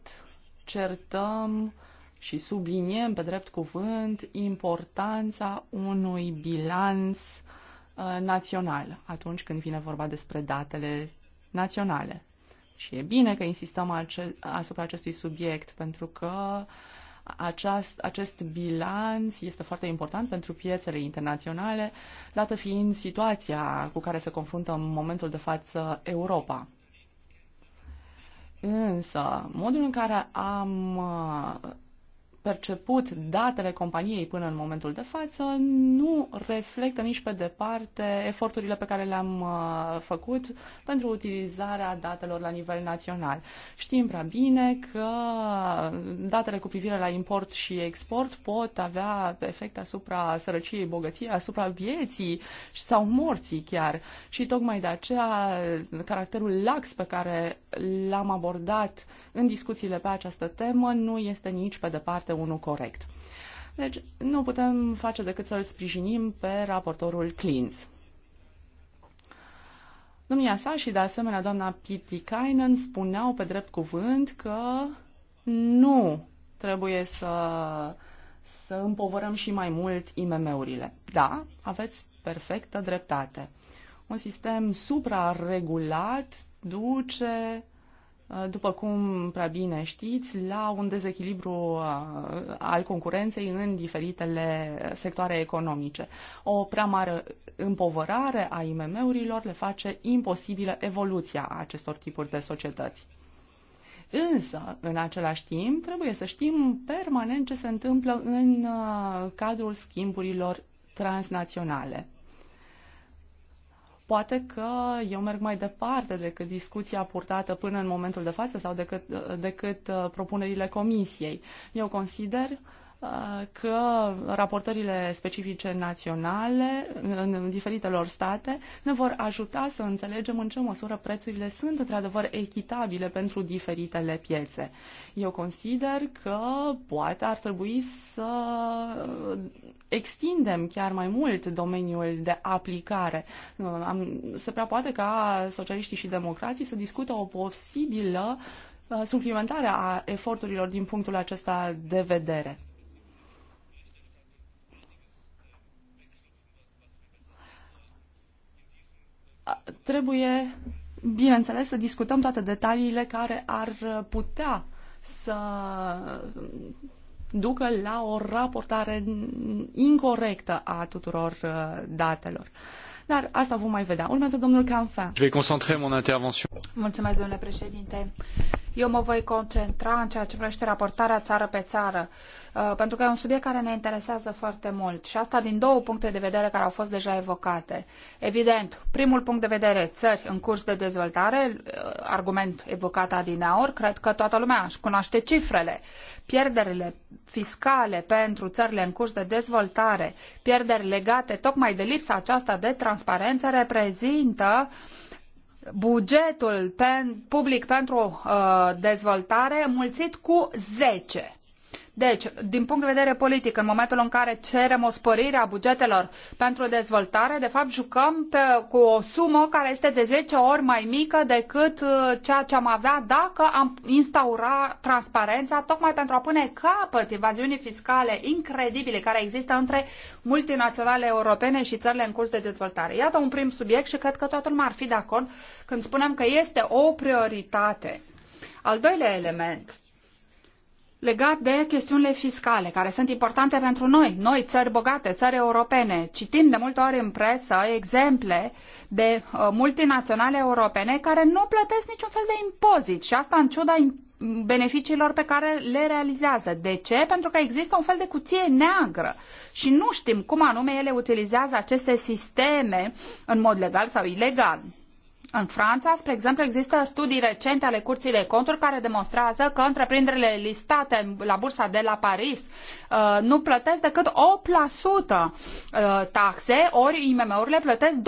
certăm și subliniem pe drept cuvânt importanța unui bilanț uh, național atunci când vine vorba despre datele naționale. Și e bine că insistăm asupra acestui subiect pentru că aceast, acest bilanț este foarte important pentru piețele internaționale, dată fiind situația cu care se confruntă în momentul de față Europa. Însă, modul în care am uh, perceput datele companiei până în momentul de față nu reflectă nici pe departe eforturile pe care le-am uh, făcut pentru utilizarea datelor la nivel național. Știm prea bine că datele cu privire la import și export pot avea efect asupra sărăciei, bogăției, asupra vieții sau morții chiar. Și tocmai de aceea caracterul lax pe care l-am abordat în discuțiile pe această temă nu este nici pe departe unul corect. Deci nu putem face decât să-l sprijinim pe raportorul Clintz. Domnia sa și de asemenea doamna Pitikainen spuneau pe drept cuvânt că nu trebuie să, să împovărăm și mai mult IMM-urile. Da, aveți perfectă dreptate. Un sistem supraregulat duce Uh, după cum prea bine știți, la un dezechilibru uh, al concurenței în diferitele sectoare economice. O prea mare împovărare a IMM-urilor le face imposibilă evoluția acestor tipuri de societăți. Însă, în același timp, trebuie să știm permanent ce se întâmplă în uh, cadrul schimburilor transnaționale. Poate că eu merg mai departe decât discuția purtată până în momentul de față sau decât, decât uh, propunerile comisiei. Eu consider uh, Uh, că raportările specifice naționale în diferitelor state ne vor ajuta să înțelegem în ce măsură prețurile sunt într-adevăr echitabile pentru diferitele piețe. Eu consider că poate ar trebui să extindem chiar mai mult domeniul de aplicare. Uh, se prea poate ca socialiștii și democrații să discută o posibilă uh, suplimentare a eforturilor din punctul acesta de vedere. trebuie, bineînțeles, să discutăm toate detaliile care ar putea să ducă la o raportare incorrectă a tuturor uh, datelor. Dar asta vom mai vedea. Urmează domnul Canfin. mon Mulțumesc, domnule președinte. Eu mă voi concentra în ceea ce privește raportarea țară pe țară, uh, pentru că e un subiect care ne interesează foarte mult și asta din două puncte de vedere care au fost deja evocate. Evident, primul punct de vedere, țări în curs de dezvoltare, uh, argument evocat adineaori, cred că toată lumea își cunoaște cifrele. Pierderile fiscale pentru țările în curs de dezvoltare, pierderi legate tocmai de lipsa aceasta de transparență, reprezintă uh, bugetul pen, public pentru uh, dezvoltare mulțit cu 10. Deci, din punct de vedere politic, în momentul în care cerem o sporire a bugetelor pentru dezvoltare, de fapt jucăm pe, cu o sumă care este de zece ori mai mică decât uh, ceea ce am avea dacă am instaura transparența, tocmai pentru a pune capăt evaziunii fiscale incredibile care există între multinaționale europene și țările în curs de dezvoltare. Iată un prim subiect și cred că toată lumea ar fi de acord când spunem că este o prioritate. Al doilea element legat de chestiunile fiscale, care sunt importante pentru noi, noi, țări bogate, țări europene. Citim de multe ori în presă exemple de uh, multinaționale europene care nu plătesc niciun fel de impozit și asta în ciuda beneficiilor pe care le realizează. De ce? Pentru că există un fel de cuție neagră și nu știm cum anume ele utilizează aceste sisteme în mod legal sau ilegal. În Franța, spre exemplu, există studii recente ale Curții de Conturi care demonstrează că întreprinderile listate la bursa de la Paris uh, nu plătesc decât 8% uh, taxe, ori IMM-urile plătesc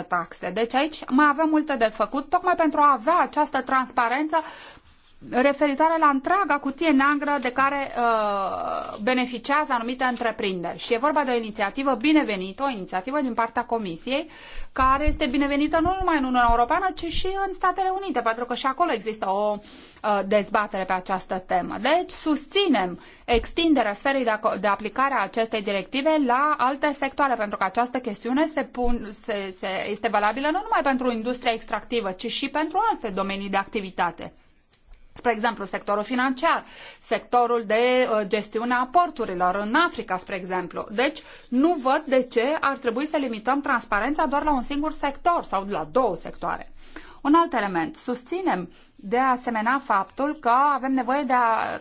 25% taxe. Deci aici mai avem multe de făcut, tocmai pentru a avea această transparență referitoare la întreaga cutie neagră de care uh, beneficiază anumite întreprinderi. Și e vorba de o inițiativă binevenită, o inițiativă din partea Comisiei, care este binevenită nu numai în Uniunea Europeană, ci și în Statele Unite, pentru că și acolo există o uh, dezbatere pe această temă. Deci susținem extinderea sferei de, de aplicare a acestei directive la alte sectoare, pentru că această chestiune se pun, se, se, este valabilă nu numai pentru industria extractivă, ci și pentru alte domenii de activitate. Spre exemplu, sectorul financiar, sectorul de uh, gestiune a porturilor în Africa, spre exemplu. Deci, nu văd de ce ar trebui să limităm transparența doar la un singur sector sau la două sectoare. Un alt element. Susținem de asemenea faptul că avem nevoie de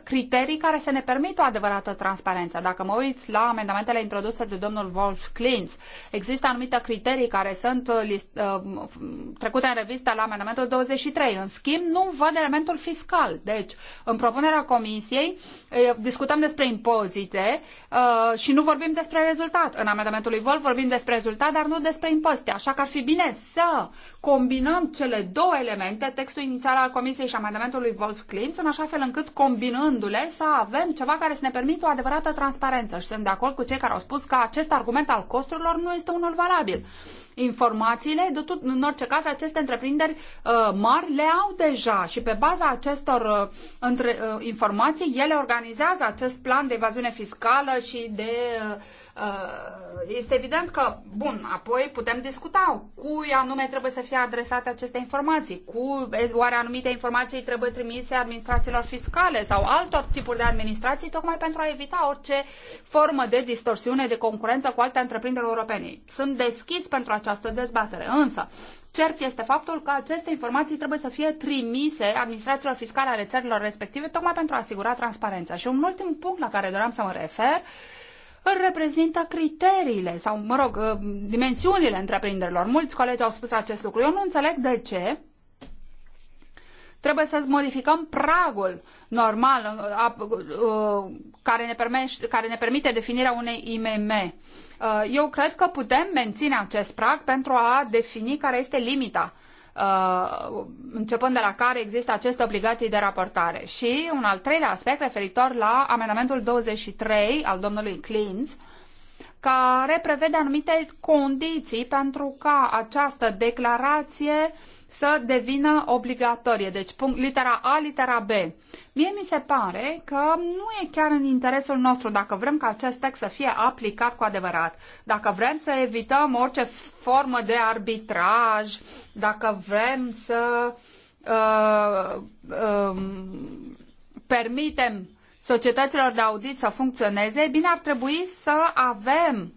criterii care să ne permită o adevărată transparență. Dacă mă uit la amendamentele introduse de domnul Wolf Klintz, există anumite criterii care sunt uh, list, uh, trecute în revistă la amendamentul 23. În schimb, nu văd elementul fiscal. Deci, în propunerea comisiei, uh, discutăm despre impozite și nu vorbim despre rezultat. În amendamentul lui Wolf vorbim despre rezultat, dar nu despre impozite. Așa că ar fi bine să combinăm cele două elemente, textul inițial al comisiei Comisiei și amendamentului Wolf Klintz, în așa fel încât, combinându-le, să avem ceva care să ne permită o adevărată transparență. Și sunt de acord cu cei care au spus că acest argument al costurilor nu este unul valabil informațiile. De tot, în orice caz, aceste întreprinderi uh, mari le au deja și pe baza acestor uh, între, uh, informații, ele organizează acest plan de evaziune fiscală și de... Uh, uh, este evident că, bun, apoi putem discuta cui anume trebuie să fie adresate aceste informații, cu oare anumite informații trebuie trimise administrațiilor fiscale sau altor tipuri de administrații, tocmai pentru a evita orice formă de distorsiune, de concurență cu alte întreprinderi europene. Sunt deschis pentru această această dezbatere. Însă, cert este faptul că aceste informații trebuie să fie trimise administrațiilor fiscale ale țărilor respective, tocmai pentru a asigura transparența. Și un ultim punct la care doream să mă refer îl reprezintă criteriile sau, mă rog, ă, dimensiunile întreprinderilor. Mulți colegi au spus acest lucru. Eu nu înțeleg de ce trebuie să modificăm pragul normal a, a, a, care, ne care ne permite definirea unei IMM. Uh, eu cred că putem menține acest prag pentru a defini care este limita uh, începând de la care există aceste obligații de raportare. Și un al treilea aspect referitor la amendamentul 23 al domnului Clintz, care prevede anumite condiții pentru ca această declarație să devină obligatorie. Deci punct, litera A, litera B. Mie mi se pare că nu e chiar în interesul nostru dacă vrem ca acest text să fie aplicat cu adevărat, dacă vrem să evităm orice formă de arbitraj, dacă vrem să uh, uh, permitem societăților de audit să funcționeze, bine ar trebui să avem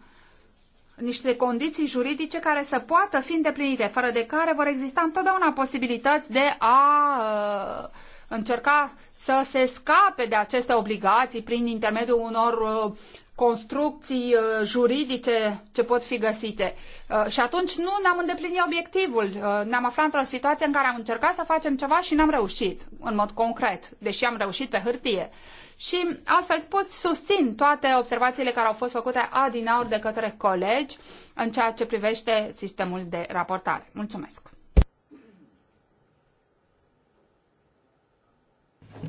niște condiții juridice care să poată fi îndeplinite, fără de care vor exista întotdeauna posibilități de a uh, încerca să se scape de aceste obligații prin intermediul unor uh, construcții uh, juridice ce pot fi găsite. Uh, și atunci nu ne-am îndeplinit obiectivul. Uh, ne-am aflat într-o situație în care am încercat să facem ceva și n-am reușit, în mod concret, deși am reușit pe hârtie. Și, altfel spus, susțin toate observațiile care au fost făcute adinaur de către colegi în ceea ce privește sistemul de raportare. Mulțumesc!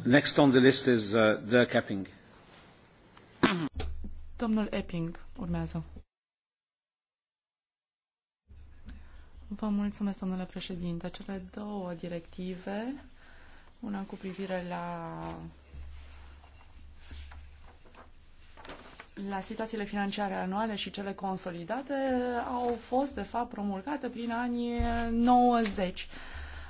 Next on the list is uh, Dirk Epping. Domnul Epping urmează. Vă mulțumesc, domnule președinte. Cele două directive, una cu privire la la situațiile financiare anuale și cele consolidate au fost, de fapt, promulgate prin anii 90.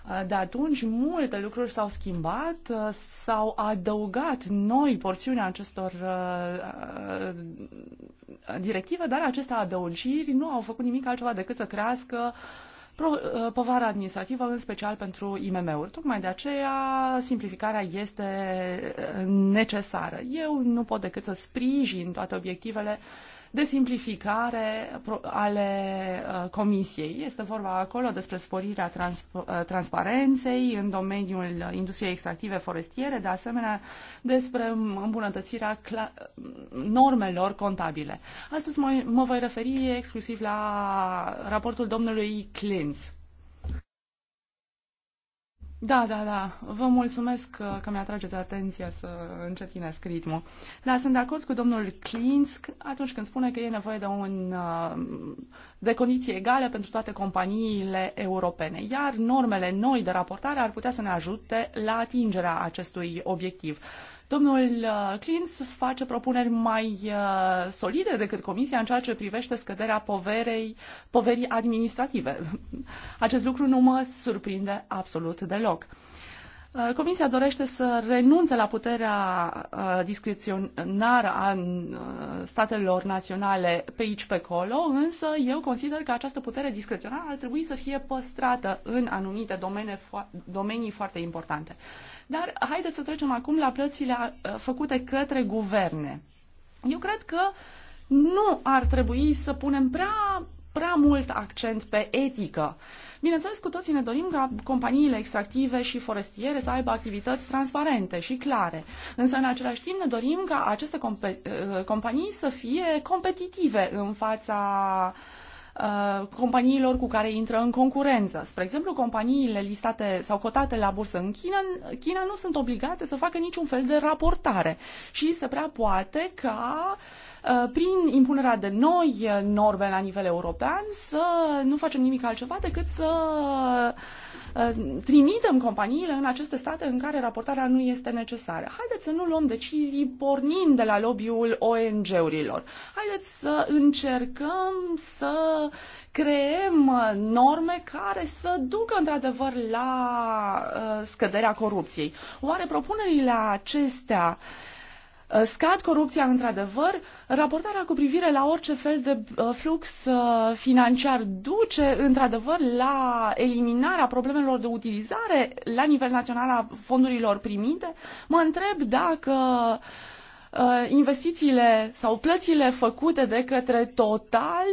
Eh, de atunci, multe lucruri s-au schimbat, eh, s-au adăugat noi porțiuni acestor eh, directive, dar aceste adăugiri nu au făcut nimic altceva decât să crească povara administrativă, în special pentru IMM-uri. Tocmai de aceea simplificarea este necesară. Eu nu pot decât să sprijin toate obiectivele de simplificare ale uh, Comisiei. Este vorba acolo despre sporirea trans- uh, transparenței în domeniul industriei extractive forestiere, de asemenea despre îmbunătățirea normelor contabile. Astăzi mă, mă voi referi exclusiv la raportul domnului Clintz. Da, da, da. Vă mulțumesc că, mi-atrageți atenția să încetinesc ritmul. Dar sunt de acord cu domnul Klins atunci când spune că e nevoie de, un, uh, de condiții egale pentru toate companiile europene, iar normele noi de raportare ar putea să ne ajute la atingerea acestui obiectiv. Domnul uh, Clins face propuneri mai uh, solide decât Comisia în ceea ce privește scăderea poverei, poverii administrative. Acest lucru nu mă surprinde absolut deloc. Uh, comisia dorește să renunțe la puterea uh, discreționară a uh, statelor naționale pe aici, pe acolo, însă eu consider că această putere discreționară ar trebui să fie păstrată în anumite domenii foarte importante. Dar haideți să trecem acum la plățile făcute către guverne. Eu cred că nu ar trebui să punem prea prea mult accent pe etică. Bineînțeles, cu toții ne dorim ca companiile extractive și forestiere să aibă activități transparente și clare, însă în același timp ne dorim ca aceste eh, companii să fie competitive în fața eh, companiilor cu care intră în concurență. Spre exemplu, companiile listate sau cotate la bursă în China, China nu sunt obligate să facă niciun fel de raportare și se prea poate ca uh, Uh, prin impunerea de noi uh, norme la nivel european, să nu facem nimic altceva decât să uh, trimitem companiile în aceste state în care raportarea nu este necesară. Haideți să nu luăm decizii pornind de la lobby-ul ONG-urilor. Haideți să încercăm să creăm norme care să ducă într-adevăr la scăderea corupției. Oare propunerile acestea uh, Uh, scad corupția într-adevăr, raportarea cu privire la orice fel de uh, flux uh, financiar duce într-adevăr la eliminarea problemelor de utilizare la nivel național a fondurilor primite. Mă întreb dacă investițiile sau plățile făcute de către Total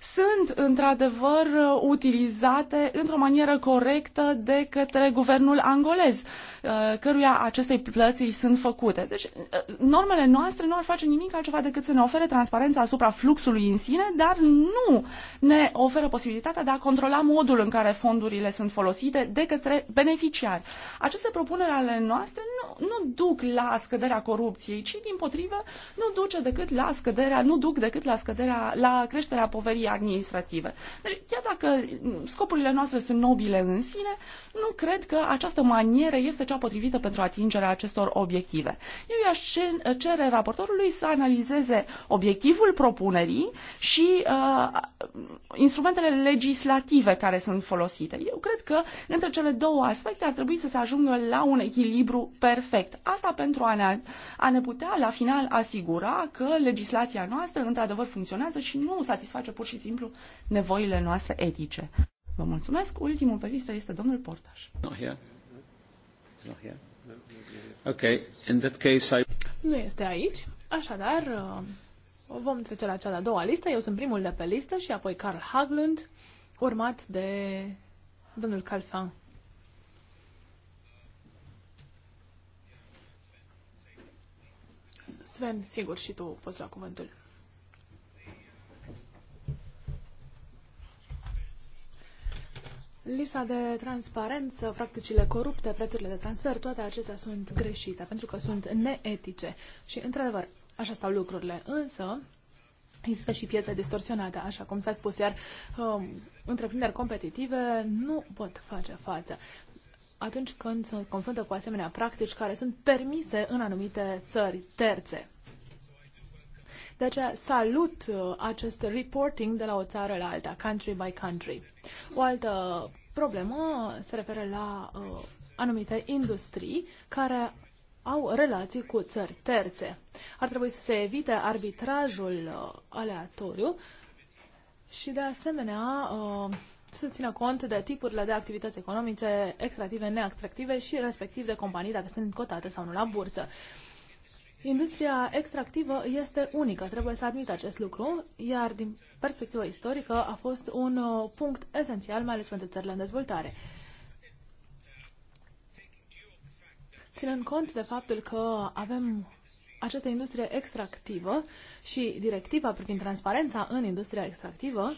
sunt într-adevăr utilizate într-o manieră corectă de către guvernul angolez. Uh, căruia acestei plăți sunt făcute. Deci, uh, normele noastre nu ar face nimic altceva decât să ne ofere transparența asupra fluxului în sine, dar nu ne oferă posibilitatea de a controla modul în care fondurile sunt folosite de către beneficiari. Aceste propuneri ale noastre nu, nu duc la scăderea corupției, ci din potrivă nu duce decât la scăderea, nu duc decât la scăderea, la creșterea poverii administrative. Deci, chiar dacă scopurile noastre sunt nobile în sine, nu cred că această manieră este cea cea potrivită pentru atingerea acestor obiective. Eu i-aș cere raportorului să analizeze obiectivul propunerii și uh, instrumentele legislative care sunt folosite. Eu cred că între cele două aspecte ar trebui să se ajungă la un echilibru perfect. Asta pentru a ne, a ne putea la final asigura că legislația noastră într-adevăr funcționează și nu satisface pur și simplu nevoile noastre etice. Vă mulțumesc. Ultimul pe listă este domnul Portaș. Oh, yeah. In that case, I... Nu este aici, așadar uh, vom trece la cea de-a doua listă. Eu sunt primul de pe listă și apoi Carl Haglund, urmat de domnul Calfan. Sven, sigur, și tu poți lua cuvântul. Lipsa de transparență, practicile corupte, prețurile de transfer, toate acestea sunt greșite pentru că sunt neetice. Și, într-adevăr, așa stau lucrurile. Însă, există și piețe distorsionate, așa cum s-a spus, iar um, întreprinderi competitive nu pot face față atunci când se confruntă cu asemenea practici care sunt permise în anumite țări terțe. De aceea salut uh, acest reporting de la o țară la alta, country by country. O altă problemă se referă la uh, anumite industrii care au relații cu țări terțe. Ar trebui să se evite arbitrajul uh, aleatoriu și, de asemenea, uh, să țină cont de tipurile de activități economice extractive, neactractive și, respectiv, de companii, dacă sunt cotate sau nu la bursă. Industria extractivă este unică, trebuie să admit acest lucru, iar din perspectivă istorică a fost un uh, punct esențial, mai ales pentru țările în dezvoltare. Ținând cont de faptul că avem această industrie extractivă și directiva privind transparența în industria extractivă,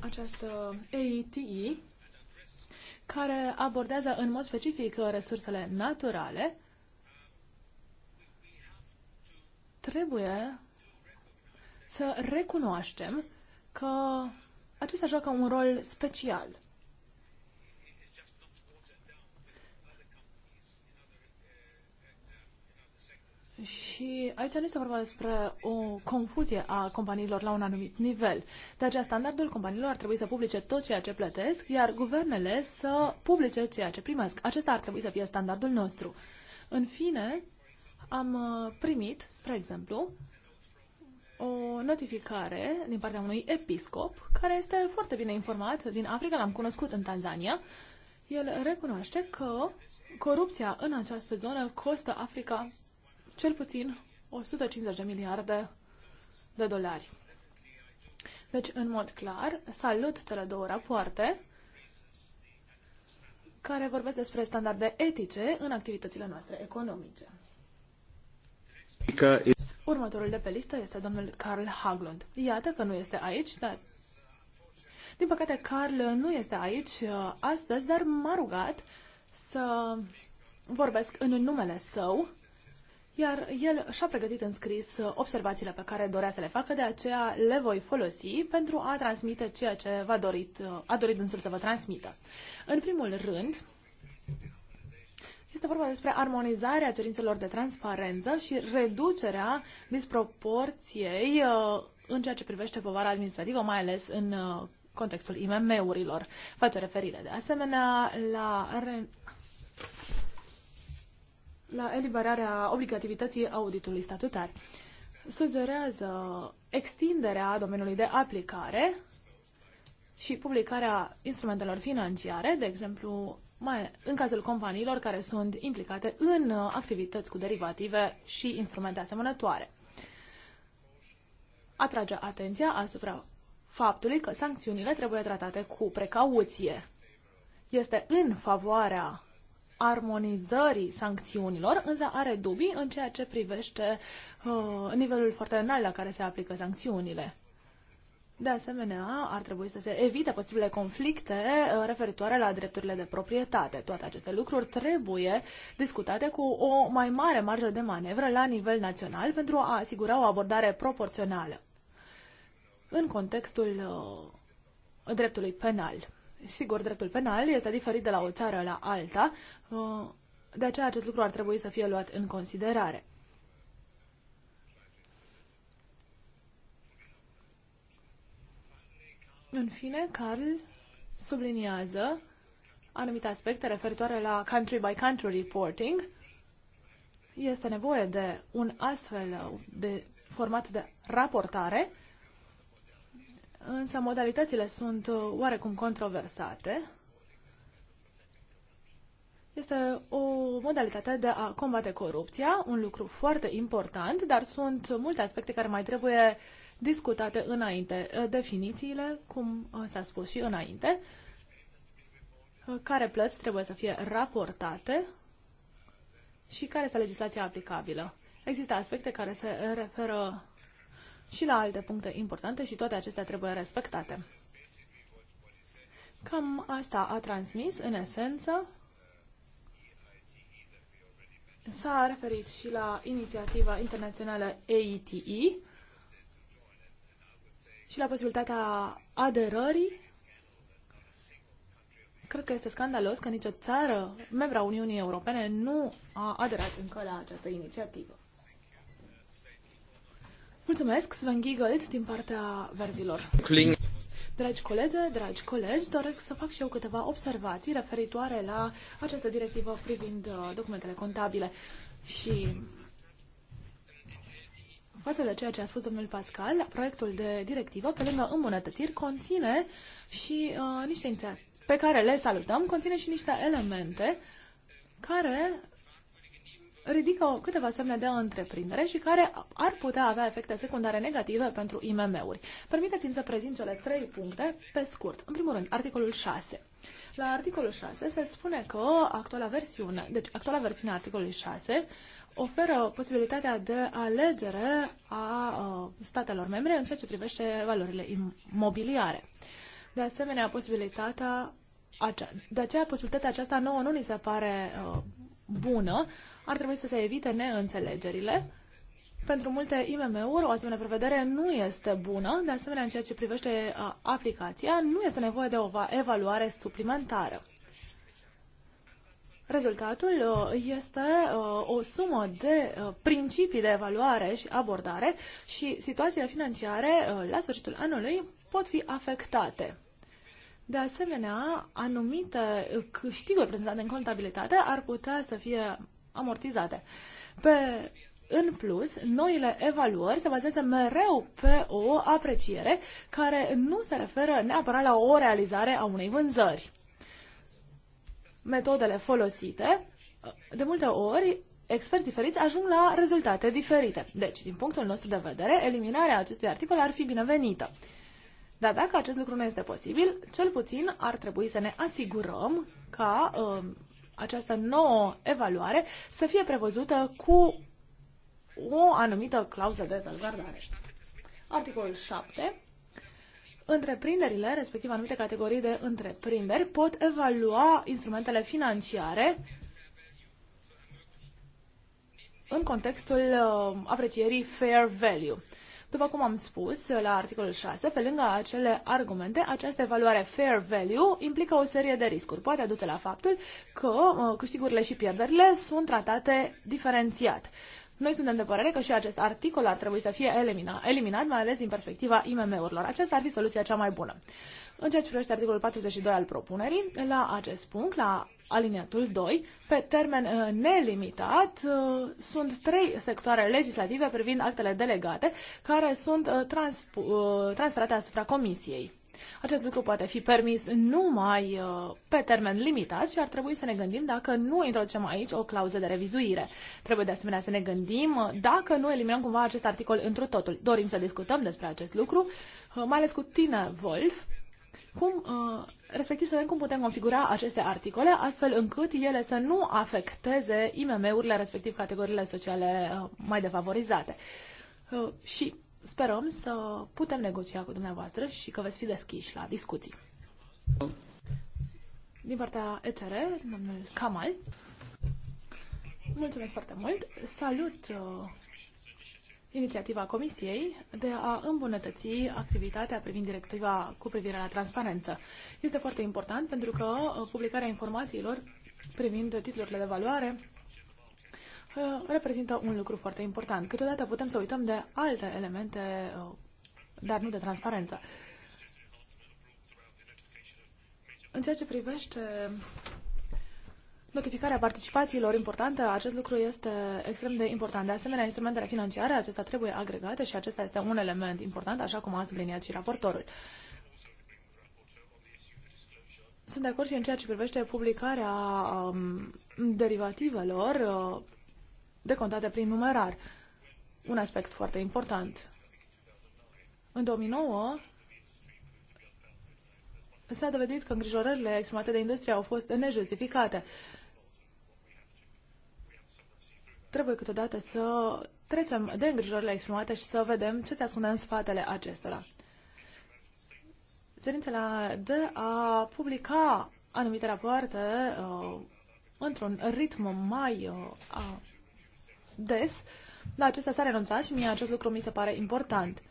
această AETE, care abordează în mod specific resursele naturale, trebuie să recunoaștem că acesta joacă un rol special. Și aici nu este vorba despre o confuzie a companiilor la un anumit nivel. De aceea, standardul companiilor ar trebui să publice tot ceea ce plătesc, iar guvernele să publice ceea ce primesc. Acesta ar trebui să fie standardul nostru. În fine, am uh, primit, spre exemplu, o notificare din partea unui episcop care este foarte bine informat din Africa, l-am cunoscut în Tanzania. El recunoaște că corupția în această zonă costă Africa cel puțin 150 de miliarde de dolari. Deci, în mod clar, salut cele două rapoarte care vorbesc despre standarde etice în activitățile noastre economice. Următorul de pe listă este domnul Carl Haglund. Iată că nu este aici, dar... Din păcate, Carl nu este aici uh, astăzi, dar m-a rugat să vorbesc în numele său, iar el și-a pregătit în scris uh, observațiile pe care dorea să le facă, de aceea le voi folosi pentru a transmite ceea ce a dorit, uh, a dorit dânsul să vă transmită. În primul rând, este vorba despre armonizarea cerințelor de transparență și reducerea disproporției uh, în ceea ce privește povara administrativă, mai ales în uh, contextul IMM-urilor. Face referire de asemenea la, la eliberarea obligativității auditului statutar. Sugerează extinderea domeniului de aplicare și publicarea instrumentelor financiare, de exemplu mai în cazul companiilor care sunt implicate în uh, activități cu derivative și instrumente asemănătoare. Atrage atenția asupra faptului că sancțiunile trebuie tratate cu precauție. Este în favoarea armonizării sancțiunilor, însă are dubii în ceea ce privește uh, nivelul foarte înalt la care se aplică sancțiunile. De asemenea, ar trebui să se evite posibile conflicte uh, referitoare la drepturile de proprietate. Toate aceste lucruri trebuie discutate cu o mai mare marjă de manevră la nivel național pentru a asigura o abordare proporțională în contextul uh, dreptului penal. Sigur, dreptul penal este diferit de la o țară la alta, uh, de aceea acest lucru ar trebui să fie luat în considerare. În fine, Carl subliniază anumite aspecte referitoare la country by country reporting. Este nevoie de un astfel de format de raportare, însă modalitățile sunt oarecum controversate. Este o modalitate de a combate corupția, un lucru foarte important, dar sunt multe aspecte care mai trebuie uh, discutate înainte. Uh, definițiile, cum uh, s-a spus și înainte, uh, care plăți trebuie să fie raportate și care este legislația aplicabilă. Există aspecte care se referă și la alte puncte importante și toate acestea trebuie respectate. Cam asta a transmis, în esență, s-a referit și la inițiativa internațională EITI și la posibilitatea aderării. Cred că este scandalos că nicio țară, membra Uniunii Europene, nu a aderat încă la această inițiativă. Mulțumesc, Sven Giegeld, din partea verzilor. Cling. Dragi colegi, dragi colegi, doresc să fac și eu câteva observații referitoare la această directivă privind uh, documentele contabile și față de ceea ce a spus domnul Pascal, proiectul de directivă, pe lângă îmbunătățiri, conține și uh, niște inter- pe care le salutăm, conține și niște elemente care ridică câteva semne de întreprindere și care ar putea avea efecte secundare negative pentru IMM-uri. Permiteți-mi să prezint cele trei puncte pe scurt. În primul rând, articolul 6. La articolul 6 se spune că actuala versiune, deci actuala versiune a articolului 6 oferă posibilitatea de alegere a uh, statelor membre în ceea ce privește valorile imobiliare. De asemenea, posibilitatea acea, de aceea posibilitatea aceasta nouă nu ni se pare uh, bună, ar trebui să se evite neînțelegerile. Pentru multe IMM-uri, o asemenea prevedere nu este bună, de asemenea, în ceea ce privește uh, aplicația, nu este nevoie de o evaluare suplimentară. Rezultatul uh, este uh, o sumă de uh, principii de evaluare și abordare și situațiile financiare la sfârșitul anului pot fi afectate. De asemenea, anumite câștiguri prezentate în contabilitate ar putea să fie amortizate. Pe în plus, noile evaluări se bazează mereu pe o apreciere care nu se referă neapărat la o realizare a unei vânzări metodele folosite, de multe ori experți diferiți ajung la rezultate diferite. Deci, din punctul nostru de vedere, eliminarea acestui articol ar fi binevenită. Dar dacă acest lucru nu este posibil, cel puțin ar trebui să ne asigurăm ca uh, această nouă evaluare să fie prevăzută cu o anumită clauză de salvare. Articolul 7 întreprinderile, respectiv anumite categorii de întreprinderi, pot evalua instrumentele financiare în contextul uh, aprecierii fair value. După cum am spus uh, la articolul 6, pe lângă acele argumente, această evaluare fair value implică o serie de riscuri. Poate aduce la faptul că uh, câștigurile și pierderile sunt tratate diferențiat. Noi suntem de părere că și acest articol ar trebui să fie elimina, eliminat, mai ales din perspectiva IMM-urilor. Aceasta ar fi soluția cea mai bună. În ceea ce privește articolul 42 al propunerii, la acest punct, la aliniatul 2, pe termen uh, nelimitat, uh, sunt trei sectoare legislative privind actele delegate care sunt uh, uh transferate asupra Comisiei. Acest lucru poate fi permis numai uh, pe termen limitat și ar trebui să ne gândim dacă nu introducem aici o clauză de revizuire. Trebuie de asemenea să ne gândim uh, dacă nu eliminăm cumva acest articol întru totul. Dorim să discutăm despre acest lucru, uh, mai ales cu tine, Wolf, cum, respectiv să vedem cum putem configura aceste articole astfel încât ele să nu afecteze IMM-urile, respectiv categoriile sociale mai defavorizate. Și sperăm să putem negocia cu dumneavoastră și că veți fi deschiși la discuții. Din partea ECR, domnul Kamal. Mulțumesc foarte mult. Salut uh, inițiativa Comisiei de a îmbunătăți activitatea privind directiva cu privire la transparență. Este foarte important pentru că uh, publicarea informațiilor privind titlurile de valoare Uh, reprezintă un lucru foarte important. Câteodată putem să uităm de alte elemente, uh, dar nu de transparență. În ceea ce privește notificarea participațiilor importante, acest lucru este extrem de important. De asemenea, instrumentele financiare, acestea trebuie agregate și acesta este un element important, așa cum a subliniat și raportorul. Sunt de acord și în ceea ce privește publicarea um, derivativelor. Uh, decontate prin numerar. Un aspect foarte important. În 2009 s-a dovedit că îngrijorările exprimate de industrie au fost nejustificate. Trebuie câteodată să trecem de îngrijorările exprimate și să vedem ce se ascunde în spatele acestora. Cerințele de a publica anumite rapoarte uh, într-un ritm mai uh, des. La acesta s-a renunțat și mie acest lucru mi se pare important.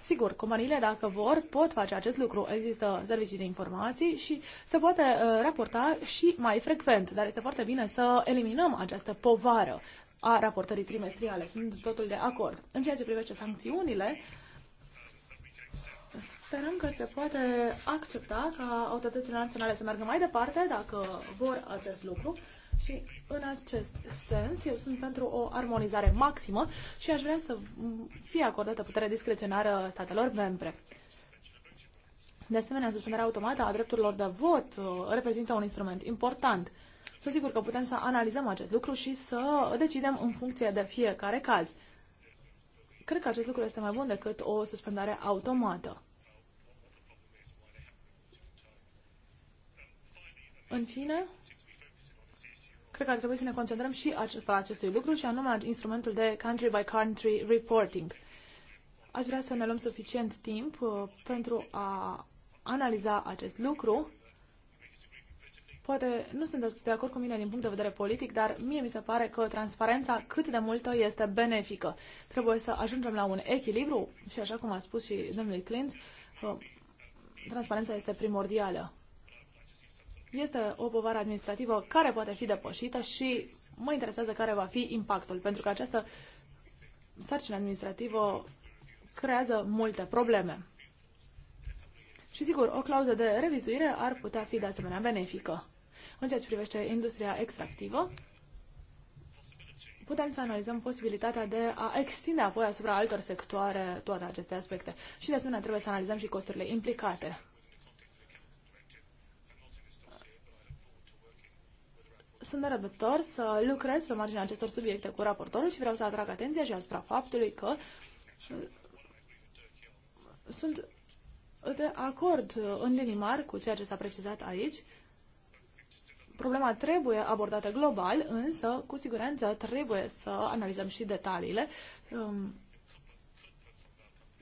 Sigur, companiile, dacă vor, pot face acest lucru. Există servicii de informații și se poate uh, raporta și mai frecvent, dar este foarte bine să eliminăm această povară a raportării trimestriale. Sunt totul de acord. În ceea ce privește sancțiunile, sperăm că se poate accepta ca autoritățile naționale să meargă mai departe dacă vor acest lucru și în acest sens, eu sunt pentru o armonizare maximă și aș vrea să fie acordată puterea discreționară statelor membre. De asemenea, suspendarea automată a drepturilor de vot uh, reprezintă un instrument important. Sunt sigur că putem să analizăm acest lucru și să decidem în funcție de fiecare caz. Cred că acest lucru este mai bun decât o suspendare automată. În fine, cred că ar trebui să ne concentrăm și asupra acestui lucru și anume instrumentul de country by country reporting. Aș vrea să ne luăm suficient timp uh, pentru a analiza acest lucru. Poate nu sunteți de acord cu mine din punct de vedere politic, dar mie mi se pare că transparența cât de multă este benefică. Trebuie să ajungem la un echilibru și așa cum a spus și domnul Clint, uh, transparența este primordială. Este o povară administrativă care poate fi depășită și mă interesează care va fi impactul, pentru că această sarcină administrativă creează multe probleme. Și sigur, o clauză de revizuire ar putea fi de asemenea benefică. În ceea ce privește industria extractivă, putem să analizăm posibilitatea de a extinde apoi asupra altor sectoare toate aceste aspecte. Și de asemenea trebuie să analizăm și costurile implicate. sunt nerăbdător să lucrez pe marginea acestor subiecte cu raportorul și vreau să atrag atenția și asupra faptului că uh, sunt de acord uh, în linii mari cu ceea ce s-a precizat aici. Problema trebuie abordată global, însă cu siguranță trebuie să analizăm și detaliile, um,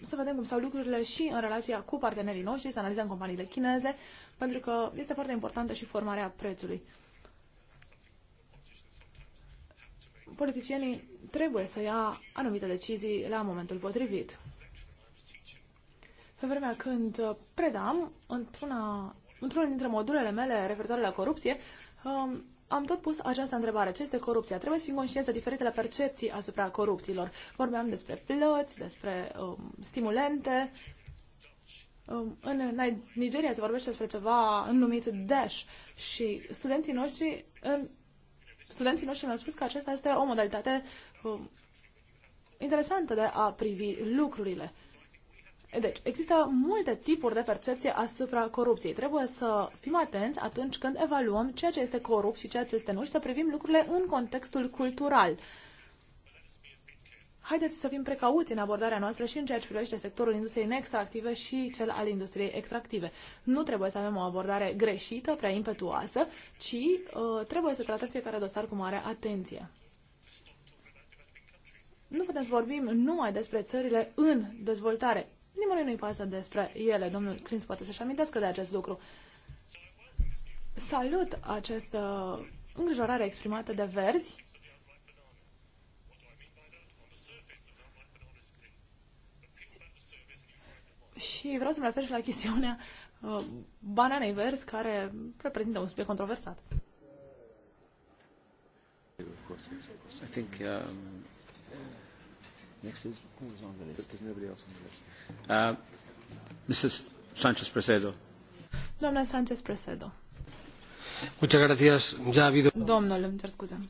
să vedem cum stau lucrurile și în relația cu partenerii noștri, să analizăm companiile chineze, pentru că este foarte importantă și formarea prețului. politicienii trebuie să ia anumite decizii la momentul potrivit. Pe vremea când uh, predam, într unul într-unul dintre modulele mele referitoare la corupție, um, am tot pus această întrebare. Ce este corupția? Trebuie să fim conștienți de diferitele percepții asupra corupțiilor. Vorbeam despre plăți, despre um, stimulente. Um, în Nigeria se vorbește despre ceva numit DASH și studenții noștri în studenții noștri mi-au spus că aceasta este o modalitate um, interesantă de a privi lucrurile. Deci, există multe tipuri de percepție asupra corupției. Trebuie să fim atenți atunci când evaluăm ceea ce este corupt și ceea ce este nu și să privim lucrurile în contextul cultural. Uh, haideți să fim precauți în abordarea noastră și în ceea ce privește sectorul industriei neextractive și cel al industriei extractive. Nu trebuie să avem o abordare greșită, prea impetuoasă, ci uh, trebuie să tratăm fiecare dosar cu mare atenție. Nu putem să vorbim numai despre țările în dezvoltare. Nimănui nu-i pasă despre ele. Domnul Clint poate să-și amintească de acest lucru. Salut această îngrijorare exprimată de verzi Și vreau să mi refer și la chestiunea uh, bananei verzi, care reprezintă un subiect controversat. I think um, next is who on the list? There's nobody else on the list. Uh, Mrs. Sanchez Presedo. Doamna Sanchez Presedo. Muchas gracias. Ya ha habido. Domnule, îmi cer scuze.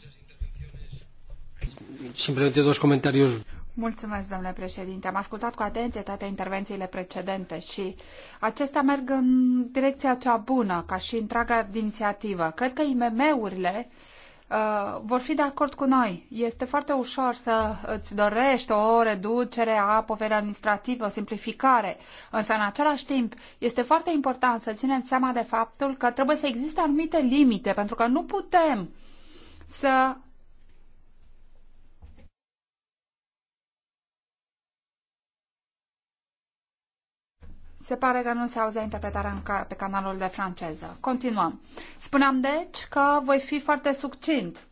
Simplemente dos comentarios. Mulțumesc, domnule președinte. Am ascultat cu atenție toate intervențiile precedente și acestea merg în direcția cea bună, ca și întreaga inițiativă. Cred că IMM-urile uh, vor fi de acord cu noi. Este foarte ușor să îți dorești o reducere a poverii administrative, o simplificare, însă în același timp este foarte important să ținem seama de faptul că trebuie să existe anumite limite, pentru că nu putem să Se pare că nu se auze interpretarea pe canalul de franceză. Continuăm. Spuneam deci că voi fi foarte succint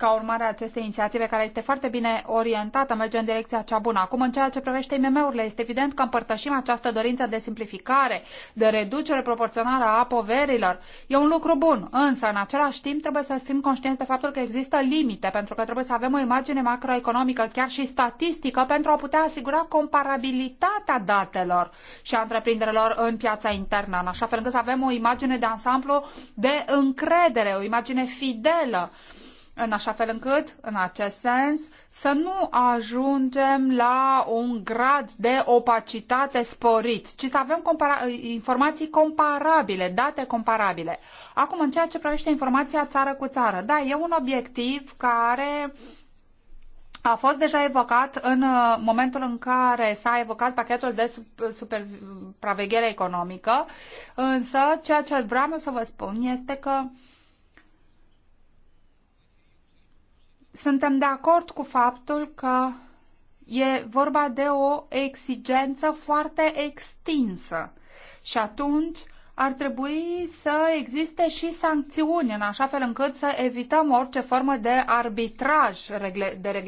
ca urmare a acestei inițiative, care este foarte bine orientată, merge în direcția cea bună. Acum, în ceea ce privește IMM-urile, este evident că împărtășim această dorință de simplificare, de reducere proporțională a poverilor. E un lucru bun, însă, în același timp, trebuie să fim conștienți de faptul că există limite, pentru că trebuie să avem o imagine macroeconomică, chiar și statistică, pentru a putea asigura comparabilitatea datelor și a întreprinderilor în piața internă, în așa fel încât să avem o imagine de ansamblu de încredere, o imagine fidelă în așa fel încât, în acest sens, să nu ajungem la un grad de opacitate sporit, ci să avem compara- informații comparabile, date comparabile. Acum, în ceea ce privește informația țară cu țară, da, e un obiectiv care a fost deja evocat în uh, momentul în care s-a evocat pachetul de supraveghere economică, însă ceea ce vreau să vă spun este că Suntem de acord cu faptul că e vorba de o exigență foarte extinsă și atunci ar trebui să existe și sancțiuni în așa fel încât să evităm orice formă de arbitraj de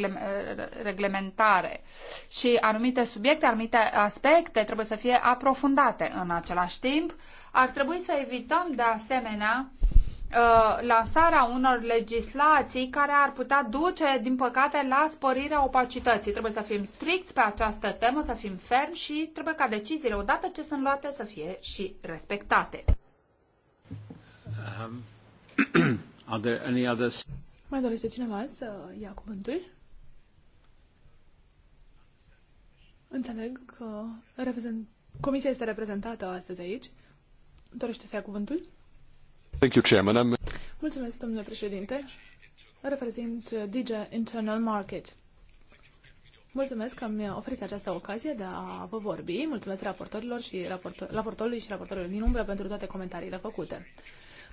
reglementare și anumite subiecte, anumite aspecte trebuie să fie aprofundate. În același timp, ar trebui să evităm de asemenea uh, Uh, lansarea unor legislații care ar putea duce, din păcate, la sporirea opacității. Trebuie să fim stricți pe această temă, să fim fermi și trebuie ca deciziile, odată ce sunt luate, să fie și respectate. Um, are there any others? Mai dorește cineva să ia cuvântul? Înțeleg că reprezent... comisia este reprezentată astăzi aici. Dorește să ia cuvântul? Mulțumesc, domnule președinte. Reprezint DG Internal Market. Mulțumesc că mi oferiți această ocazie de a vă vorbi. Mulțumesc raportorilor și raportorului și raportorilor din umbră pentru toate comentariile făcute.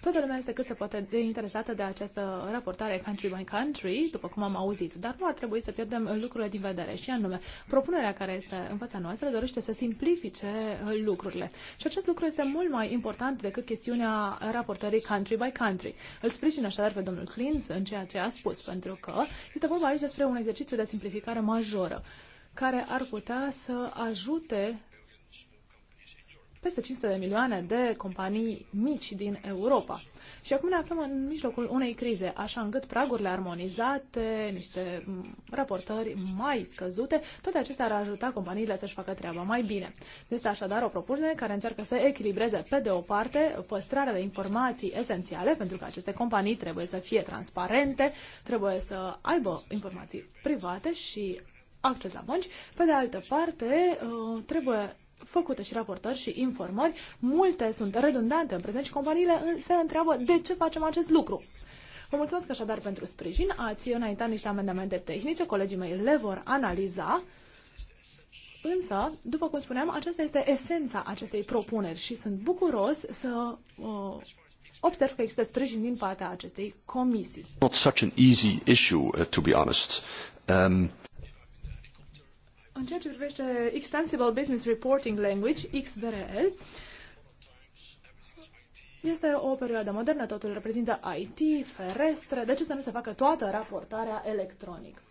Toată lumea este cât se poate de interesată de această raportare country by country, după cum am auzit, dar nu ar trebui să pierdem lucrurile din vedere și anume, propunerea care este în fața noastră dorește să simplifice uh, lucrurile. Și acest lucru este mult mai important decât chestiunea raportării country by country. Îl sprijin așadar pe domnul Clint în ceea ce a spus, pentru că este vorba aici despre un exercițiu de simplificare majoră care ar putea să ajute peste 500 de milioane de companii mici din Europa. Și acum ne aflăm în mijlocul unei crize, așa încât pragurile armonizate, niște mm, raportări mai scăzute, toate acestea ar ajuta companiile să-și facă treaba mai bine. Este așadar o propunere care încearcă să echilibreze, pe de o parte, păstrarea de informații esențiale, pentru că aceste companii trebuie să fie transparente, trebuie să aibă informații private și acces la bănci. Pe de altă parte, uh, trebuie făcute și raportări și informări, multe sunt redundante în prezent și companiile se întreabă de ce facem acest lucru. Vă mulțumesc așadar pentru sprijin, ați înaintat niște amendamente tehnice, colegii mei le vor analiza. Însă, după cum spuneam, aceasta este esența acestei propuneri și sunt bucuros să uh, observ că există sprijin din partea acestei comisii. Not such an easy issue, uh, to be honest. Um... În ceea ce privește Extensible Business Reporting Language, XBRL, este o perioadă modernă, totul reprezintă IT, ferestre, de ce să nu se facă toată raportarea electronic?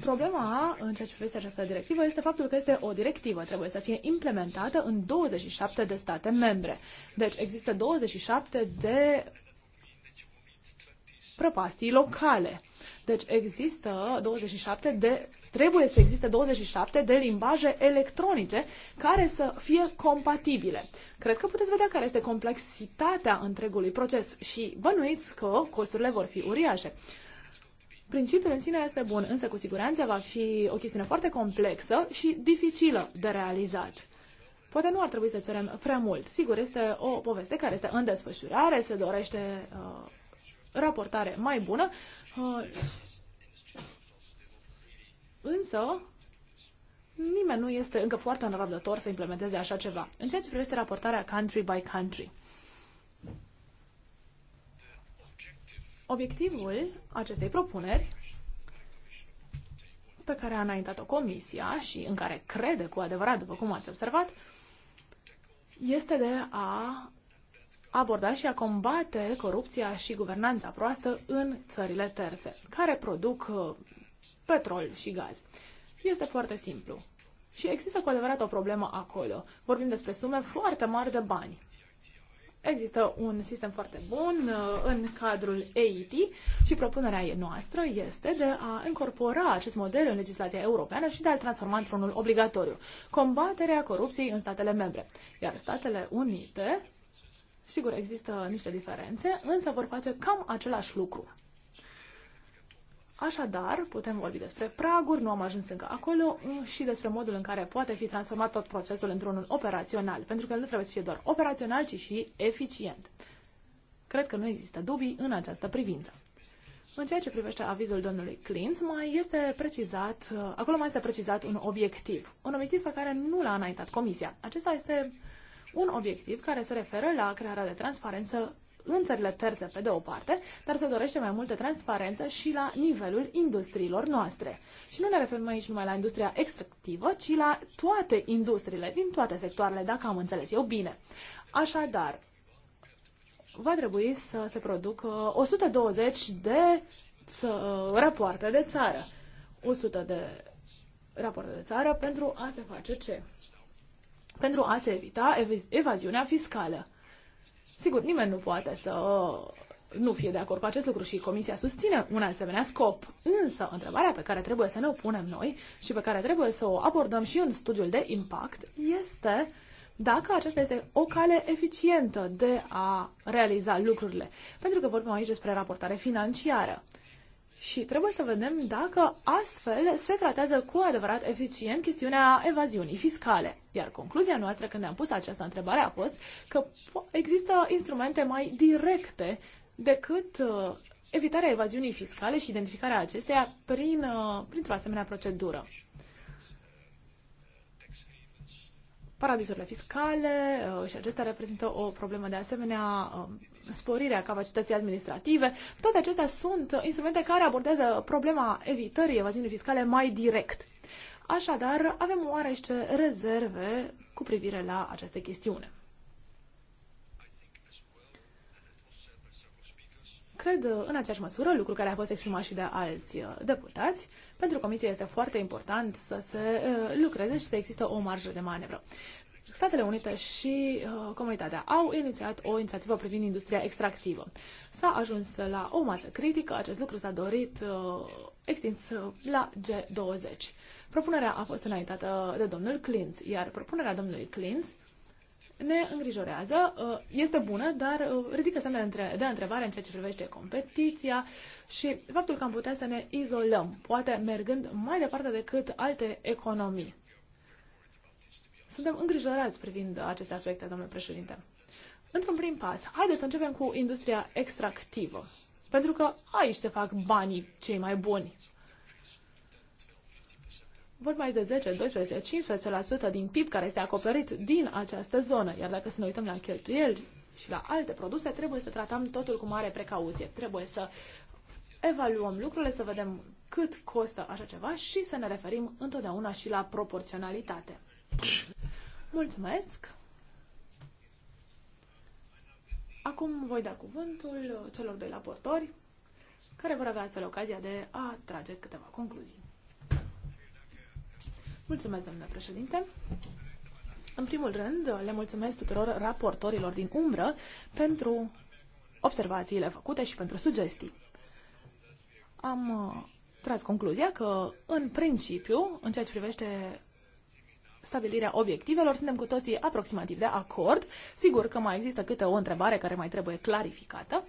Problema în ceea ce privește această directivă este faptul că este o directivă, trebuie să fie implementată în 27 de state membre. Deci există 27 de prăpastii locale. Deci există 27 de trebuie să existe 27 de limbaje electronice care să fie compatibile. Cred că puteți vedea care este complexitatea întregului proces și bănuiți că costurile vor fi uriașe. Principiul în sine este bun, însă cu siguranță va fi o chestiune foarte complexă și dificilă de realizat. Poate nu ar trebui să cerem prea mult. Sigur, este o poveste care este în desfășurare, se dorește uh, raportare mai bună uh, Însă, nimeni nu este încă foarte înrăbdător să implementeze așa ceva. În ceea ce privește raportarea country by country, obiectivul acestei propuneri pe care a înaintat-o comisia și în care crede cu adevărat, după cum ați observat, este de a aborda și a combate corupția și guvernanța proastă în țările terțe, care produc uh, petrol și gaz. Este foarte simplu. Și există cu adevărat o problemă acolo. Vorbim despre sume foarte mari de bani. Există un sistem foarte bun uh, în cadrul EIT și propunerea noastră este de a incorpora acest model în legislația europeană și de a-l transforma într-unul obligatoriu. Combaterea corupției în statele membre. Iar Statele Unite, sigur, există niște diferențe, însă vor face cam același lucru. Așadar, putem vorbi despre praguri, nu am ajuns încă acolo, um, și despre modul în care poate fi transformat tot procesul într-unul operațional, pentru că nu trebuie să fie doar operațional, ci și eficient. Cred că nu există dubii în această privință. În ceea ce privește avizul domnului Clintz, mai este precizat, uh, acolo mai este precizat un obiectiv. Un obiectiv pe care nu l-a înaintat Comisia. Acesta este un obiectiv care se referă la crearea de transparență în țările terțe pe de o parte, dar se dorește mai multă transparență și la nivelul industriilor noastre. Și nu ne referim aici numai la industria extractivă, ci la toate industriile, din toate sectoarele, dacă am înțeles eu bine. Așadar, va trebui să se producă 120 de rapoarte de țară. 100 de rapoarte de țară pentru a se face ce? Pentru a se evita ev evaziunea fiscală. Sigur, nimeni nu poate să uh, nu fie de acord cu acest lucru și Comisia susține un asemenea scop. Însă, întrebarea pe care trebuie să ne o punem noi și pe care trebuie să o abordăm și în studiul de impact este dacă aceasta este o cale eficientă de a realiza lucrurile. Pentru că vorbim aici despre raportare financiară. Și trebuie să vedem dacă astfel se tratează cu adevărat eficient chestiunea evaziunii fiscale. Iar concluzia noastră când am pus această întrebare a fost că există instrumente mai directe decât uh, evitarea evaziunii fiscale și identificarea acesteia prin, uh, printr-o asemenea procedură. Paradisurile fiscale uh, și acestea reprezintă o problemă de asemenea um, sporirea capacității administrative, toate acestea sunt instrumente care abordează problema evitării evaziunii fiscale mai direct. Așadar, avem oarește rezerve cu privire la aceste chestiune. cred în aceeași măsură, lucru care a fost exprimat și de alți uh, deputați, pentru comisie este foarte important să se uh, lucreze și să există o marjă de manevră. Statele Unite și uh, comunitatea au inițiat o inițiativă privind industria extractivă. S-a ajuns la o masă critică, acest lucru s-a dorit uh, extins la G20. Propunerea a fost înaintată de domnul Clintz, iar propunerea domnului Clintz ne îngrijorează, uh, este bună, dar uh, ridică semne de întrebare în ceea ce privește competiția și faptul că am putea să ne izolăm, poate mergând mai departe decât alte economii. Suntem îngrijorați privind aceste aspecte, domnule președinte. Într-un prim pas, haideți să începem cu industria extractivă, pentru că aici se fac banii cei mai buni. Vorbim aici de 10, 12, 15% din PIB care este acoperit din această zonă, iar dacă să ne uităm la cheltuieli și la alte produse, trebuie să tratăm totul cu mare precauție. Trebuie să evaluăm lucrurile, să vedem cât costă așa ceva și să ne referim întotdeauna și la proporționalitate. Mulțumesc! Acum voi da cuvântul celor doi raportori, care vor avea astfel ocazia de a trage câteva concluzii. Mulțumesc, domnule președinte! În primul rând, le mulțumesc tuturor raportorilor din umbră pentru observațiile făcute și pentru sugestii. Am uh, tras concluzia că, în principiu, în ceea ce privește stabilirea obiectivelor. Suntem cu toții aproximativ de acord. Sigur că mai există câte o întrebare care mai trebuie clarificată.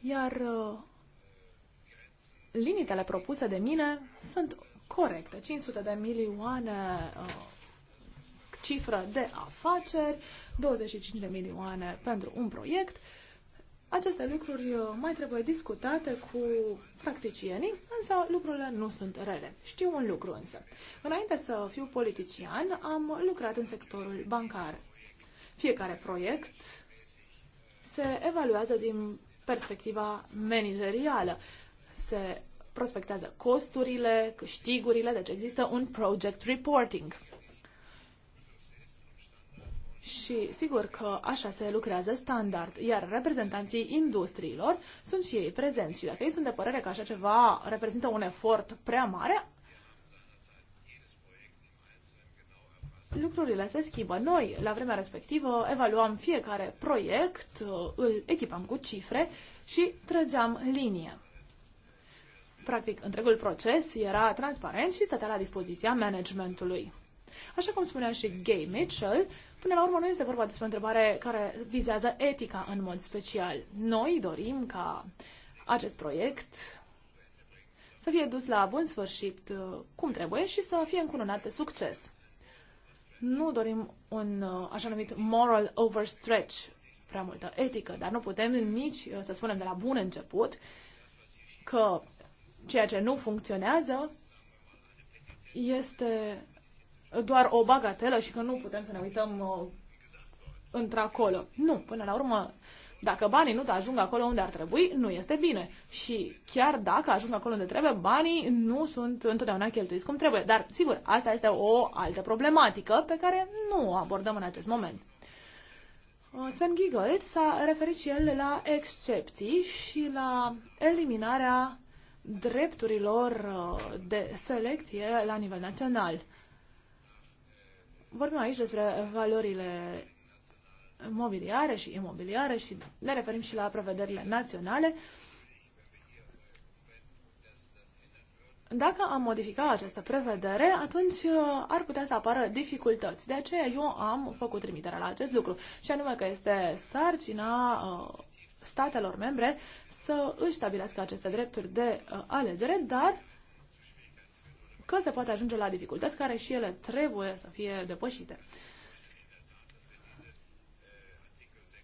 Iar uh, limitele propuse de mine sunt corecte. 500 de milioane uh, cifră de afaceri, 25 de milioane pentru un proiect aceste lucruri uh, mai trebuie discutate cu practicienii, însă lucrurile nu sunt rele. Știu un lucru însă. Înainte să fiu politician, am lucrat în sectorul bancar. Fiecare proiect se evaluează din perspectiva managerială. Se prospectează costurile, câștigurile, deci există un project reporting și sigur că așa se lucrează standard, iar reprezentanții industriilor sunt și ei prezenți și dacă ei sunt de părere că așa ceva reprezintă un efort prea mare, lucrurile se schimbă. Noi, la vremea respectivă, evaluam fiecare proiect, îl echipam cu cifre și trăgeam linie. Practic, întregul proces era transparent și stătea la dispoziția managementului. Așa cum spunea și Gay Mitchell, Până la urmă, nu este vorba despre o întrebare care vizează etica în mod special. Noi dorim ca acest proiect să fie dus la bun sfârșit uh, cum trebuie și să fie încununat de succes. Nu dorim un uh, așa numit moral overstretch, prea multă etică, dar nu putem nici uh, să spunem de la bun început că ceea ce nu funcționează este doar o bagatelă și că nu putem să ne uităm uh, într-acolo. Nu, până la urmă, dacă banii nu te ajung acolo unde ar trebui, nu este bine. Și chiar dacă ajung acolo unde trebuie, banii nu sunt întotdeauna cheltuiți cum trebuie. Dar, sigur, asta este o altă problematică pe care nu o abordăm în acest moment. Uh, Sven Giegold s-a referit și el la excepții și la eliminarea drepturilor uh, de selecție la nivel național vorbim aici despre valorile mobiliare și imobiliare și ne referim și la prevederile naționale. Dacă am modificat această prevedere, atunci uh, ar putea să apară dificultăți. De aceea eu am făcut trimiterea la acest lucru, și anume că este sarcina uh, statelor membre să își stabilească aceste drepturi de uh, alegere, dar că se poate ajunge la dificultăți care și ele trebuie să fie depășite.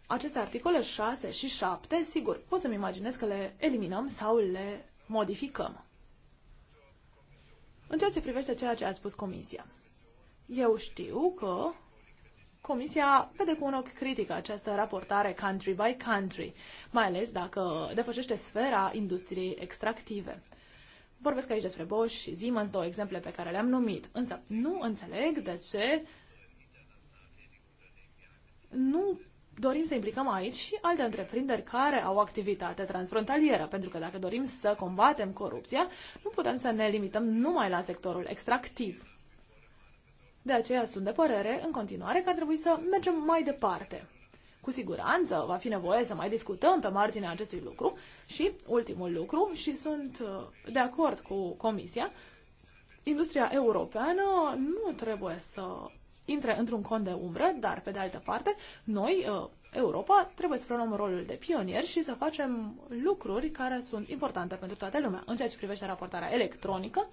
Aceste articole 6 și 7, sigur, pot să-mi imaginez că le eliminăm sau le modificăm. În ceea ce privește ceea ce a spus Comisia, eu știu că Comisia vede cu un ochi critic această raportare country by country, mai ales dacă depășește sfera industriei extractive. Vorbesc aici despre Bosch și Siemens, două exemple pe care le-am numit. Însă nu înțeleg de ce nu dorim să implicăm aici și alte întreprinderi care au activitate transfrontalieră, pentru că dacă dorim să combatem corupția, nu putem să ne limităm numai la sectorul extractiv. De aceea sunt de părere, în continuare, că ar trebui să mergem mai departe. Cu siguranță va fi nevoie să mai discutăm pe marginea acestui lucru și ultimul lucru, și sunt uh, de acord cu Comisia, industria europeană nu trebuie să intre într-un cont de umbră, dar pe de altă parte, noi, uh, Europa, trebuie să preluăm rolul de pionier și să facem lucruri care sunt importante pentru toată lumea. În ceea ce privește raportarea electronică,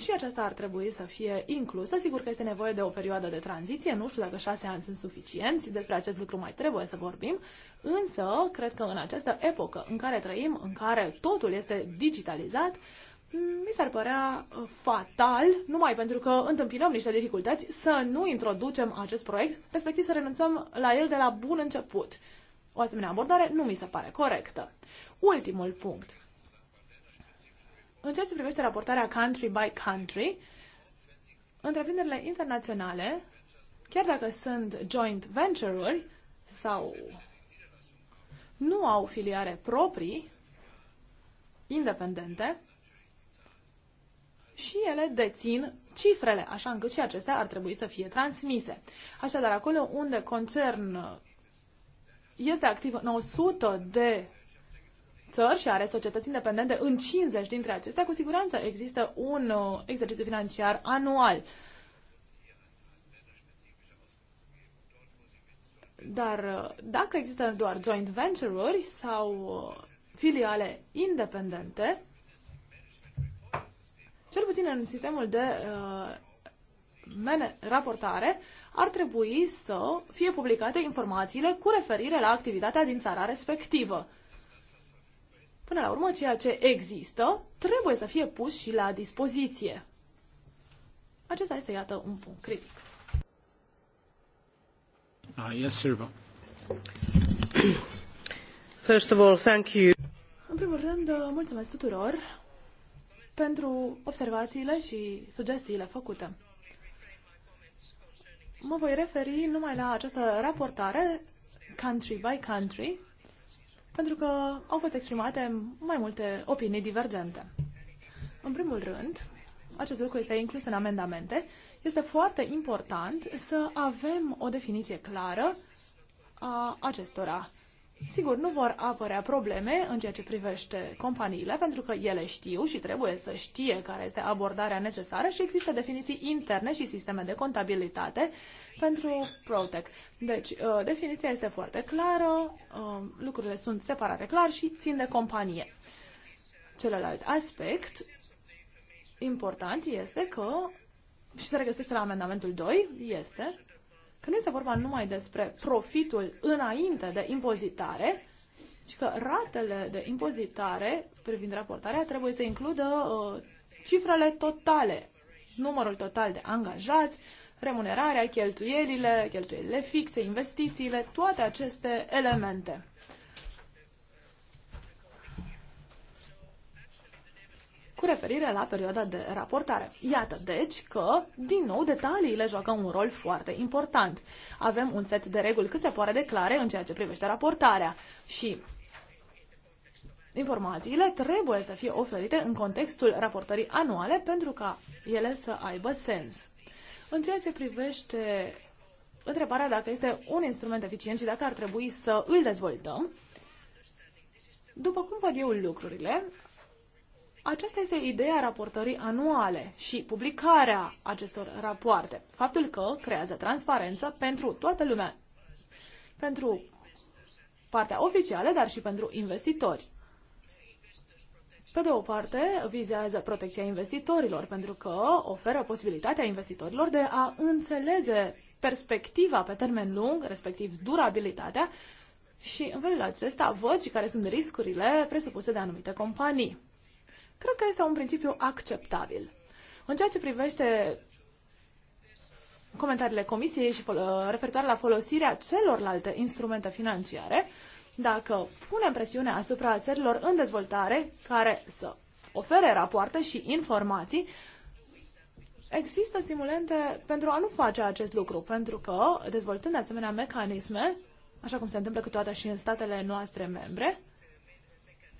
și aceasta ar trebui să fie inclusă. Sigur că este nevoie de o perioadă de tranziție, nu știu dacă șase ani sunt suficienți, despre acest lucru mai trebuie să vorbim, însă cred că în această epocă în care trăim, în care totul este digitalizat, mi s-ar părea uh, fatal, numai pentru că întâmpinăm niște dificultăți, să nu introducem acest proiect, respectiv să renunțăm la el de la bun început. O asemenea abordare nu mi se pare corectă. Ultimul punct. În ceea ce privește raportarea country by country, întreprinderile internaționale, chiar dacă sunt joint venture-uri sau nu au filiare proprii, independente, și ele dețin cifrele, așa încât și acestea ar trebui să fie transmise. Așadar, acolo unde concern este activ în 100 de țări și are societăți independente în 50 dintre acestea, cu siguranță există un uh, exercițiu financiar anual. Dar uh, dacă există doar joint venture-uri sau uh, filiale independente, cel puțin în sistemul de uh, raportare, ar trebui să fie publicate informațiile cu referire la activitatea din țara respectivă. Până la urmă, ceea ce există trebuie să fie pus și la dispoziție. Acesta este, iată, un punct critic. Ah, yes, Silva. First of all, thank you. În primul rând, mulțumesc tuturor pentru observațiile și sugestiile făcute. Mă voi referi numai la această raportare country by country pentru că au fost exprimate mai multe opinii divergente. În primul rând, acest lucru este inclus în amendamente, este foarte important să avem o definiție clară a acestora. Sigur, nu vor apărea probleme în ceea ce privește companiile, pentru că ele știu și trebuie să știe care este abordarea necesară și există definiții interne și sisteme de contabilitate pentru Protec. Deci, uh, definiția este foarte clară, uh, lucrurile sunt separate clar și țin de companie. Celălalt aspect important este că, și se regăsește la amendamentul 2, este că nu este vorba numai despre profitul înainte de impozitare, ci că ratele de impozitare privind raportarea trebuie să includă uh, cifrele totale, numărul total de angajați, remunerarea, cheltuielile, cheltuielile fixe, investițiile, toate aceste elemente. cu referire la perioada de raportare. Iată, deci, că, din nou, detaliile joacă un rol foarte important. Avem un set de reguli cât se poate de clare în ceea ce privește raportarea și informațiile trebuie să fie oferite în contextul raportării anuale pentru ca ele să aibă sens. În ceea ce privește întrebarea dacă este un instrument eficient și dacă ar trebui să îl dezvoltăm, după cum văd eu lucrurile, aceasta este ideea raportării anuale și publicarea acestor rapoarte. Faptul că creează transparență pentru toată lumea, pentru partea oficială, dar și pentru investitori. Pe de o parte, vizează protecția investitorilor, pentru că oferă posibilitatea investitorilor de a înțelege perspectiva pe termen lung, respectiv durabilitatea, și în felul acesta văd și care sunt riscurile presupuse de anumite companii. Cred că este un principiu acceptabil. În ceea ce privește comentariile comisiei și referitoare la folosirea celorlalte instrumente financiare, dacă punem presiune asupra țărilor în dezvoltare care să ofere rapoarte și informații, există stimulente pentru a nu face acest lucru, pentru că dezvoltând asemenea mecanisme, așa cum se întâmplă câteodată și în statele noastre membre,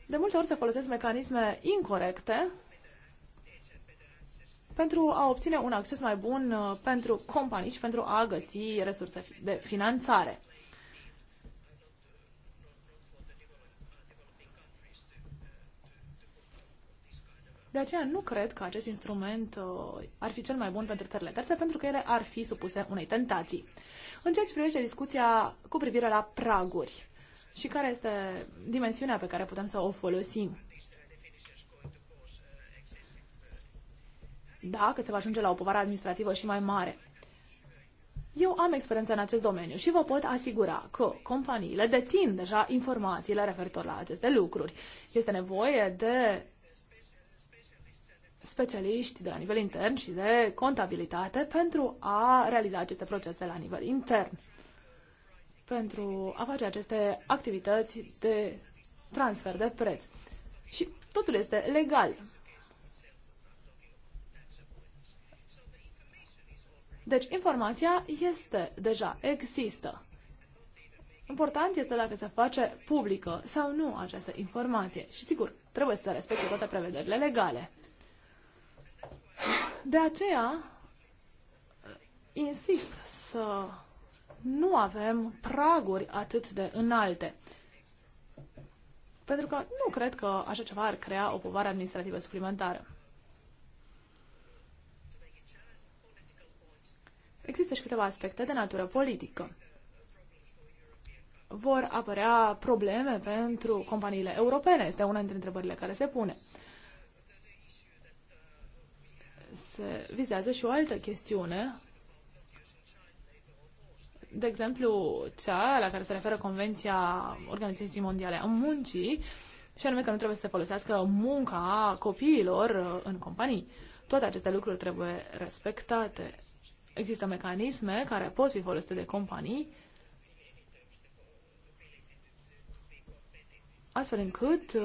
de multe ori se folosesc mecanisme incorrecte pentru a obține un acces mai bun uh, pentru companii și pentru a găsi resurse de finanțare. De aceea nu cred că acest instrument uh, ar fi cel mai bun pentru țările terțe, pentru că ele ar fi supuse unei tentații. În ceea ce privește discuția cu privire la praguri, și care este dimensiunea pe care putem să o folosim. Da, că se va ajunge la o povară administrativă și mai mare. Eu am experiență în acest domeniu și vă pot asigura că companiile dețin deja informațiile referitor la aceste lucruri. Este nevoie de specialiști de la nivel intern și de contabilitate pentru a realiza aceste procese la nivel intern pentru a face aceste activități de transfer de preț. Și totul este legal. Deci informația este deja, există. Important este dacă se face publică sau nu această informație. Și sigur, trebuie să respecte toate prevederile legale. De aceea, insist să nu avem praguri atât de înalte. Pentru că nu cred că așa ceva ar crea o povară administrativă suplimentară. Există și câteva aspecte de natură politică. Vor apărea probleme pentru companiile europene. Este una dintre întrebările care se pune. Se vizează și o altă chestiune de exemplu, cea la care se referă Convenția Organizației Mondiale a Muncii, și anume că nu trebuie să se folosească munca copiilor uh, în companii. Toate aceste lucruri trebuie respectate. Există mecanisme care pot fi folosite de companii astfel încât uh,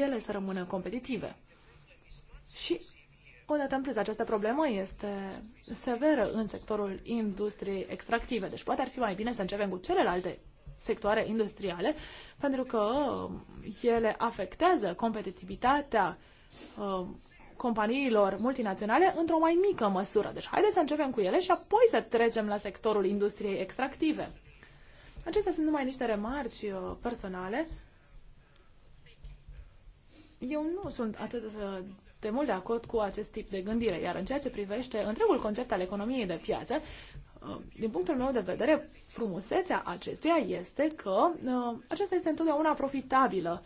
ele să rămână competitive. Și Odată în plus, această problemă este severă în sectorul industriei extractive, deci poate ar fi mai bine să începem cu celelalte sectoare industriale, pentru că um, ele afectează competitivitatea um, companiilor multinaționale într-o mai mică măsură. Deci haideți să începem cu ele și apoi să trecem la sectorul industriei extractive. Acestea sunt numai niște remarci uh, personale. Eu nu sunt atât de foarte mult de acord cu acest tip de gândire. Iar în ceea ce privește întregul concept al economiei de piață, din punctul meu de vedere, frumusețea acestuia este că uh, acesta este întotdeauna profitabilă.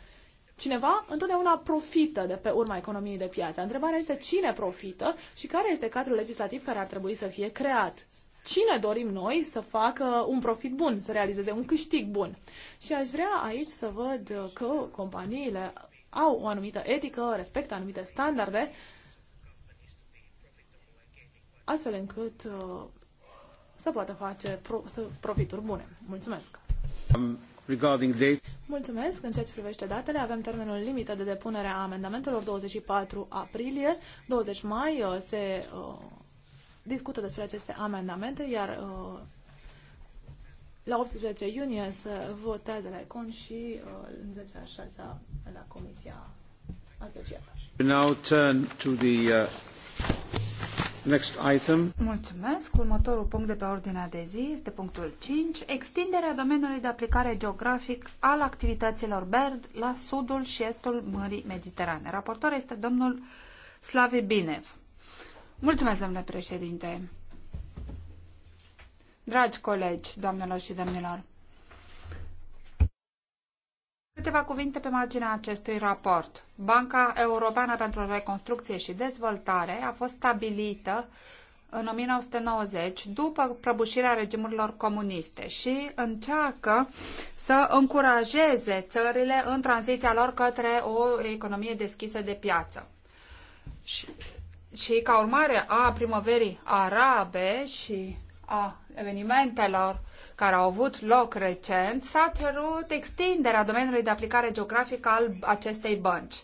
Cineva întotdeauna profită de pe urma economiei de piață. Întrebarea este cine profită și care este cadrul legislativ care ar trebui să fie creat cine dorim noi să facă un profit bun, să realizeze un câștig bun. Și aș vrea aici să văd că companiile au o anumită etică, respectă anumite standarde, astfel încât uh, să poată face pro- să profituri bune. Mulțumesc! Um, regarding date... Mulțumesc! În ceea ce privește datele, avem termenul limită de depunere a amendamentelor 24 aprilie, 20 mai uh, se uh, discută despre aceste amendamente, iar uh, la 18 iunie să voteze la Econ și uh, în 10 a 6 la Comisia Asociată. Now turn to the, uh... Next item. Mulțumesc. Următorul punct de pe ordinea de zi este punctul 5. Extinderea domeniului de aplicare geografic al activităților BERD la sudul și estul Mării Mediterane. Raportor este domnul Slavi Binev. Mulțumesc, domnule președinte. Dragi colegi, doamnelor și domnilor, câteva cuvinte pe marginea acestui raport. Banca Europeană pentru Reconstrucție și Dezvoltare a fost stabilită în 1990, după prăbușirea regimurilor comuniste și încearcă să încurajeze țările în tranziția lor către o economie deschisă de piață. Și, și ca urmare a primăverii arabe și a evenimentelor care au avut loc recent, s-a cerut extinderea domeniului de aplicare geografică al acestei bănci,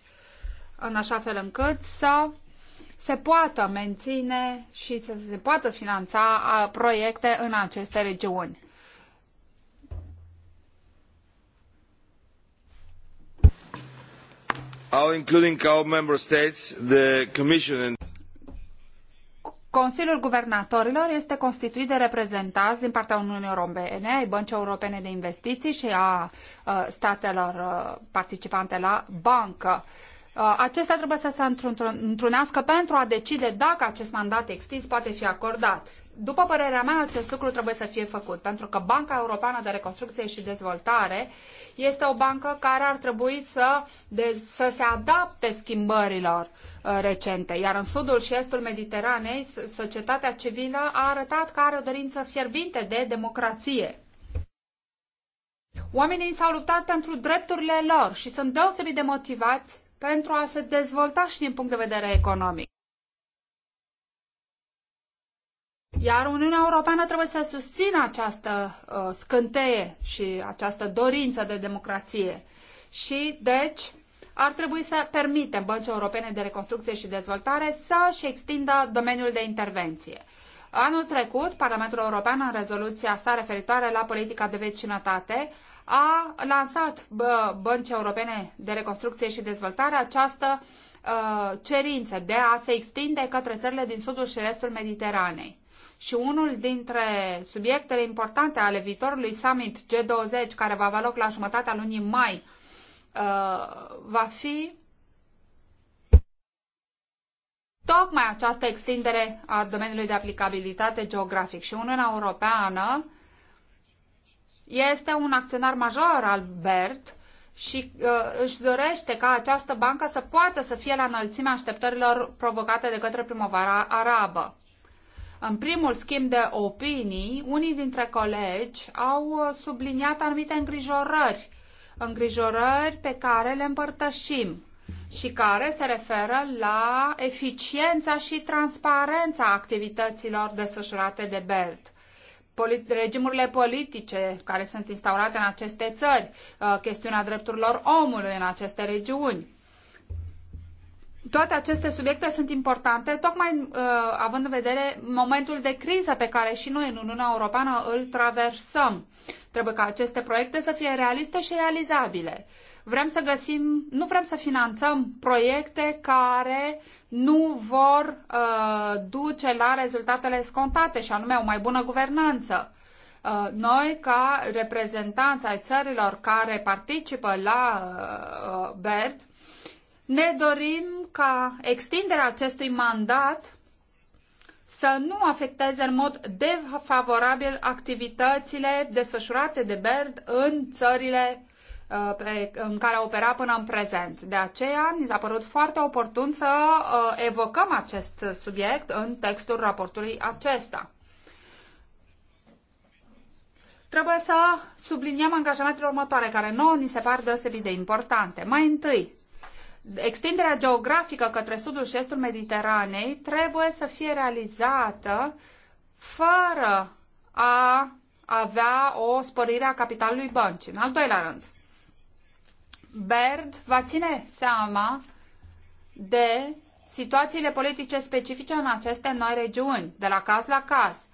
în așa fel încât să se poată menține și să se poată finanța proiecte în aceste regiuni. including all member states, the Commission and Consiliul Guvernatorilor este constituit de reprezentanți din partea Uniunii Europene, ai Băncii Europene de Investiții și a statelor participante la bancă. Acestea trebuie să se întrunească pentru a decide dacă acest mandat extins poate fi acordat. După părerea mea, acest lucru trebuie să fie făcut, pentru că Banca Europeană de Reconstrucție și Dezvoltare este o bancă care ar trebui să, de, să se adapte schimbărilor uh, recente. Iar în sudul și estul Mediteranei, societatea civilă a arătat că are o dorință fierbinte de democrație. Oamenii s-au luptat pentru drepturile lor și sunt deosebit de motivați pentru a se dezvolta și din punct de vedere economic. Iar Uniunea Europeană trebuie să susțină această uh, scânteie și această dorință de democrație. Și, deci, ar trebui să permitem băncii europene de reconstrucție și dezvoltare să-și extindă domeniul de intervenție. Anul trecut, Parlamentul European, în rezoluția sa referitoare la politica de vecinătate, a lansat bă, băncii europene de reconstrucție și dezvoltare această uh, cerință de a se extinde către țările din sudul și restul Mediteranei și unul dintre subiectele importante ale viitorului summit G20, care va avea loc la jumătatea lunii mai, uh, va fi tocmai această extindere a domeniului de aplicabilitate geografic. Și Uniunea Europeană este un acționar major al BERT și uh, își dorește ca această bancă să poată să fie la înălțimea așteptărilor provocate de către primăvara arabă. În primul schimb de opinii, unii dintre colegi au uh, subliniat anumite îngrijorări, îngrijorări pe care le împărtășim și care se referă la eficiența și transparența activităților desfășurate de BERT polit- regimurile politice care sunt instaurate în aceste țări, uh, chestiunea drepturilor omului în aceste regiuni toate aceste subiecte sunt importante, tocmai uh, având în vedere momentul de criză pe care și noi în Uniunea Europeană îl traversăm. Trebuie ca aceste proiecte să fie realiste și realizabile. Vrem să găsim, nu vrem să finanțăm proiecte care nu vor uh, duce la rezultatele scontate, și anume o mai bună guvernanță uh, noi, ca reprezentanți ai țărilor care participă la uh, BERD, ne dorim ca extinderea acestui mandat să nu afecteze în mod defavorabil activitățile desfășurate de BERD în țările uh, pe, în care a operat până în prezent. De aceea, ni s-a părut foarte oportun să uh, evocăm acest subiect în textul raportului acesta. Trebuie să subliniem angajamentele următoare, care nouă ni se par deosebit de importante. Mai întâi, extinderea geografică către sudul și estul Mediteranei trebuie să fie realizată fără a avea o sporire a capitalului băncii. În al doilea rând, BERD va ține seama de situațiile politice specifice în aceste noi regiuni, de la caz la caz,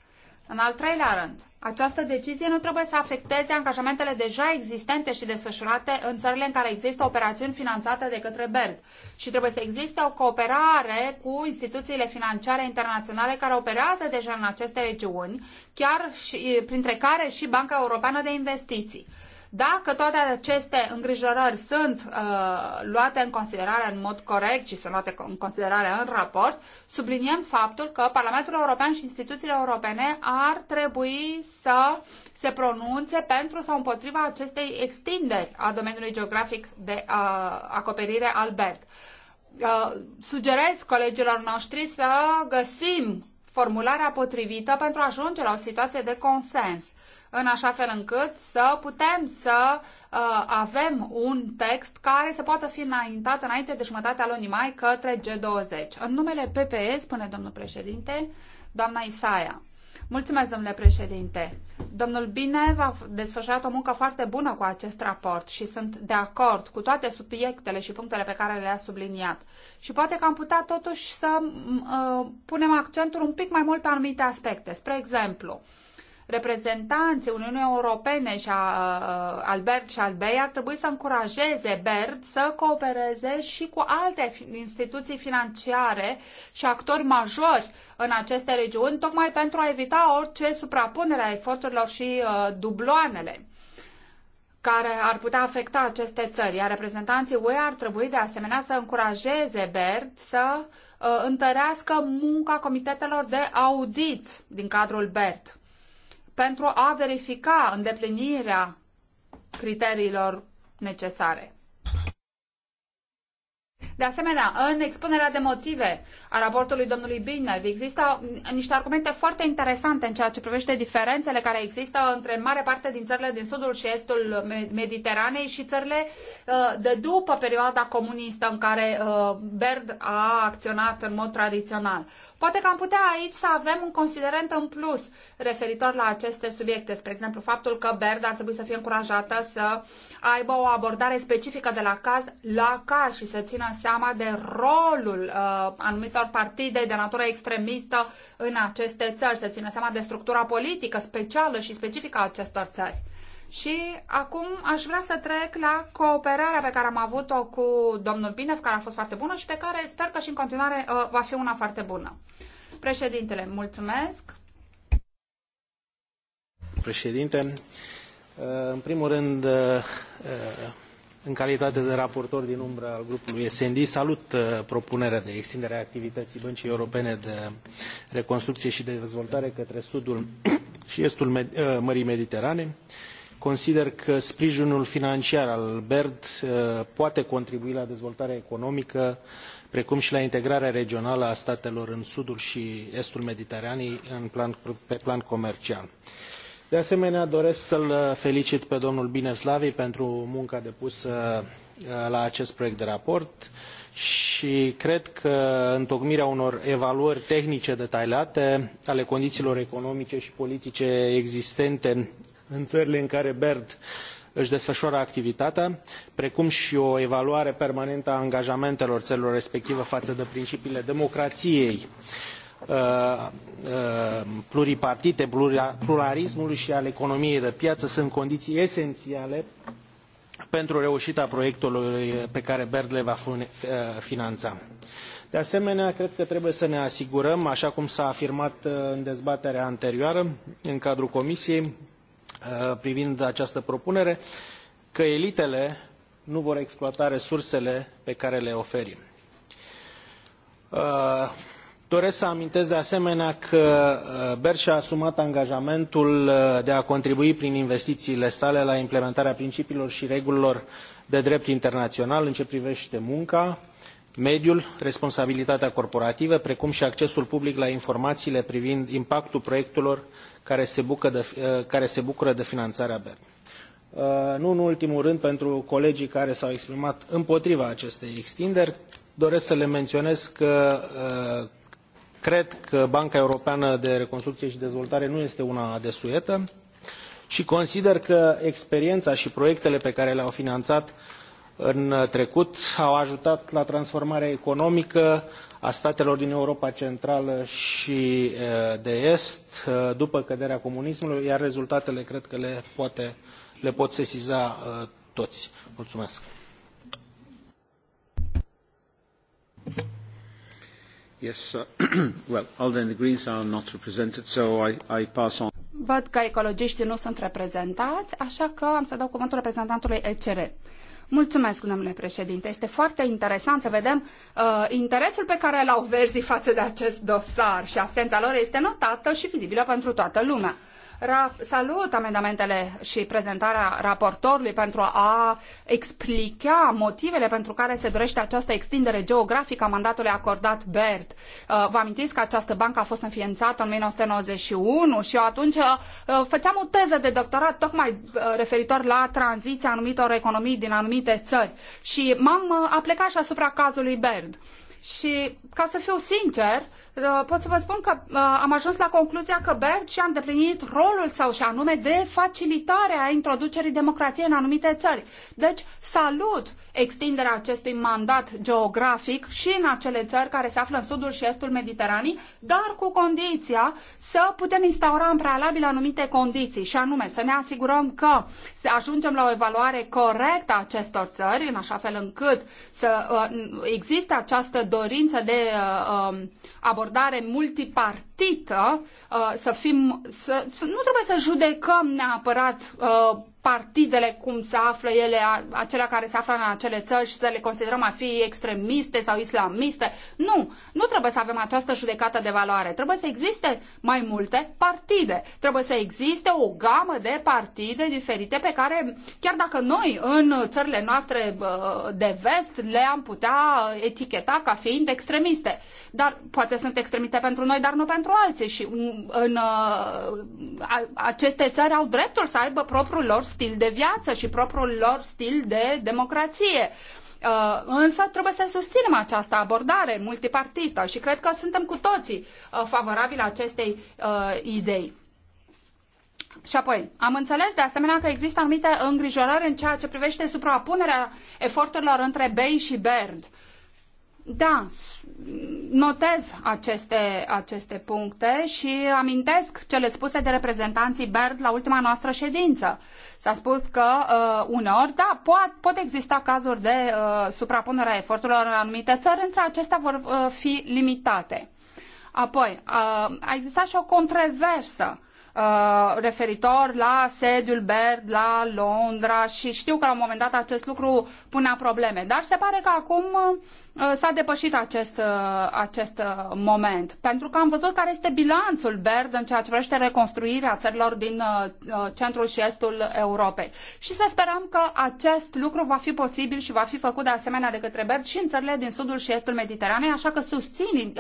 în al treilea rând, această decizie nu trebuie să afecteze angajamentele deja existente și desfășurate în țările în care există operațiuni finanțate de către BERD și trebuie să existe o cooperare cu instituțiile financiare internaționale care operează deja în aceste regiuni, chiar și, printre care și Banca Europeană de Investiții. Dacă toate aceste îngrijorări sunt uh, luate în considerare în mod corect și sunt luate în considerare în raport, subliniem faptul că Parlamentul European și instituțiile europene ar trebui să se pronunțe pentru sau împotriva acestei extinderi a domeniului geografic de uh, acoperire al BERC. Uh, sugerez colegilor noștri să găsim formularea potrivită pentru a ajunge la o situație de consens în așa fel încât să putem să uh, avem un text care să poată fi înaintat înainte de jumătatea lunii mai către G20. În numele PPE, spune domnul președinte, doamna Isaia. Mulțumesc, domnule președinte. Domnul Bine a desfășurat o muncă foarte bună cu acest raport și sunt de acord cu toate subiectele și punctele pe care le-a subliniat. Și poate că am putea totuși să uh, punem accentul un pic mai mult pe anumite aspecte. Spre exemplu, uh, reprezentanții Uniunii Europene și a, uh, Albert și Albei ar trebui să încurajeze BERD să coopereze și cu alte instituții financiare și actori majori în aceste regiuni, tocmai pentru a evita orice suprapunere a eforturilor și uh, dubloanele care ar putea afecta aceste țări, iar reprezentanții UE ar trebui de asemenea să încurajeze BERD să uh, întărească munca comitetelor de audit din cadrul BERD pentru a verifica îndeplinirea criteriilor necesare. De asemenea, în expunerea de motive a raportului domnului Binev există niște argumente foarte interesante în ceea ce privește diferențele care există între mare parte din țările din sudul și estul Mediteranei și țările uh, de după perioada comunistă în care uh, Berd a acționat în mod tradițional. Poate că am putea aici să avem un considerent în plus referitor la aceste subiecte, spre exemplu faptul că Berd ar trebui să fie încurajată să aibă o abordare specifică de la caz la caz și să țină seama de rolul uh, anumitor partide de natură extremistă în aceste țări, să țină seama de structura politică specială și specifică a acestor țări. Și acum aș vrea să trec la cooperarea pe care am avut-o cu domnul Binev, care a fost foarte bună și pe care sper că și în continuare uh, va fi una foarte bună. Președintele, mulțumesc. Președinte, uh, în primul rând uh, uh, în calitate de raportor din umbră al grupului SND, salut uh, propunerea de extindere a activității Băncii Europene de Reconstrucție și Dezvoltare către sudul și estul Med uh, Mării Mediterane. Consider că sprijinul financiar al BERD uh, poate contribui la dezvoltarea economică, precum și la integrarea regională a statelor în sudul și estul Mediteranei plan, pe plan comercial. Uh, de asemenea, doresc să-l felicit pe domnul Bineslavi pentru munca depusă uh, la acest proiect de raport și cred că întocmirea unor evaluări tehnice detaliate ale condițiilor economice și politice existente în țările în care BERD își desfășoară activitatea, precum și o evaluare permanentă a angajamentelor țărilor respective față de principiile democrației, Uh, uh, pluripartite, pluralismului și al economiei de piață sunt condiții esențiale pentru reușita proiectului pe care BERD le va uh, finanța. De asemenea, cred că trebuie să ne asigurăm, așa cum s-a afirmat în dezbaterea anterioară, în cadrul Comisiei, privind această propunere, că elitele nu vor exploata resursele pe care le oferim doresc să amintesc de asemenea că uh, berd și a asumat angajamentul uh, de a contribui prin investițiile sale la implementarea principiilor și regulilor de drept internațional în ce privește munca mediul responsabilitatea corporativă precum și accesul public la informațiile privind impactul proiectelor care se bucură de, uh, care se bucură de finanțarea berd nu în ultimul rând pentru colegii care s au exprimat împotriva acestei extinderi doresc să le menionez că Cred că Banca Europeană de Reconstrucție și Dezvoltare nu este una desuetă și consider că experiența și proiectele pe care le-au finanțat în trecut au ajutat la transformarea economică a statelor din Europa Centrală și de Est după căderea comunismului, iar rezultatele cred că le, poate, le pot sesiza toți. Mulțumesc! Yes, uh, well, ALDE and the Greens are not represented, so I, I pass on. Văd că ecologiștii nu sunt reprezentați, așa că am să dau cuvântul reprezentantului ECR. Mulțumesc, domnule președinte. Este foarte interesant să vedem uh, interesul pe care l-au verzii față de acest dosar și absența lor este notată și vizibilă pentru toată lumea. Salut amendamentele și prezentarea raportorului pentru a explica motivele pentru care se dorește această extindere geografică a mandatului acordat BERT. Uh, vă amintiți că această bancă a fost înființată în 1991 și eu atunci uh, făceam o teză de doctorat tocmai uh, referitor la tranziția anumitor economii din anumite țări și m-am aplecat și asupra cazului BERD. Și, ca să fiu sincer, uh, Uh, pot să vă spun că uh, am ajuns la concluzia că BERD și-a îndeplinit rolul său și anume de facilitare a introducerii democrației în anumite țări. Deci salut extinderea acestui mandat geografic și în acele țări care se află în sudul și estul Mediteranei, dar cu condiția să putem instaura în prealabil anumite condiții și anume să ne asigurăm că să ajungem la o evaluare corectă a acestor țări, în așa fel încât să uh, existe această dorință de um, abordare abordare multipartită, uh, să fim, să, să, nu trebuie să judecăm neapărat uh, partidele cum se află ele, acelea care se află în acele țări și să le considerăm a fi extremiste sau islamiste. Nu, nu trebuie să avem această judecată de valoare. Trebuie să existe mai multe partide. Trebuie să existe o gamă de partide diferite pe care, chiar dacă noi în țările noastre uh, de vest le-am putea eticheta ca fiind extremiste. Dar poate sunt extremiste pentru noi, dar nu pentru alții. Și mm, în uh, aceste țări au dreptul să aibă propriul lor stil de viață și propriul lor stil de democrație. Uh, însă trebuie să susținem această abordare multipartită și cred că suntem cu toții uh, favorabili acestei uh, idei. Și apoi, am înțeles de asemenea că există anumite îngrijorări în ceea ce privește suprapunerea eforturilor între Bay și Bernd. Da, notez aceste, aceste puncte și amintesc cele spuse de reprezentanții BERD la ultima noastră ședință. S-a spus că uh, uneori, da, pot, pot exista cazuri de uh, suprapunere a eforturilor în anumite țări, între acestea vor uh, fi limitate. Apoi, uh, a existat și o controversă Uh, referitor la sediul Baird la Londra și știu că la un moment dat acest lucru punea probleme, dar se pare că acum uh, Uh, s-a depășit acest, uh, acest uh, moment, pentru că am văzut care este bilanțul BERD în ceea ce privește reconstruirea țărilor din centrul și estul Europei. Și să sperăm că acest lucru va fi posibil și va fi făcut de asemenea de către BERD și în țările din sudul și estul Mediteranei, așa că susțin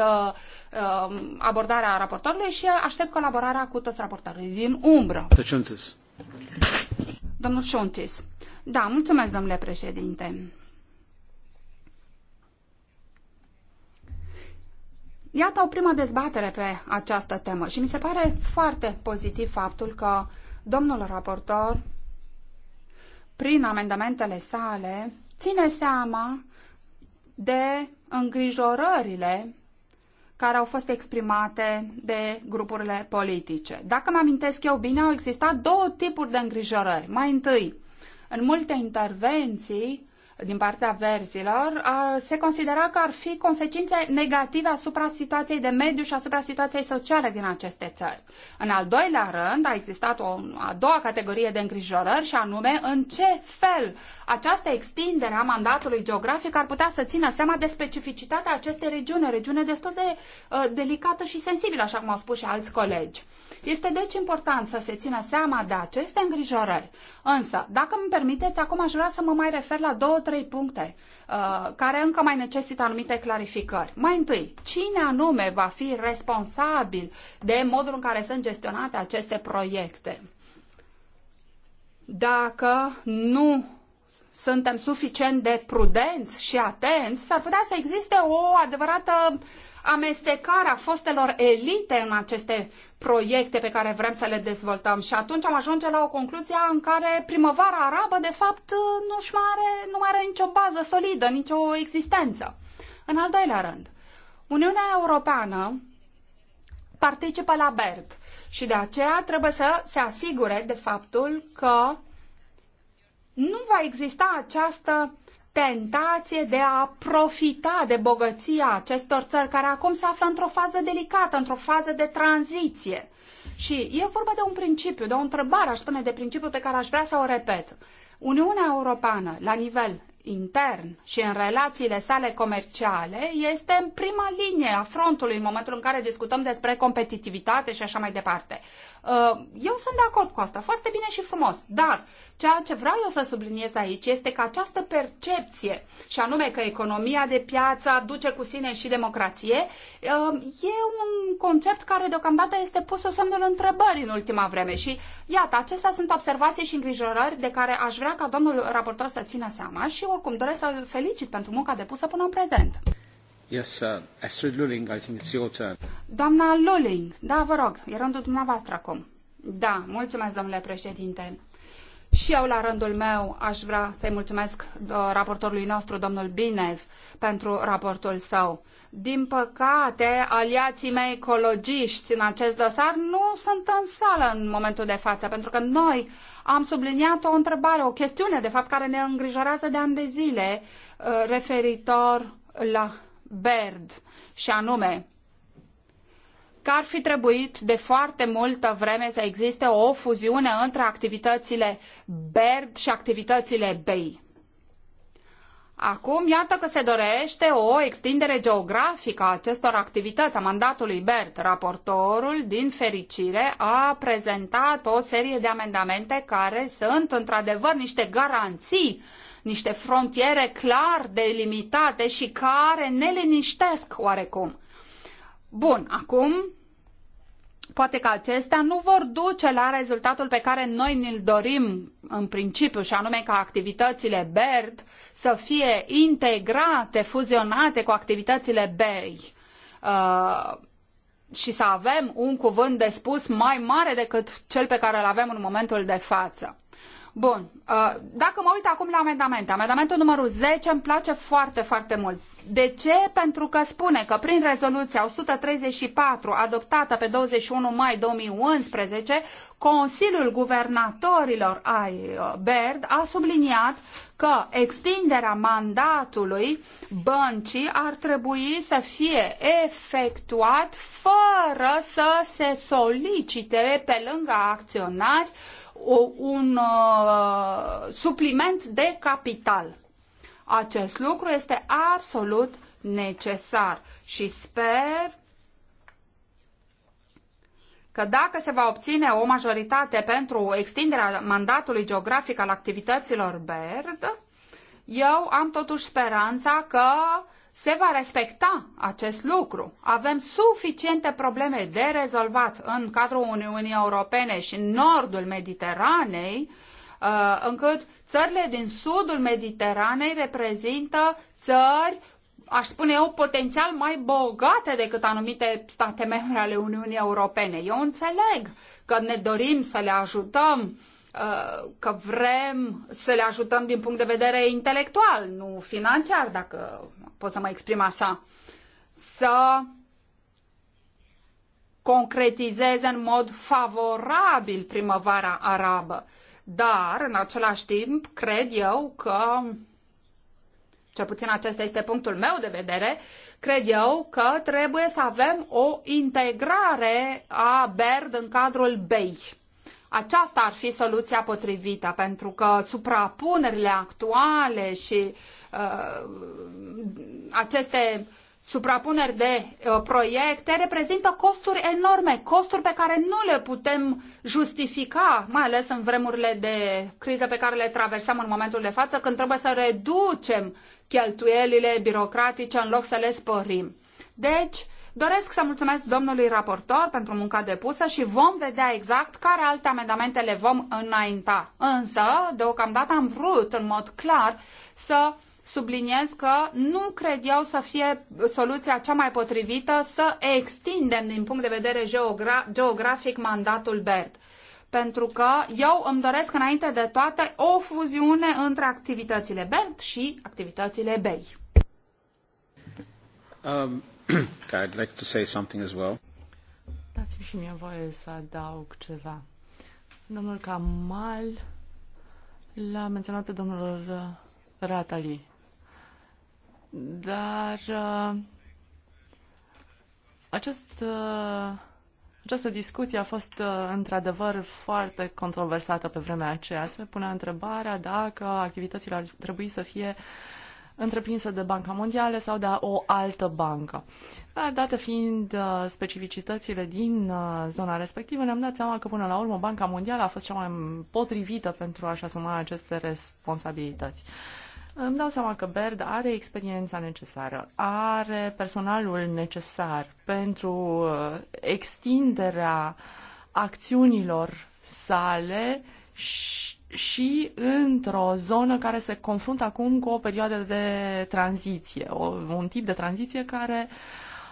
abordarea raportorului și aștept colaborarea cu toți raportorii din umbră. Domnul Șuntis. Da, mulțumesc, domnule președinte. Iată o primă dezbatere pe această temă și mi se pare foarte pozitiv faptul că domnul raportor, prin amendamentele sale, ține seama de îngrijorările care au fost exprimate de grupurile politice. Dacă mă amintesc eu bine, au existat două tipuri de îngrijorări. Mai întâi, în multe intervenții din partea verzilor, se considera că ar fi consecințe negative asupra situației de mediu și asupra situației sociale din aceste țări. În al doilea rând, a existat o a doua categorie de îngrijorări și anume în ce fel această extindere a mandatului geografic ar putea să țină seama de specificitatea acestei regiuni, o regiune destul de uh, delicată și sensibilă, așa cum au spus și alți colegi. Uh, este deci important să se țină seama de aceste îngrijorări. Însă, dacă îmi permiteți, acum aș vrea să mă mai refer la două, trei puncte uh, care încă mai necesită anumite clarificări. Mai întâi, cine anume va fi responsabil de modul în care sunt gestionate aceste proiecte? Dacă nu suntem suficient de prudenți și atenți, s-ar putea să existe o adevărată uh, amestecarea fostelor elite în aceste proiecte pe care vrem să le dezvoltăm și atunci am ajunge la o concluzie în care primăvara arabă, de fapt, nu-și mai are, nu mai are nicio bază solidă, nicio existență. În al doilea rând, Uniunea Europeană participă la BERT și de aceea trebuie să se asigure de faptul că nu va exista această tentație de a profita de bogăția acestor țări care acum se află într-o fază delicată, într-o fază de tranziție. Și e vorba de un principiu, de o întrebare, aș spune, de principiu pe care aș vrea să o repet. Uniunea Europeană, la nivel intern și în relațiile sale comerciale, este în prima linie a frontului în momentul în care discutăm despre competitivitate și așa mai departe. Uh, eu sunt de acord cu asta, foarte bine și frumos, dar Ceea ce vreau eu să subliniez aici este că această percepție, și anume că economia de piață duce cu sine și democrație, um, e un concept care deocamdată este pus o semnul întrebării în ultima vreme. Și iată, acestea sunt observații și îngrijorări de care aș vrea ca domnul raportor să țină seama și oricum doresc să-l felicit pentru munca depusă până în prezent. Yes, uh, Astrid Lulling, I think it's your turn. Doamna Luling, da, vă rog, e rândul dumneavoastră acum. Da, mulțumesc, domnule președinte. Și eu, la rândul meu, aș vrea să-i mulțumesc uh, raportorului nostru, domnul Binev, pentru raportul său. Din păcate, aliații mei ecologiști în acest dosar nu sunt în sală în momentul de față, pentru că noi am subliniat o întrebare, o chestiune, de fapt, care ne îngrijorează de ani de zile, uh, referitor la BERD, și anume că ar fi trebuit de foarte multă vreme să existe o fuziune între activitățile BERD și activitățile BEI. Acum, iată că se dorește o extindere geografică a acestor activități, a mandatului BERT. Raportorul, din fericire, a prezentat o serie de amendamente care sunt, într-adevăr, niște garanții, niște frontiere clar delimitate și care ne liniștesc oarecum. Bun, acum Poate că acestea nu vor duce la rezultatul pe care noi ne-l dorim în principiu, și anume ca activitățile BERD să fie integrate, fuzionate cu activitățile BEI. Uh, și să avem un cuvânt de spus mai mare decât cel pe care îl avem în momentul de față. Bun. Uh, dacă mă uit acum la amendamente, amendamentul numărul 10 îmi place foarte, foarte mult. De ce? Pentru că spune că prin rezoluția 134 adoptată pe 21 mai 2011, Consiliul Guvernatorilor ai uh, BERD a subliniat că extinderea mandatului băncii ar trebui să fie efectuat fără să se solicite pe lângă acționari o, un uh, supliment de capital. Acest lucru este absolut necesar și sper că dacă se va obține o majoritate pentru extinderea mandatului geografic al activităților BERD, eu am totuși speranța că se va respecta acest lucru. Avem suficiente probleme de rezolvat în cadrul Uniunii Europene și în nordul Mediteranei, uh, încât țările din sudul Mediteranei reprezintă țări aș spune eu, potențial mai bogate decât anumite state membre ale Uniunii Europene. Eu înțeleg că ne dorim să le ajutăm uh, Uh, că vrem să le ajutăm din punct de vedere intelectual, nu financiar, dacă pot să mă exprim așa, să concretizeze în mod favorabil primăvara arabă. Dar, în același timp, cred eu că, cel puțin acesta este punctul meu de vedere, cred eu că trebuie să avem o integrare a BERD în cadrul BEI aceasta ar fi soluția potrivită, pentru că suprapunerile actuale și uh, aceste suprapuneri de uh, proiecte reprezintă costuri enorme, costuri pe care nu le putem justifica, mai ales în vremurile de criză pe care le traversăm în momentul de față, când trebuie să reducem cheltuielile birocratice în loc să le sporim. Deci, Doresc să mulțumesc domnului raportor pentru munca depusă și vom vedea exact care alte amendamente le vom înainta. Însă, deocamdată am vrut în mod clar să subliniez că nu cred eu să fie soluția cea mai potrivită să extindem din punct de vedere geogra geografic mandatul BERD pentru că eu îmi doresc înainte de toate o fuziune între activitățile BERT și activitățile BEI. Um, I'd like to say something as well. Dați-mi și mie voie să adaug ceva. Domnul Kamal l-a menționat pe domnul Ratali. Dar uh, acest, uh, această discuție a fost uh, într-adevăr foarte controversată pe vremea aceea. Se punea întrebarea dacă activitățile ar trebui să fie uh, întreprinsă de Banca Mondială sau de o altă bancă. date fiind uh, specificitățile din uh, zona respectivă, ne-am dat seama că până la urmă Banca Mondială a fost cea mai potrivită pentru a-și asuma aceste responsabilități. Îmi dau seama că Baird are experiența necesară, are personalul necesar pentru uh, extinderea acțiunilor sale și și într-o zonă care se confruntă acum cu o perioadă de tranziție, o, un tip de tranziție care uh,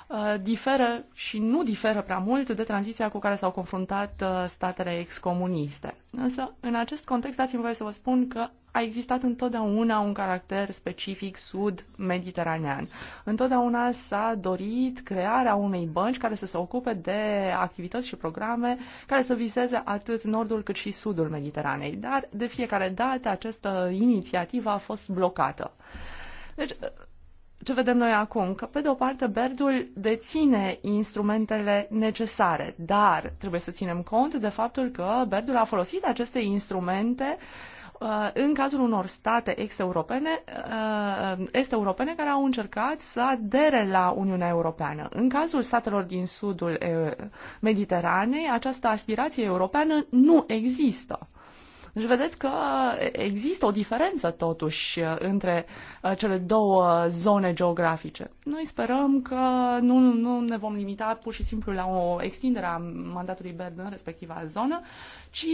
Uh, diferă și nu diferă prea mult de tranziția cu care s-au confruntat uh, statele excomuniste. Însă, în acest context, dați-mi voie să vă spun că a existat întotdeauna un caracter specific sud-mediteranean. Întotdeauna s-a dorit crearea unei bănci care să se ocupe de activități și programe care să viseze atât nordul cât și sudul Mediteranei, dar de fiecare dată această inițiativă a fost blocată. Deci, ce vedem noi acum? Că, pe de o parte, Berdul deține instrumentele necesare, dar trebuie să ținem cont de faptul că Berdul a folosit aceste instrumente uh, în cazul unor state ex-europene, uh, est-europene care au încercat să adere la Uniunea Europeană. În cazul statelor din sudul uh, Mediteranei, această aspirație europeană nu există. Deci vedeți că există o diferență totuși între uh, cele două zone geografice. Noi sperăm că nu, nu ne vom limita pur și simplu la o extindere a mandatului BERD în respectiva zonă, ci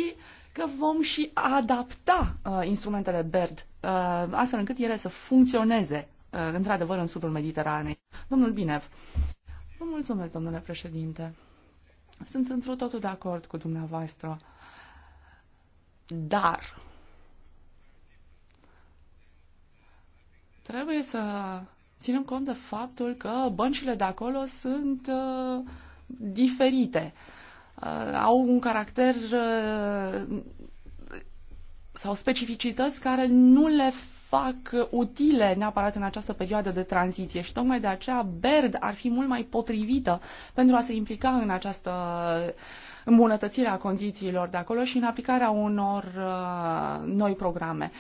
că vom și adapta uh, instrumentele BERD uh, astfel încât ele să funcționeze uh, într-adevăr în sudul Mediteranei. Domnul Binev, vă mulțumesc, domnule președinte. Sunt într totul de acord cu dumneavoastră. Uh, dar trebuie să ținem cont de faptul că băncile de acolo sunt uh, diferite. Uh, au un caracter uh, sau specificități care nu le fac utile neapărat în această perioadă de tranziție și tocmai de aceea BERD ar fi mult mai potrivită pentru a se implica în această uh, îmbunătățirea condițiilor de acolo și în aplicarea unor uh, noi programe.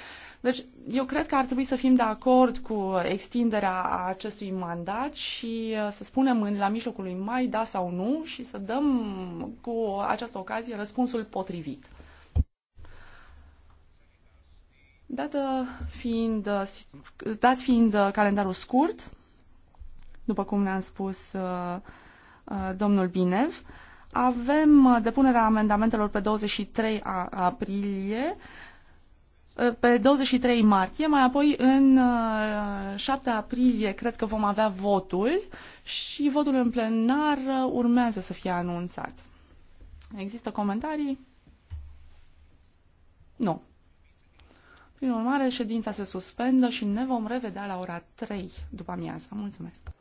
Deci, eu cred că ar trebui să fim de acord cu extinderea acestui mandat și uh, să spunem în, la mijlocul lui mai da sau nu și să dăm cu această ocazie răspunsul potrivit. Dată fiind, uh, dat fiind calendarul scurt, după cum ne-a spus domnul Binev, avem uh, depunerea amendamentelor pe 23 aprilie, uh, pe 23 martie, mai apoi în 7 uh, aprilie cred că vom avea votul și votul în plenar urmează să fie anunțat. Există comentarii? Nu. Prin urmare, ședința se suspendă și ne vom revedea la ora 3 după amiază. Mulțumesc!